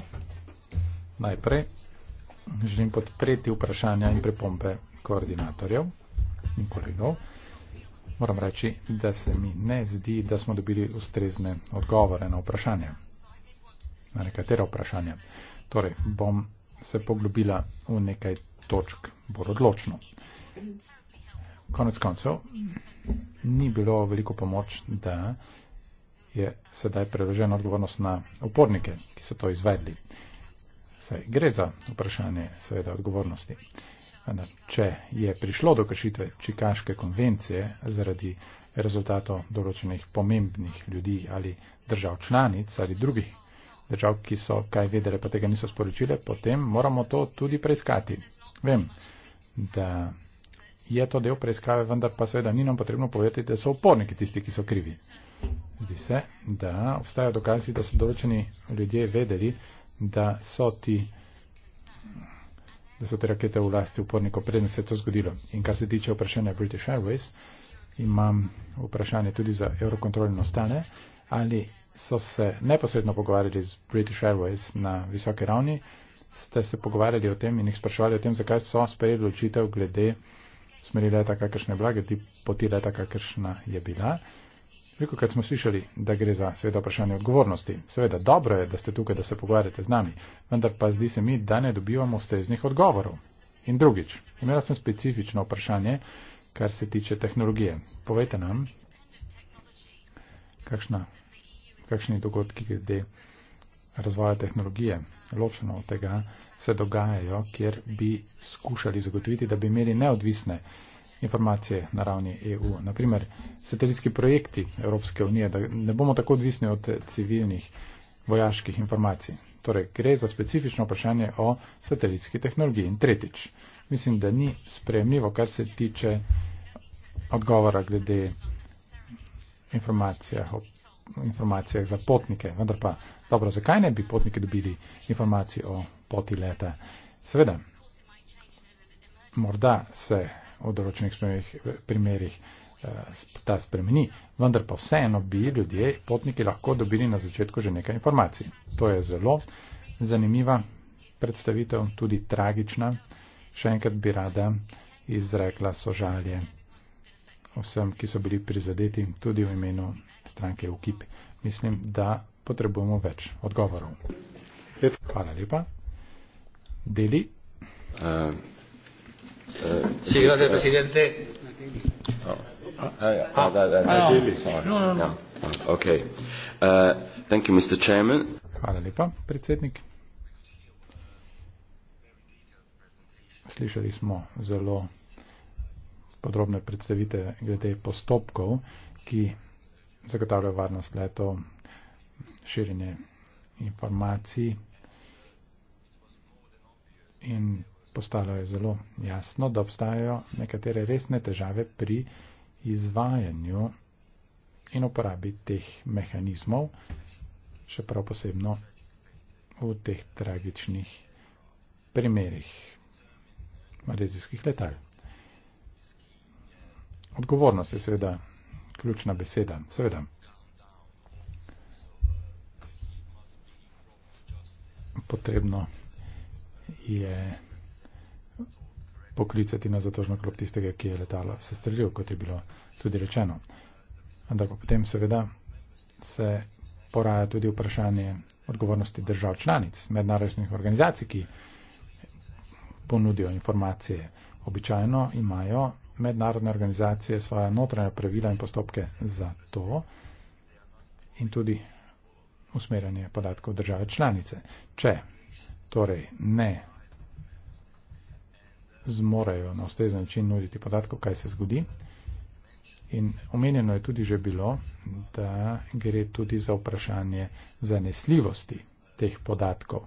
Speaker 2: Najprej želim podpreti vprašanja in prepombe koordinatorjev in kolegov. Moram reči, da se mi ne zdi, da smo dobili ustrezne odgovore na vprašanje. Na nekatera vprašanja. Torej, bom se poglobila v nekaj točk bolj odločno konec koncev ni bilo veliko pomoč, da je sedaj preložena odgovornost na upornike, ki so to izvedli. Saj gre za vprašanje seveda odgovornosti. Vendar, če je prišlo do kršitve Čikaške konvencije zaradi rezultatov določenih pomembnih ljudi ali držav članic ali drugih držav, ki so kaj vedele, pa tega niso sporočile, potem moramo to tudi preiskati. Vem, da je to del preiskave, vendar pa seveda ni nam potrebno povedati, da so uporniki tisti, ki so krivi. Zdi se, da obstajajo dokazi, da so določeni ljudje vedeli, da so, ti, da so te rakete v lasti upornikov, preden se je to zgodilo. In kar se tiče vprašanja British Airways, imam vprašanje tudi za Eurocontrol in ostale, ali so se neposredno pogovarjali z British Airways na visoke ravni, ste se pogovarjali o tem in jih sprašvali o tem, zakaj so sprejeli odločitev glede smeri leta, kakršne blage, ti poti leta, kakršna je bila. Veliko krat smo slišali, da gre za sveda vprašanje odgovornosti. Seveda dobro je, da ste tukaj, da se pogovarjate z nami, vendar pa zdi se mi, da ne dobivamo steznih odgovorov. In drugič, imela sem specifično vprašanje, kar se tiče tehnologije. Povejte nam, kakšna, kakšni dogodki glede razvoja tehnologije, ločeno od tega, se dogajajo, kjer bi skušali zagotoviti, da bi imeli neodvisne informacije na ravni EU. Naprimer, satelitski projekti Evropske unije, da ne bomo tako odvisni od civilnih vojaških informacij. Torej, gre za specifično vprašanje o satelitski tehnologiji. In tretjič, mislim, da ni sprejemljivo, kar se tiče odgovora glede informacijah za potnike. Vendar pa, dobro, zakaj ne bi potniki dobili informacije o poti leta. Seveda, morda se v določenih primerjih eh, ta spremeni, vendar pa vseeno bi ljudje, potniki lahko dobili na začetku že nekaj informacij. To je zelo zanimiva predstavitev, tudi tragična. Še enkrat bi rada izrekla sožalje vsem, ki so bili prizadeti, tudi v imenu stranke UKIP. Mislim, da potrebujemo več odgovorov. Hvala lepa. Deli. Uh, uh, sí, gracias, presidente. Hvala lepa, predsednik.
Speaker 1: Slišali smo
Speaker 2: zelo podrobne predstavite glede postopkov, ki zagotavljajo varnost letov, širjenje informacij in postalo je zelo jasno, da obstajajo nekatere resne težave pri izvajanju in uporabi teh mehanizmov, še prav posebno v teh tragičnih primerih malezijskih letal. Odgovornost je seveda ključna beseda, seveda. Potrebno je poklicati na zatožno klop tistega, ki je letalo se strelil, kot je bilo tudi rečeno. Ampak potem seveda se poraja tudi vprašanje odgovornosti držav članic, mednarodnih organizacij, ki ponudijo informacije. Običajno imajo mednarodne organizacije svoje notranje pravila in postopke za to in tudi usmerjanje podatkov države članice. Če Torej, ne zmorejo na ustrezen način nuditi podatkov, kaj se zgodi. In omenjeno je tudi že bilo, da gre tudi za vprašanje zanesljivosti teh podatkov,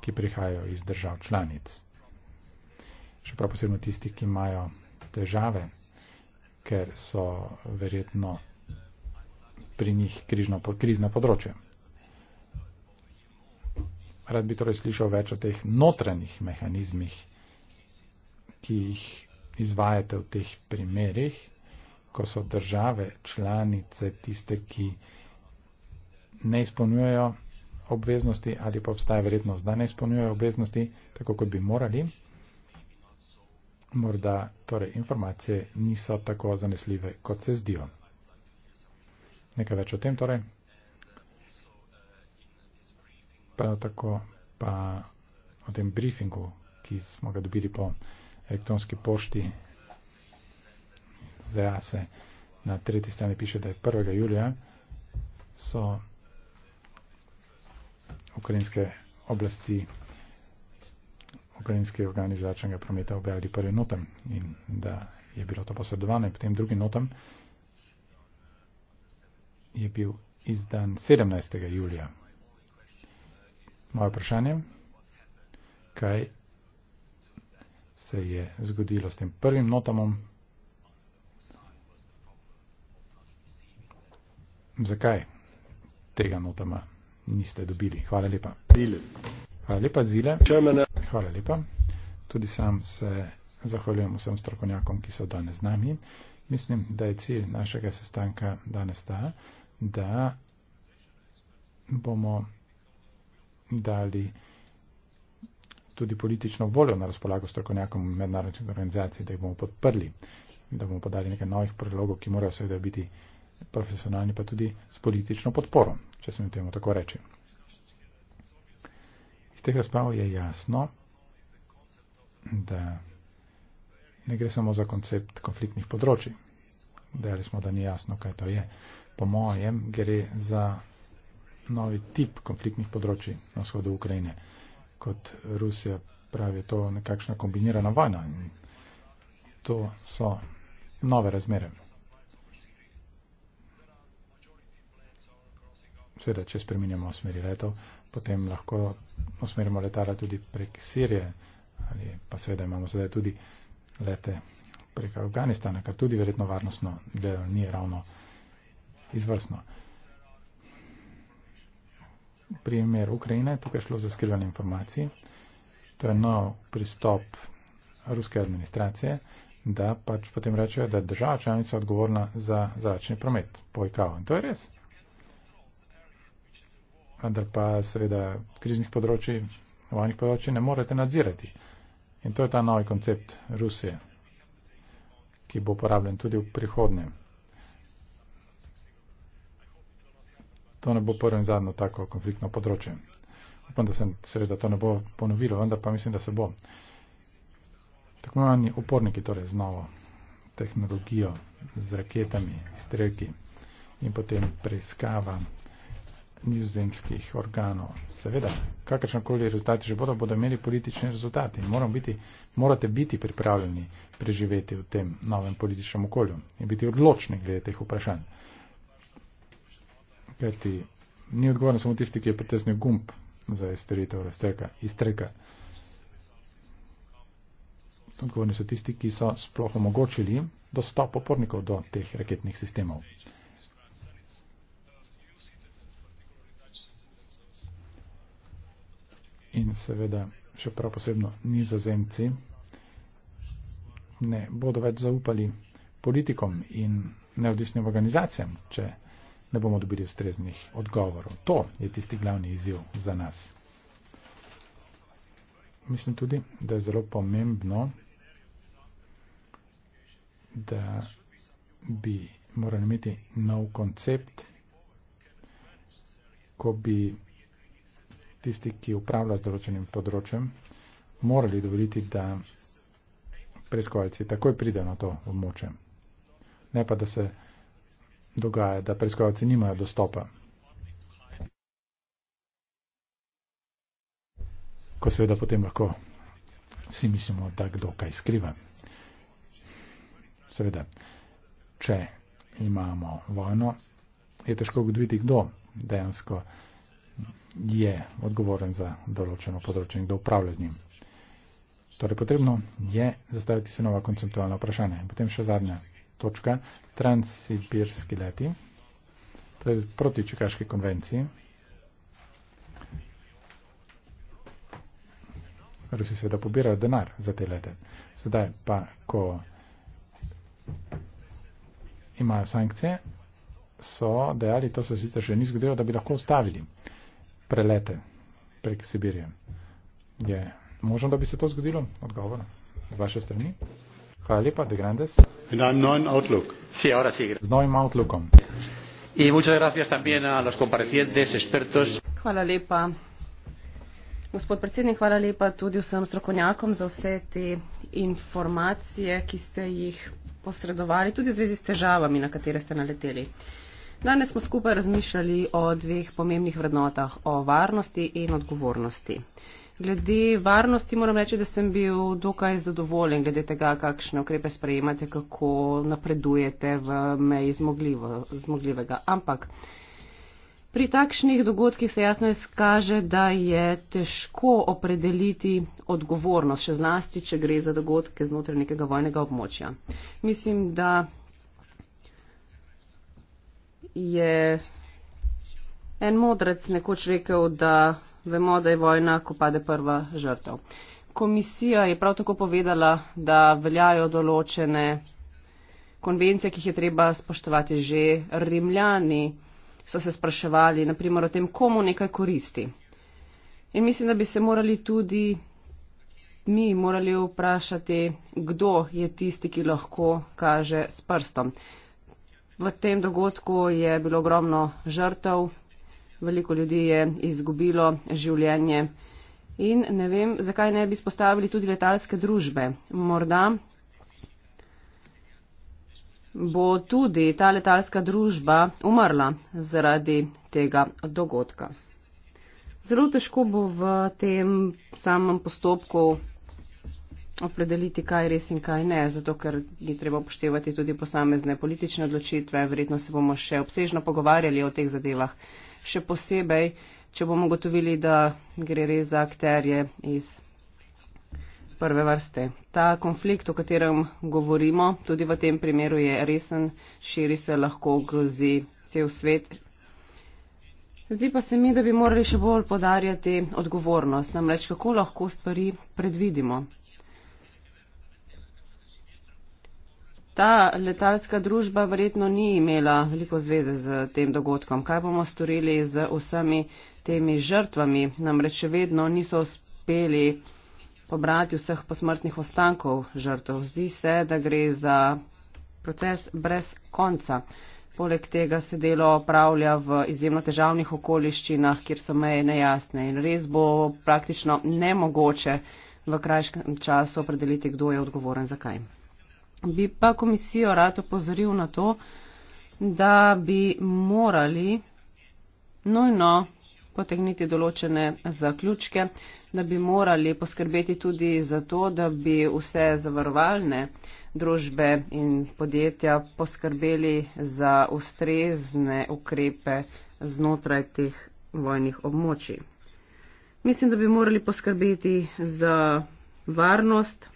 Speaker 2: ki prihajajo iz držav članic. Še prav posebno tisti, ki imajo težave, ker so verjetno pri njih križna, križna področja. Rad bi torej slišal več o teh notranjih mehanizmih, ki jih izvajate v teh primerih, ko so države članice tiste, ki ne izpolnjujejo obveznosti ali pa obstaja verjetnost, da ne izpolnjujejo obveznosti, tako kot bi morali. Morda torej informacije niso tako zanesljive, kot se zdijo. Nekaj več o tem torej prav tako pa o tem briefingu, ki smo ga dobili po elektronski pošti za jase na tretji strani piše, da je 1. julija so ukrajinske oblasti ukrajinske organi začnega prometa objavili prvi notem in da je bilo to posredovano in potem drugi notem je bil izdan 17. julija. Moje vprašanje, kaj se je zgodilo s tem prvim notamom? Zakaj tega notama niste dobili? Hvala lepa. Zile. Hvala lepa, Zile. Germana. Hvala lepa. Tudi sam se zahvaljujem vsem strokovnjakom, ki so danes z nami. Mislim, da je cilj našega sestanka danes ta, da bomo dali tudi politično voljo na razpolago strokovnjakom mednarodnih organizacij, da jih bomo podprli, da bomo podali nekaj novih predlogov, ki morajo seveda biti profesionalni, pa tudi s politično podporo, če smem temu tako reči. Iz teh razprav je jasno, da ne gre samo za koncept konfliktnih področji. Dejali smo, da ni jasno, kaj to je. Po mojem gre za novi tip konfliktnih področji na vzhodu Ukrajine. Kot Rusija pravi, to je nekakšna kombinirana vojna. To so nove razmere. Seveda, če spreminjamo smeri letov, potem lahko usmerimo letala tudi prek Sirije, ali pa seveda imamo sedaj tudi lete prek Afganistana, kar tudi verjetno varnostno delo ni ravno izvrstno primer Ukrajine, tukaj šlo za skrivanje informacij. To je nov pristop ruske administracije, da pač potem rečejo, da je država članica odgovorna za zračni promet po IKO. In to je res. Vendar pa seveda kriznih področij, vojnih področij ne morete nadzirati. In to je ta novi koncept Rusije, ki bo uporabljen tudi v prihodnje. to ne bo prvo in zadnjo tako konfliktno področje. Upam, da se seveda to ne bo ponovilo, vendar pa mislim, da se bo. Tako imenovani uporniki torej z novo tehnologijo, z raketami, strelki in potem preiskava nizozemskih organov. Seveda, kakršnakoli rezultati že bodo, bodo imeli politični rezultati. Moram biti, morate biti pripravljeni preživeti v tem novem političnem okolju in biti odločni glede teh vprašanj ker ti ni odgovoren samo tisti, ki je pritesnil gumb za izstrelitev iztreka. Odgovorni so tisti, ki so sploh omogočili dostop opornikov do teh raketnih sistemov. In seveda, še prav posebno nizozemci ne bodo več zaupali politikom in neodvisnim organizacijam, če ne bomo dobili ustreznih odgovorov. To je tisti glavni izziv za nas. Mislim tudi, da je zelo pomembno, da bi morali imeti nov koncept, ko bi tisti, ki upravlja z določenim področjem, morali dovoliti, da preskovalci takoj pridejo na to območje. Ne pa, da se dogaja, da preiskovalci nimajo dostopa. Ko seveda potem lahko vsi mislimo, da kdo kaj skriva. Seveda, če imamo vojno, je težko ugotoviti, kdo dejansko je odgovoren za določeno področje in kdo upravlja z njim. Torej, potrebno je zastaviti se nova konceptualna vprašanja. In potem še zadnja točka transsibirski leti, to je proti Čekaški konvenciji. Rusi seveda pobirajo denar za te lete. Sedaj pa, ko imajo sankcije, so dejali, to se sicer še ni zgodilo, da bi lahko ustavili prelete prek Sibirije. Je možno, da bi se to zgodilo? Odgovor z vaše strani. Hvala lepa, de grandes en un nuevo outlook. sí ahora sí. z novim outlookom. y muchas gracias también a los comparecientes expertos.
Speaker 3: hvala lepa. gospod predsednik hvala lepa tudi vsem strokovnjakom za vse te informacije ki ste jih posredovali tudi v zvezi s težavami na katere ste naleteli. danes smo skupaj razmišljali o dveh pomembnih vrednotah o varnosti in odgovornosti. Glede varnosti moram reči, da sem bil dokaj zadovoljen glede tega, kakšne ukrepe sprejemate, kako napredujete v meji zmogljivo, zmogljivega. Ampak pri takšnih dogodkih se jasno izkaže, da je težko opredeliti odgovornost, še zlasti, če gre za dogodke znotraj nekega vojnega območja. Mislim, da je en modrec nekoč rekel, da Vemo, da je vojna, ko pade prva žrtev. Komisija je prav tako povedala, da veljajo določene konvencije, ki jih je treba spoštovati že. Rimljani so se spraševali, naprimer, o tem, komu nekaj koristi. In mislim, da bi se morali tudi mi morali vprašati, kdo je tisti, ki lahko kaže s prstom. V tem dogodku je bilo ogromno žrtev, veliko ljudi je izgubilo življenje. In ne vem, zakaj ne bi spostavili tudi letalske družbe. Morda bo tudi ta letalska družba umrla zaradi tega dogodka. Zelo težko bo v tem samem postopku opredeliti, kaj res in kaj ne, zato ker je treba upoštevati tudi posamezne politične odločitve. Verjetno se bomo še obsežno pogovarjali o teh zadevah še posebej, če bomo gotovili, da gre res za akterje iz prve vrste. Ta konflikt, o katerem govorimo, tudi v tem primeru je resen, širi se lahko, grozi cel svet. Zdi pa se mi, da bi morali še bolj podarjati odgovornost, namreč kako lahko stvari predvidimo. ta letalska družba verjetno ni imela veliko zveze z tem dogodkom. Kaj bomo storili z vsemi temi žrtvami? Namreč še vedno niso uspeli pobrati vseh posmrtnih ostankov žrtv. Zdi se, da gre za proces brez konca. Poleg tega se delo opravlja v izjemno težavnih okoliščinah, kjer so meje nejasne in res bo praktično nemogoče v krajškem času opredeliti, kdo je odgovoren za kaj. Bi pa komisijo rad opozoril na to, da bi morali nujno potegniti določene zaključke, da bi morali poskrbeti tudi za to, da bi vse zavarovalne družbe in podjetja poskrbeli za ustrezne ukrepe znotraj teh vojnih območij. Mislim, da bi morali poskrbeti za varnost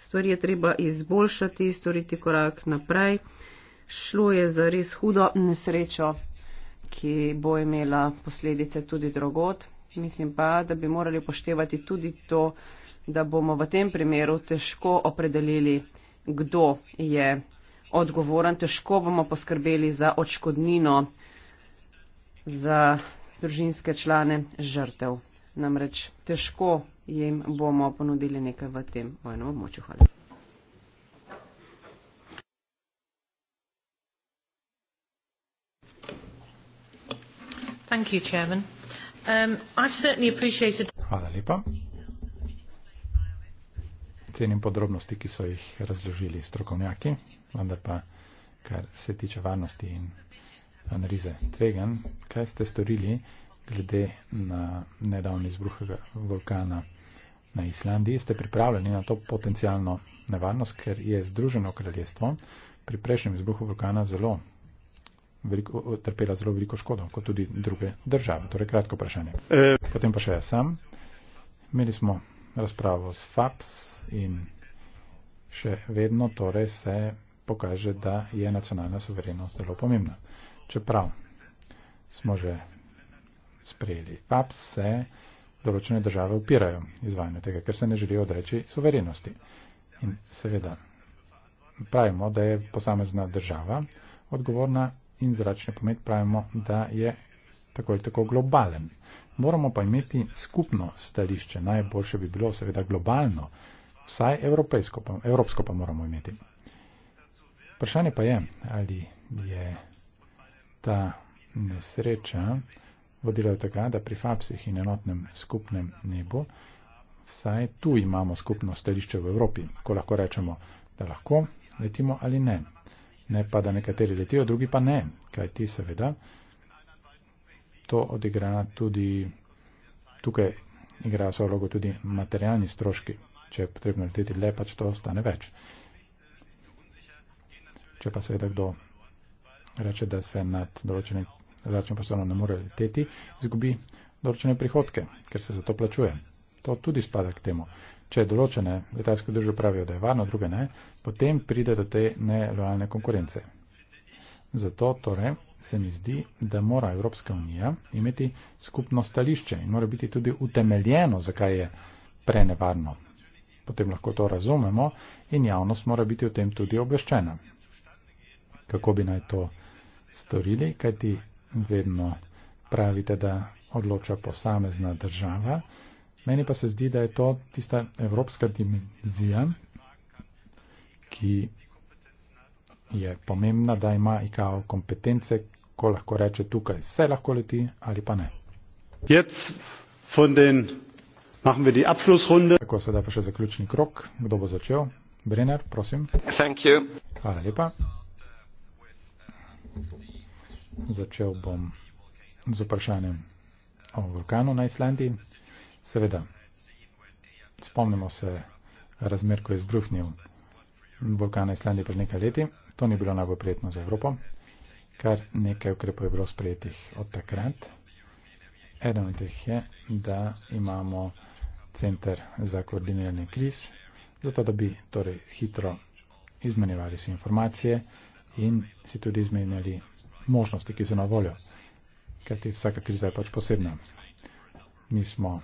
Speaker 3: stvari je treba izboljšati, storiti korak naprej. Šlo je za res hudo nesrečo, ki bo imela posledice tudi drugot. Mislim pa, da bi morali upoštevati tudi to, da bomo v tem primeru težko opredelili, kdo je odgovoren, težko bomo poskrbeli za očkodnino za družinske člane žrtev. Namreč težko jim bomo ponudili nekaj v tem vojnem območju. Hvala.
Speaker 1: Um,
Speaker 2: Hvala lepa. Cenim podrobnosti, ki so jih razložili strokovnjaki, vendar pa, kar se tiče varnosti in analize tvegan, kaj ste storili glede na nedavni izbruh vulkana? na Islandiji, ste pripravljeni na to potencijalno nevarnost, ker je Združeno kraljestvo pri prejšnjem izbruhu vulkana zelo veliko, trpela zelo veliko škodo, kot tudi druge države. Torej, kratko vprašanje. Eh. Potem pa še jaz sam. Imeli smo razpravo s FAPS in še vedno torej se pokaže, da je nacionalna suverenost zelo pomembna. Čeprav smo že sprejeli FAPS, se določene države upirajo izvajanju tega, ker se ne želijo odreči suverenosti. In seveda pravimo, da je posamezna država odgovorna in zračni pomet pravimo, da je tako ali tako globalen. Moramo pa imeti skupno stališče, najboljše bi bilo seveda globalno, vsaj evropejsko, pa, evropsko pa moramo imeti. Vprašanje pa je, ali je ta nesreča, vodila do tega, da pri FAPSih in enotnem skupnem nebu, saj tu imamo skupno stališče v Evropi, ko lahko rečemo, da lahko letimo ali ne. Ne pa, da nekateri letijo, drugi pa ne, kaj ti seveda. To odigra tudi, tukaj igra svojo vlogo tudi materialni stroški. Če je potrebno leteti le, pač to ostane več. Če pa seveda kdo reče, da se nad določenim zračno poslovno ne more leteti, izgubi določene prihodke, ker se za to plačuje. To tudi spada k temu. Če določene letalske družbe pravijo, da je varno, druge ne, potem pride do te nelojalne konkurence. Zato torej se mi zdi, da mora Evropska unija imeti skupno stališče in mora biti tudi utemeljeno, zakaj je prenevarno. Potem lahko to razumemo in javnost mora biti o tem tudi obveščena. Kako bi naj to storili, kajti vedno pravite, da odloča posamezna država. Meni pa se zdi, da je to tista evropska dimenzija, ki je pomembna, da ima IKO kompetence, ko lahko reče tukaj vse lahko leti ali pa ne. Tako sedaj pa še zaključni krok. Kdo bo začel? Brenner, prosim. Hvala lepa. Začel bom z vprašanjem o vulkanu na Islandiji. Seveda, spomnimo se razmer, ko je izbruhnil vulkan na Islandiji pred nekaj leti. To ni bilo najbolj prijetno za Evropo. Kar nekaj ukrepov je bilo sprejetih od takrat. Eden od teh je, da imamo center za koordiniranje kriz, zato da bi torej hitro izmenjevali si informacije in si tudi izmenjali možnosti, ki so na voljo. Kajti vsaka kriza je pač posebna. Mi smo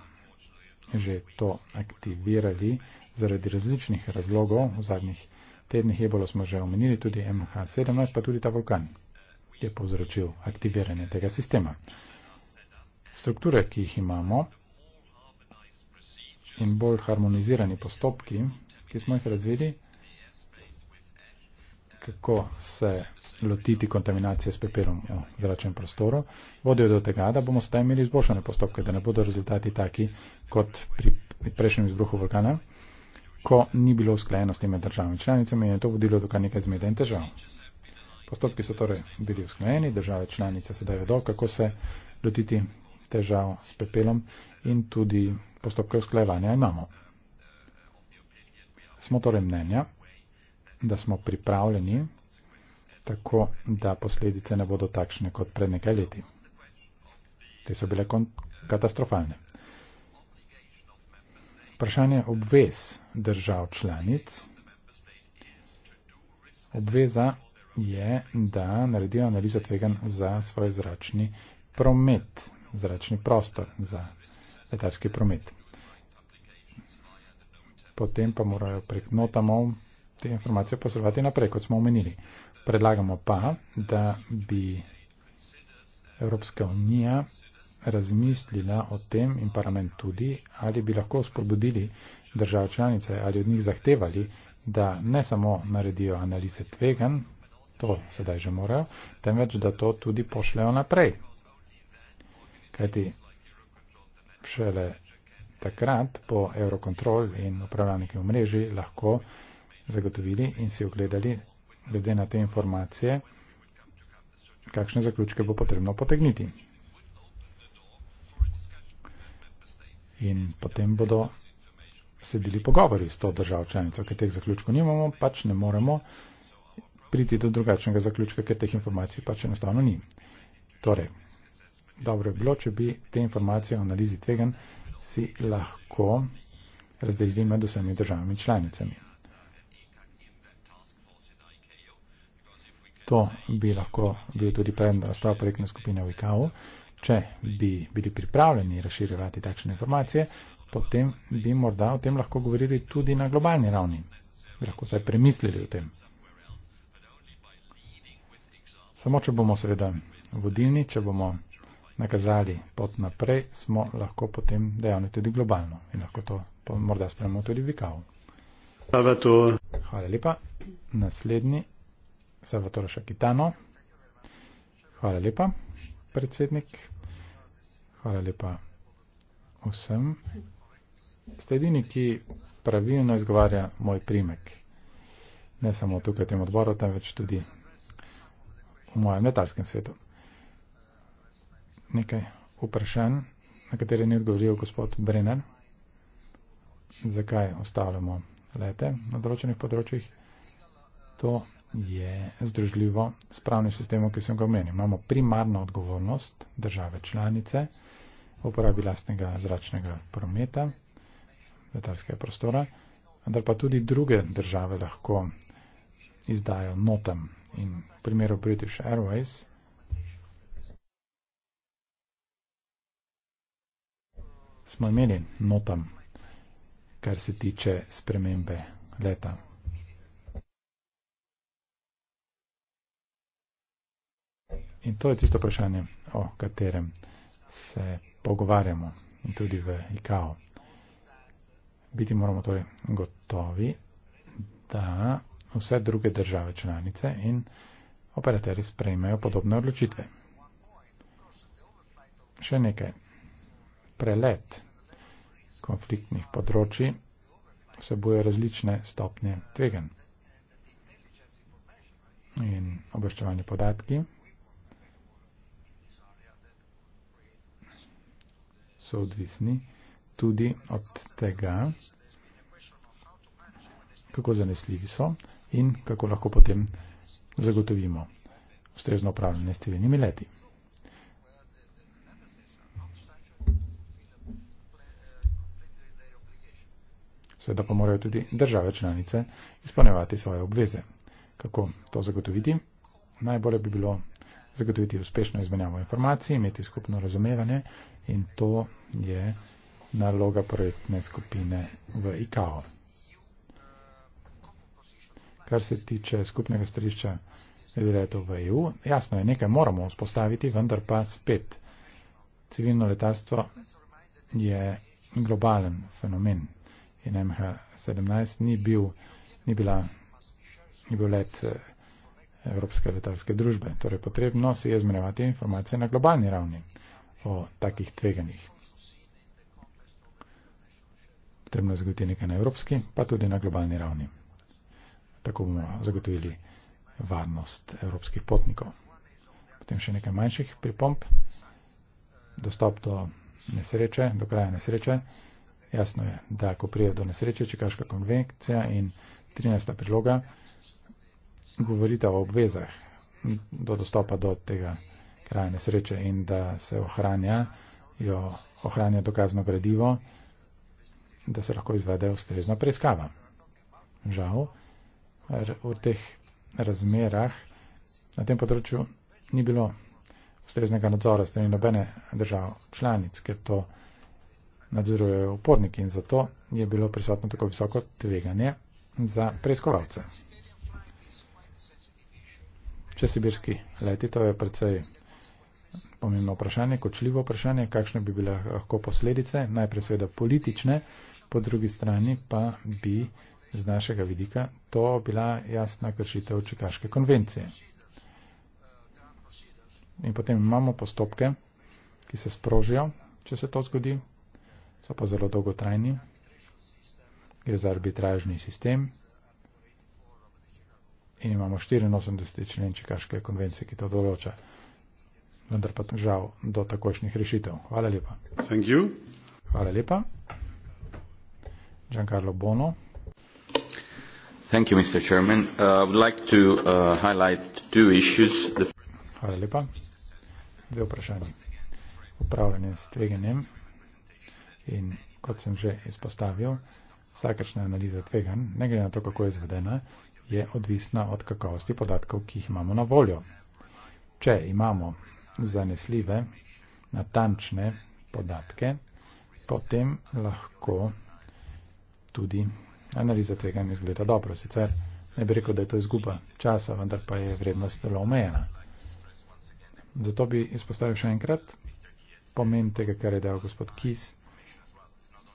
Speaker 2: že to aktivirali zaradi različnih razlogov. V zadnjih tednih je bilo smo že omenili tudi MH17, pa tudi ta vulkan je povzročil aktiviranje tega sistema. Strukture, ki jih imamo in bolj harmonizirani postopki, ki smo jih razvili, kako se lotiti kontaminacije s pepelom v zračnem prostoru, vodijo do tega, da bomo sedaj imeli izboljšane postopke, da ne bodo rezultati taki kot pri prejšnjem izbruhu vulkana, ko ni bilo usklajenosti med državami članicami in je to vodilo do kar nekaj zmeden težav. Postopki so torej bili usklajeni, države članice sedaj vedo, kako se lotiti težav s pepelom in tudi postopke usklajevanja imamo. Smo torej mnenja, da smo pripravljeni tako, da posledice ne bodo takšne kot pred nekaj leti. Te so bile katastrofalne. Vprašanje obvez držav članic. Obveza je, da naredijo analizo tvegan za svoj zračni promet, zračni prostor za letalski promet. Potem pa morajo prek notamov te informacije posredovati naprej, kot smo omenili. Predlagamo pa, da bi Evropska unija razmislila o tem in parlament tudi, ali bi lahko spodbudili države članice ali od njih zahtevali, da ne samo naredijo analize tvegan, to sedaj že morajo, temveč da to tudi pošlejo naprej. Kajti šele takrat po Eurocontrol in upravljanih omrežij lahko zagotovili in si ogledali, glede na te informacije, kakšne zaključke bo potrebno potegniti. In potem bodo sedili pogovori s to državo članico, ker teh zaključkov nimamo, pač ne moremo priti do drugačnega zaključka, ker teh informacij pač enostavno ni. Torej, dobro je bilo, če bi te informacije o analizi tvegan si lahko razdelili med vsemi državami članicami. to bi lahko bil tudi predmet razprav projektne skupine v IKAU. Če bi bili pripravljeni razširjati takšne informacije, potem bi morda o tem lahko govorili tudi na globalni ravni. Bi lahko vsaj premislili o tem. Samo, če bomo seveda vodilni, če bomo nakazali pot naprej, smo lahko potem dejavni tudi globalno in lahko to morda spremljamo tudi v IKAU. Hvala lepa. Naslednji. Salvatore Šakitano. Hvala lepa, predsednik. Hvala lepa vsem. Ste edini, ki pravilno izgovarja moj primek. Ne samo tukaj v tem odboru, temveč tudi v mojem letalskem svetu. Nekaj vprašanj, na katere ni odgovoril gospod Brenner. Zakaj ostavljamo lete na določenih področjih? to je združljivo s pravnim sistemom, ki sem ga omenil. Imamo primarno odgovornost države članice v uporabi lastnega zračnega prometa, letalskega prostora, vendar pa tudi druge države lahko izdajo notam in v primeru British Airways. Smo imeli notam, kar se tiče spremembe leta In to je tisto vprašanje, o katerem se pogovarjamo in tudi v IKAO. Biti moramo torej gotovi, da vse druge države članice in operateri sprejmejo podobne odločitve. Še nekaj. Prelet konfliktnih področji vsebuje različne stopnje tvegan in obveščevanje podatki soodvisni tudi od tega, kako zanesljivi so in kako lahko potem zagotovimo ustrezno upravljanje s civilnimi leti. Seveda pa morajo tudi države članice izpolnjevati svoje obveze. Kako to zagotoviti? Najbolje bi bilo zagotoviti uspešno izmenjavo informacij, imeti skupno razumevanje in to je naloga projektne skupine v ICAO. Kar se tiče skupnega stališča letov v EU, jasno je, nekaj moramo vzpostaviti, vendar pa spet. Civilno letalstvo je globalen fenomen in MH17 ni bil, ni bila, ni bil let eh, Evropske letalske družbe. Torej potrebno si je zmenjevati informacije na globalni ravni o takih tveganjih. Potrebno je zagotoviti nekaj na evropski, pa tudi na globalni ravni. Tako bomo zagotovili varnost evropskih potnikov. Potem še nekaj manjših pripomp. Dostop do nesreče, do kraja nesreče. Jasno je, da ko prije do nesreče, Čikaška konvencija in 13. priloga govorite o obvezah do dostopa do tega kraja nesreče in da se ohranja, jo ohranja dokazno gradivo, da se lahko izvede ustrezna preiskava. Žal, v teh razmerah na tem področju ni bilo ustreznega nadzora strani nobene držav članic, ker to nadzorujejo uporniki in zato je bilo prisotno tako visoko tveganje za preiskovalce. Če sibirski leti, to je predvsej pomembno vprašanje, kočljivo vprašanje, kakšne bi bile lahko posledice, najprej seveda politične, po drugi strani pa bi z našega vidika to bila jasna kršitev Čekaške konvencije. In potem imamo postopke, ki se sprožijo, če se to zgodi, so pa zelo dolgotrajni. Gre za arbitražni sistem, in imamo 84 člen Čekaške konvencije, ki to določa. Vendar pa žal do takošnjih rešitev. Hvala lepa. Hvala lepa. Giancarlo Bono.
Speaker 1: Thank you, Mr. Chairman. Uh, I would like to uh, highlight two issues. The
Speaker 2: Hvala lepa. Dve vprašanje. Upravljanje s tveganjem in kot sem že izpostavil, vsakačna analiza tvegan, ne glede na to, kako je izvedena, je odvisna od kakovosti podatkov, ki jih imamo na voljo. Če imamo zanesljive, natančne podatke, potem lahko tudi analiza tega ne izgleda dobro. Sicer ne bi rekel, da je to izguba časa, vendar pa je vrednost zelo omejena. Zato bi izpostavil še enkrat pomen tega, kar je dejal gospod Kis,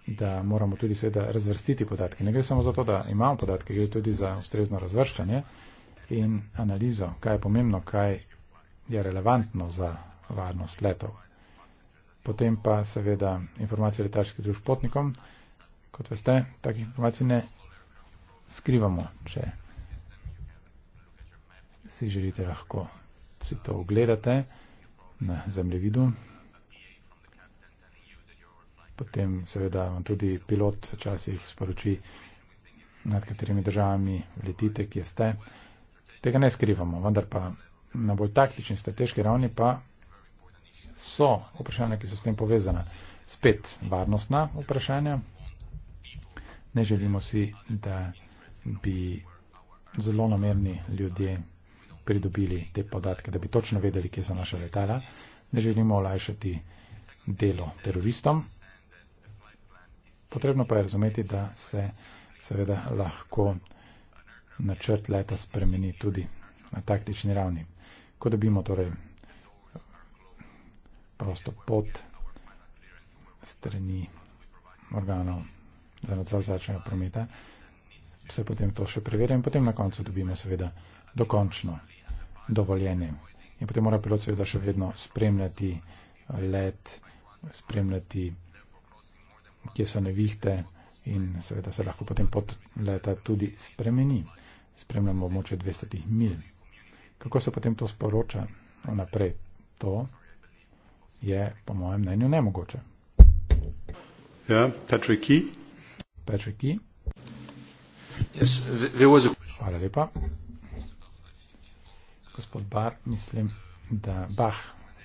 Speaker 2: da moramo tudi seveda razvrstiti podatke. Ne gre samo za to, da imamo podatke, gre tudi za ustrezno razvrščanje in analizo, kaj je pomembno, kaj je relevantno za varnost letov. Potem pa seveda informacije letaških družb potnikom. Kot veste, takih informacij ne skrivamo, če si želite lahko si to ogledate na zemljevidu, potem seveda vam tudi pilot včasih sporoči, nad katerimi državami letite, kje ste. Tega ne skrivamo, vendar pa na bolj taktični, strateški ravni pa so vprašanja, ki so s tem povezana. Spet varnostna vprašanja. Ne želimo si, da bi zelo namerni ljudje pridobili te podatke, da bi točno vedeli, kje so naše letala. Ne želimo olajšati delo teroristom. Potrebno pa je razumeti, da se seveda lahko načrt leta spremeni tudi na taktični ravni. Ko dobimo torej prosto pot strani organov za nadzor zračnega prometa, se potem to še preverja in potem na koncu dobimo seveda dokončno dovoljenje. In potem mora pilot seveda še vedno spremljati let, spremljati ki so nevihte in seveda se lahko potem pot leta tudi spremeni. Spremljamo območje 200 mil. Kako se potem to sporoča naprej? To je, po mojem mnenju, nemogoče. Ja, Patrick Key. Patrick Key. Yes, a... Hvala lepa. Gospod Bar, mislim, da Bach,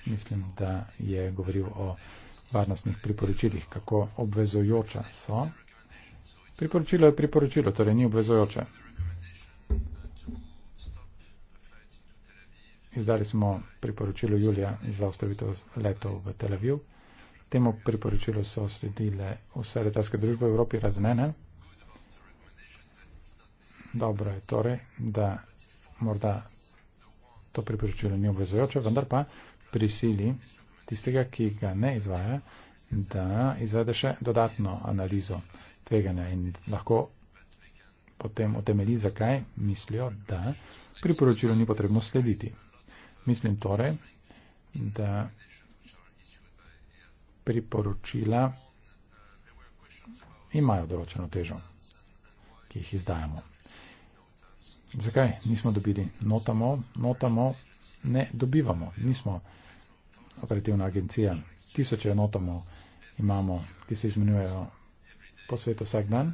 Speaker 2: mislim, da je govoril o varnostnih priporočilih, kako obvezojoča so. Priporočilo je priporočilo, torej ni obvezojoče. Izdali smo priporočilo Julija za ostavitev letov v Tel Aviv. Temu priporočilu so sledile vse letalske družbe v Evropi razmene. Dobro je torej, da morda to priporočilo ni obvezojoče, vendar pa prisili tistega, ki ga ne izvaja, da izvede še dodatno analizo tveganja in lahko potem otemeli, zakaj mislijo, da priporočilo ni potrebno slediti. Mislim torej, da priporočila imajo določeno težo, ki jih izdajamo. Zakaj nismo dobili notamo? Notamo ne dobivamo. Nismo uh, operativna agencija. Tisoče enotamo imamo, ki se izmenjujejo po svetu vsak dan.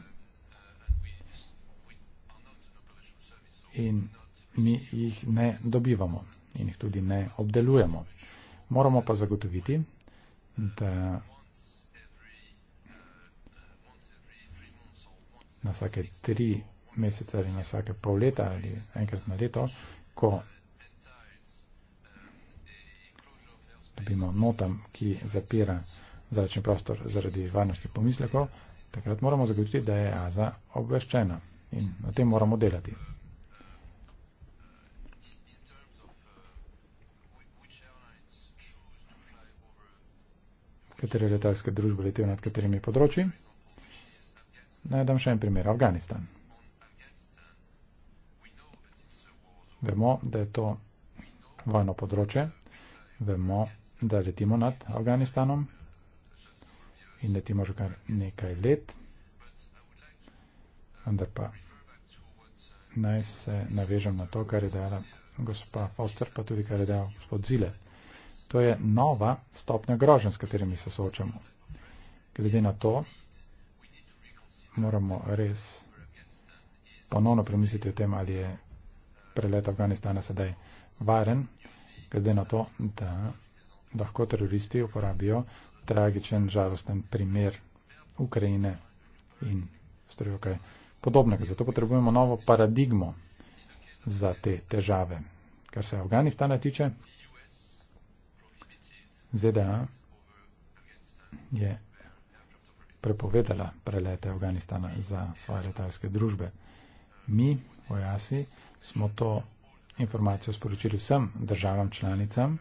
Speaker 2: In mi jih ne dobivamo in jih tudi ne obdelujemo. Moramo pa zagotoviti, da na vsake tri mesece ali na vsake pol leta ali enkrat na leto, ko dobimo notam, ki zapira zračni prostor zaradi varnosti pomislekov, takrat moramo zagotoviti, da je Aza obveščena in na tem moramo delati. Katere letalske družbe letijo nad katerimi področji? Naj dam še en primer. Afganistan. Vemo, da je to vojno področje. Vemo, da letimo nad Afganistanom in letimo že kar nekaj let, vendar pa naj se navežem na to, kar je dala gospa Foster, pa tudi kar je dal gospod Zile. To je nova stopnja grožen, s katerimi se soočamo. Glede na to, moramo res ponovno premisliti o tem, ali je prelet Afganistana sedaj varen, glede na to, da lahko teroristi uporabijo tragičen, žalosten primer Ukrajine in storijo kaj podobnega. Zato potrebujemo novo paradigmo za te težave. Kar se Afganistana tiče, ZDA je prepovedala prelete Afganistana za svoje letalske družbe. Mi, vojasi, smo to informacijo sporočili vsem državam članicam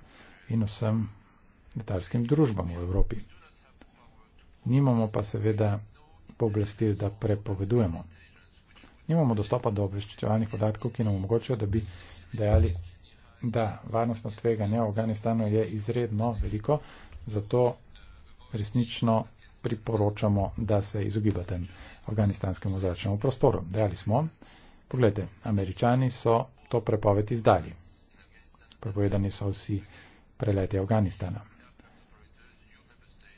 Speaker 2: in vsem letalskim družbam v Evropi. Nimamo pa seveda pooblastil, da prepovedujemo. Nimamo dostopa do obveščevalnih podatkov, ki nam omogočajo, da bi dejali, da varnostno tveganje v Afganistanu je izredno veliko, zato resnično priporočamo, da se izogibate afganistanskemu zračnemu prostoru. Dejali smo, pogledajte, američani so to prepoved izdali. Prepovedani so vsi preleti Afganistana.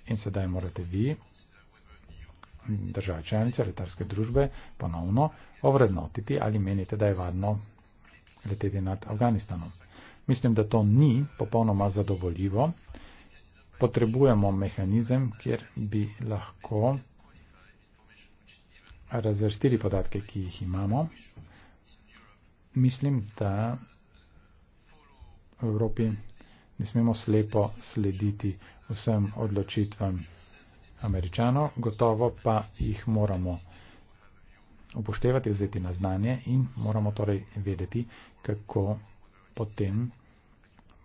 Speaker 2: In sedaj morate vi, država članica letarske družbe, ponovno ovrednotiti ali menite, da je varno leteti nad Afganistanom. Mislim, da to ni popolnoma zadovoljivo. Potrebujemo mehanizem, kjer bi lahko razvrstili podatke, ki jih imamo. Mislim, da v Evropi Ne smemo slepo slediti vsem odločitvam američanov, gotovo pa jih moramo upoštevati, vzeti na znanje in moramo torej vedeti, kako potem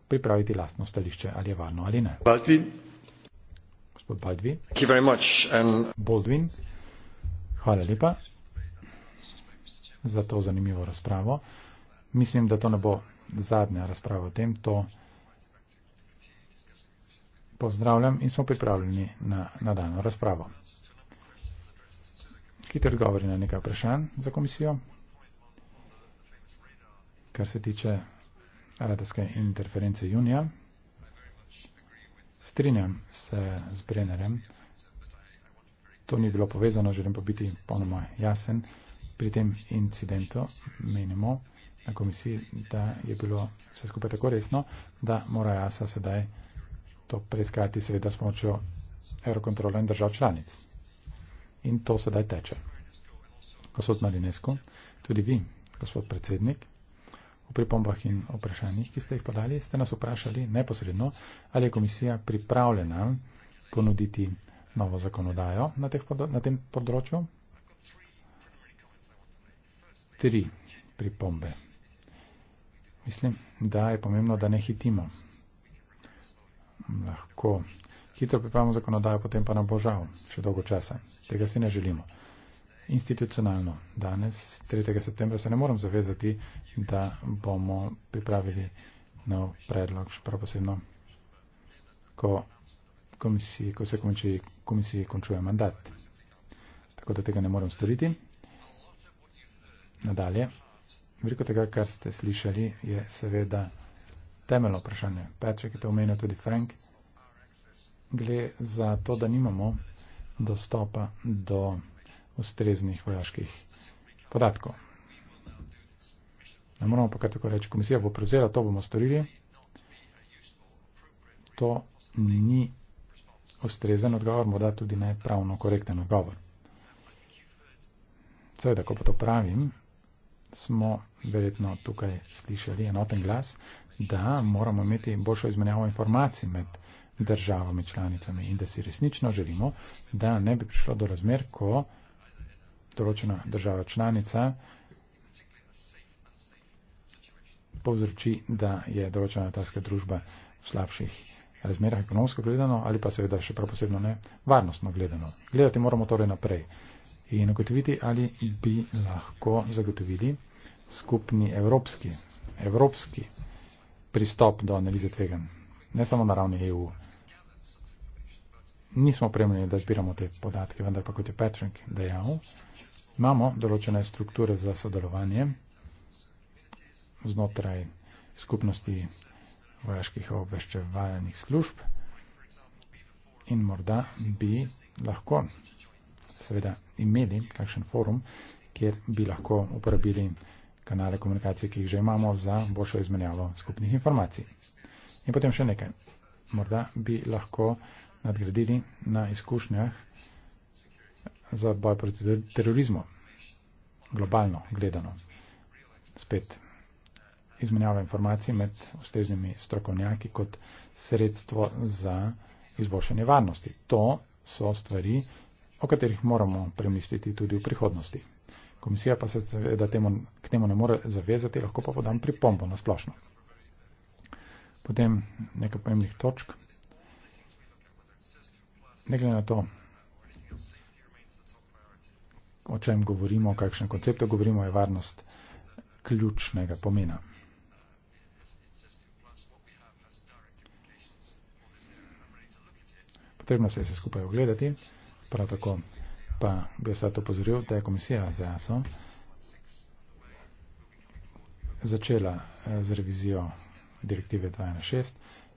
Speaker 2: pripraviti lastno stališče, ali je varno ali ne. Baldwin. Gospod Baldwin.
Speaker 1: Thank you very much,
Speaker 2: and... Baldwin. Hvala lepa za to zanimivo razpravo. Mislim, da to ne bo zadnja razprava o tem. To pozdravljam in smo pripravljeni na nadaljno razpravo. Hiter odgovor na nekaj vprašanj za komisijo, kar se tiče radarske interference junija. Strinjam se z Brennerem, to ni bilo povezano, želim pa biti ponoma jasen. Pri tem incidentu menimo na komisiji, da je bilo vse skupaj tako resno, da mora jasa sedaj to preiskati seveda s pomočjo aerokontrola in držav članic. In to sedaj teče. Gospod Malinesko, tudi vi, gospod predsednik, v pripombah in vprašanjih, ki ste jih podali, ste nas vprašali neposredno, ali je komisija pripravljena ponuditi novo zakonodajo na, podo na tem področju. Tri pripombe. Mislim, da je pomembno, da ne hitimo lahko hitro pripravimo zakonodajo, potem pa nam bo žal še dolgo časa. Tega si ne želimo. Institucionalno danes, 3. septembra, se ne moram zavezati, da bomo pripravili nov predlog, še prav posebno, ko, komisiji, ko se konči, komisiji končuje mandat. Tako da tega ne moram storiti. Nadalje, veliko tega, kar ste slišali, je seveda temeljno vprašanje. Patrick je to omenil tudi Frank. Gre za to, da nimamo dostopa do ustreznih vojaških podatkov. Ne moramo pa kar tako reči, komisija bo prevzela, to bomo storili. To ni ustrezen odgovor, morda tudi ne pravno korekten odgovor. Seveda, ko pa to pravim, smo verjetno tukaj slišali enoten glas, da moramo imeti boljšo izmenjavo informacij med državami članicami in da si resnično želimo, da ne bi prišlo do razmer, ko določena država članica povzroči, da je določena letalska družba v slabših razmerah ekonomsko gledano ali pa seveda še prav posebno ne varnostno gledano. Gledati moramo torej naprej in ugotoviti, ali bi lahko zagotovili skupni evropski, evropski pristop do analize tvegan, ne samo na ravni EU. Nismo opremljeni, da zbiramo te podatke, vendar pa kot je Patrick dejal, imamo določene strukture za sodelovanje znotraj skupnosti vojaških obveščevalnih služb in morda bi lahko seveda imeli kakšen forum, kjer bi lahko uporabili kanale komunikacije, ki jih že imamo, za boljšo izmenjavo skupnih informacij. In potem še nekaj. Morda bi lahko nadgradili na izkušnjah za boj proti terorizmu, globalno gledano. Spet izmenjava informacij med ustreznimi strokovnjaki kot sredstvo za izboljšanje varnosti. To so stvari, o katerih moramo premisliti tudi v prihodnosti. Komisija pa se seveda k temu ne more zavezati, lahko pa podam pripombo na splošno. Potem nekaj pomembnih točk. Ne glede na to, o čem govorimo, o kakšne koncepte govorimo, je varnost ključnega pomena. Potrebno se je vse skupaj ogledati, prav tako pa bi stato opozoril, da je komisija za ASO začela eh, z revizijo direktive 26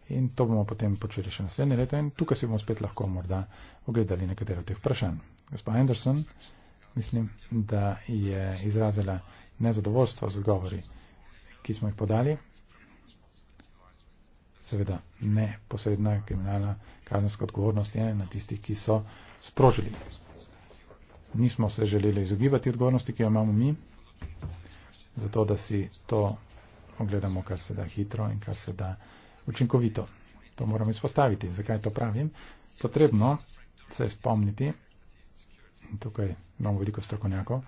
Speaker 2: in to bomo potem počeli še naslednje leto in tukaj si bomo spet lahko morda ogledali nekatero od teh vprašanj. Gospa Anderson, mislim, da je izrazila nezadovoljstvo z odgovori, ki smo jih podali. Seveda ne posredna kriminalna kazenska odgovornost je na tistih, ki so sprožili nismo se želeli izogibati odgovornosti, ki jo imamo mi, zato da si to ogledamo kar se da hitro in kar se da učinkovito. To moramo izpostaviti. Zakaj to pravim? Potrebno se spomniti, in tukaj imamo veliko strokovnjakov,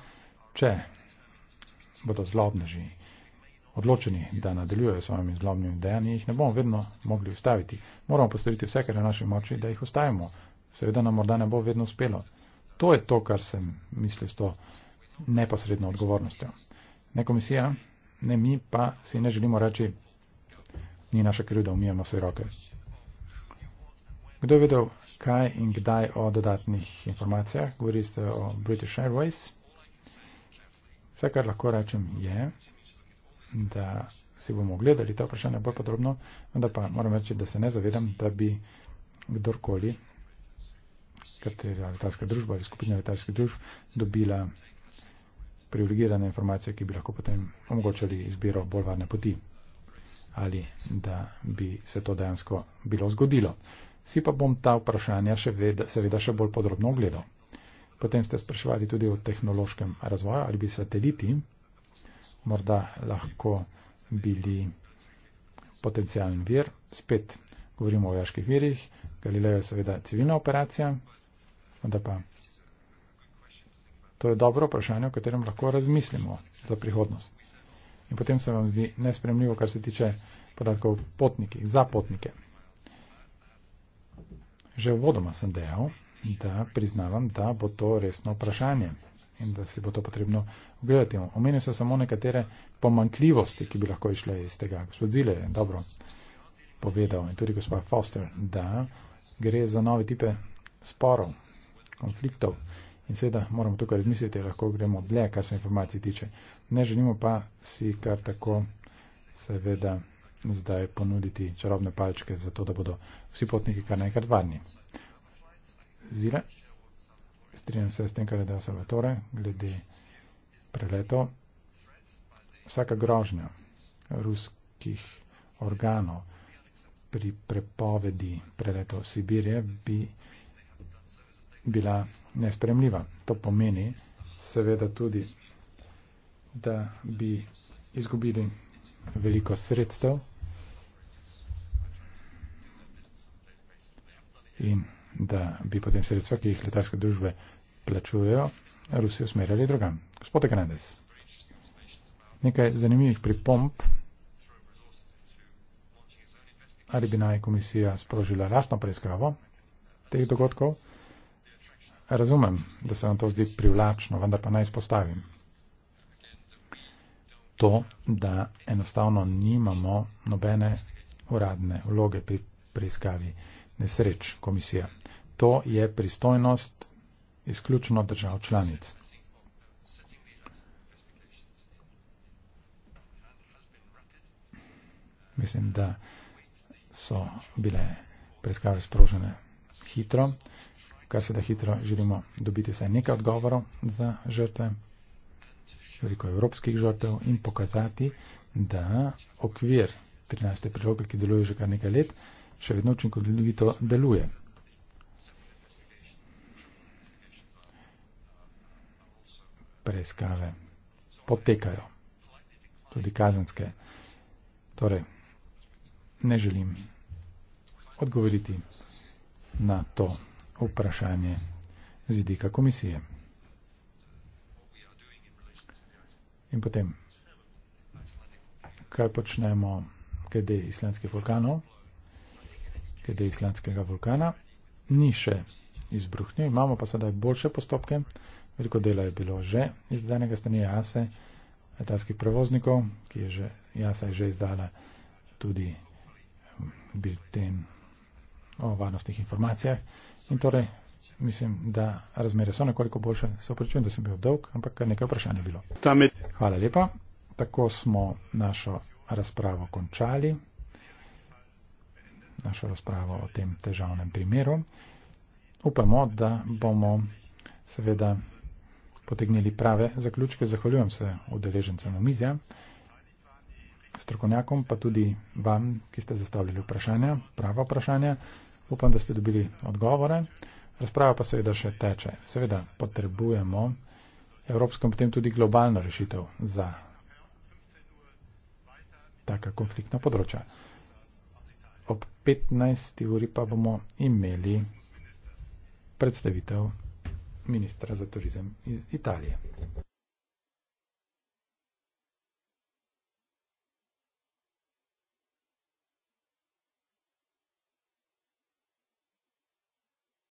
Speaker 2: če bodo zlobneži odločeni, da nadaljujejo s svojimi zlobnimi dejanji, jih ne bomo vedno mogli ustaviti. Moramo postaviti vse, kar je na naši moči, da jih ustavimo. Seveda nam morda ne bo vedno uspelo. To je to, kar sem mislil s to neposredno odgovornostjo. Ne komisija, ne mi pa si ne želimo reči, ni naša krivda, umijemo se roke. Kdo je vedel, kaj in kdaj o dodatnih informacijah? Govorite o British Airways. Vse, kar lahko rečem, je, da si bomo ogledali ta vprašanja bolj podrobno, vendar pa moram reči, da se ne zavedam, da bi kdorkoli katera letalska družba ali skupina letalskih družb dobila privilegirane informacije, ki bi lahko potem omogočali izbiro bolj varne poti ali da bi se to dejansko bilo zgodilo. Si pa bom ta vprašanja še veda, seveda še bolj podrobno ogledal. Potem ste spraševali tudi o tehnološkem razvoju, ali bi sateliti morda lahko bili potencijalen vir. Spet govorimo o jaških virih, Galileo je seveda civilna operacija, da pa. To je dobro vprašanje, o katerem lahko razmislimo za prihodnost. In potem se vam zdi nespremljivo, kar se tiče podatkov potniki, za potnike. Že vodoma sem dejal, da priznavam, da bo to resno vprašanje in da si bo to potrebno ogledati. Omenil sem samo nekatere pomankljivosti, ki bi lahko išle iz tega. Gospod Zile je dobro povedal in tudi gospod Foster, da gre za nove tipe sporov, konfliktov in seveda moramo tukaj razmisliti, lahko gremo dlje, kar se informacij tiče. Ne želimo pa si kar tako seveda zdaj ponuditi čarobne palčke, zato da bodo vsi potniki kar najkrat varni. Zile, strinjam se s tem, kar je dal Salvatore, glede preletov. Vsaka grožnja ruskih organov pri prepovedi preletov Sibirije bi bila nespremljiva. To pomeni seveda tudi, da bi izgubili veliko sredstev in da bi potem sredstva, ki jih letalske družbe plačujejo, Rusijo usmerjali drugam. Gospod Agrandes, nekaj zanimivih pripomp ali bi naj komisija sprožila lastno preiskavo teh dogodkov. Razumem, da se vam to zdi privlačno, vendar pa naj izpostavim to, da enostavno nimamo nobene uradne vloge pri preiskavi nesreč komisija. To je pristojnost izključno držav članic. Mislim, da so bile preiskave sprožene hitro, kar se da hitro želimo dobiti vsaj nekaj odgovorov za žrtve, veliko evropskih žrtev in pokazati, da okvir 13. priloge, ki deluje že kar nekaj let, še vedno učinkovito deluje. Preiskave potekajo, tudi kazenske. Torej, ne želim odgovoriti na to vprašanje z vidika komisije. In potem, kaj počnemo glede islandskih vulkanov? Glede islandskega vulkana ni še izbruhnil, imamo pa sedaj boljše postopke. Veliko dela je bilo že izdanega strani jase letalskih prevoznikov, ki je že, jasa je že izdala tudi bilten o varnostnih informacijah. In torej, mislim, da razmere so nekoliko boljše. Se opričujem, da sem bil dolg, ampak kar nekaj vprašanj je bilo. Hvala lepa. Tako smo našo razpravo končali. Našo razpravo o tem težavnem primeru. Upamo, da bomo seveda potegnili prave zaključke. Zahvaljujem se udeležencem omizja strokovnjakom, pa tudi vam, ki ste zastavljali vprašanja, prava vprašanja. Upam, da ste dobili odgovore. Razprava pa seveda še teče. Seveda potrebujemo evropsko in potem tudi globalno rešitev za taka konfliktna področja. Ob 15. uri pa bomo imeli predstavitev ministra za turizem iz Italije.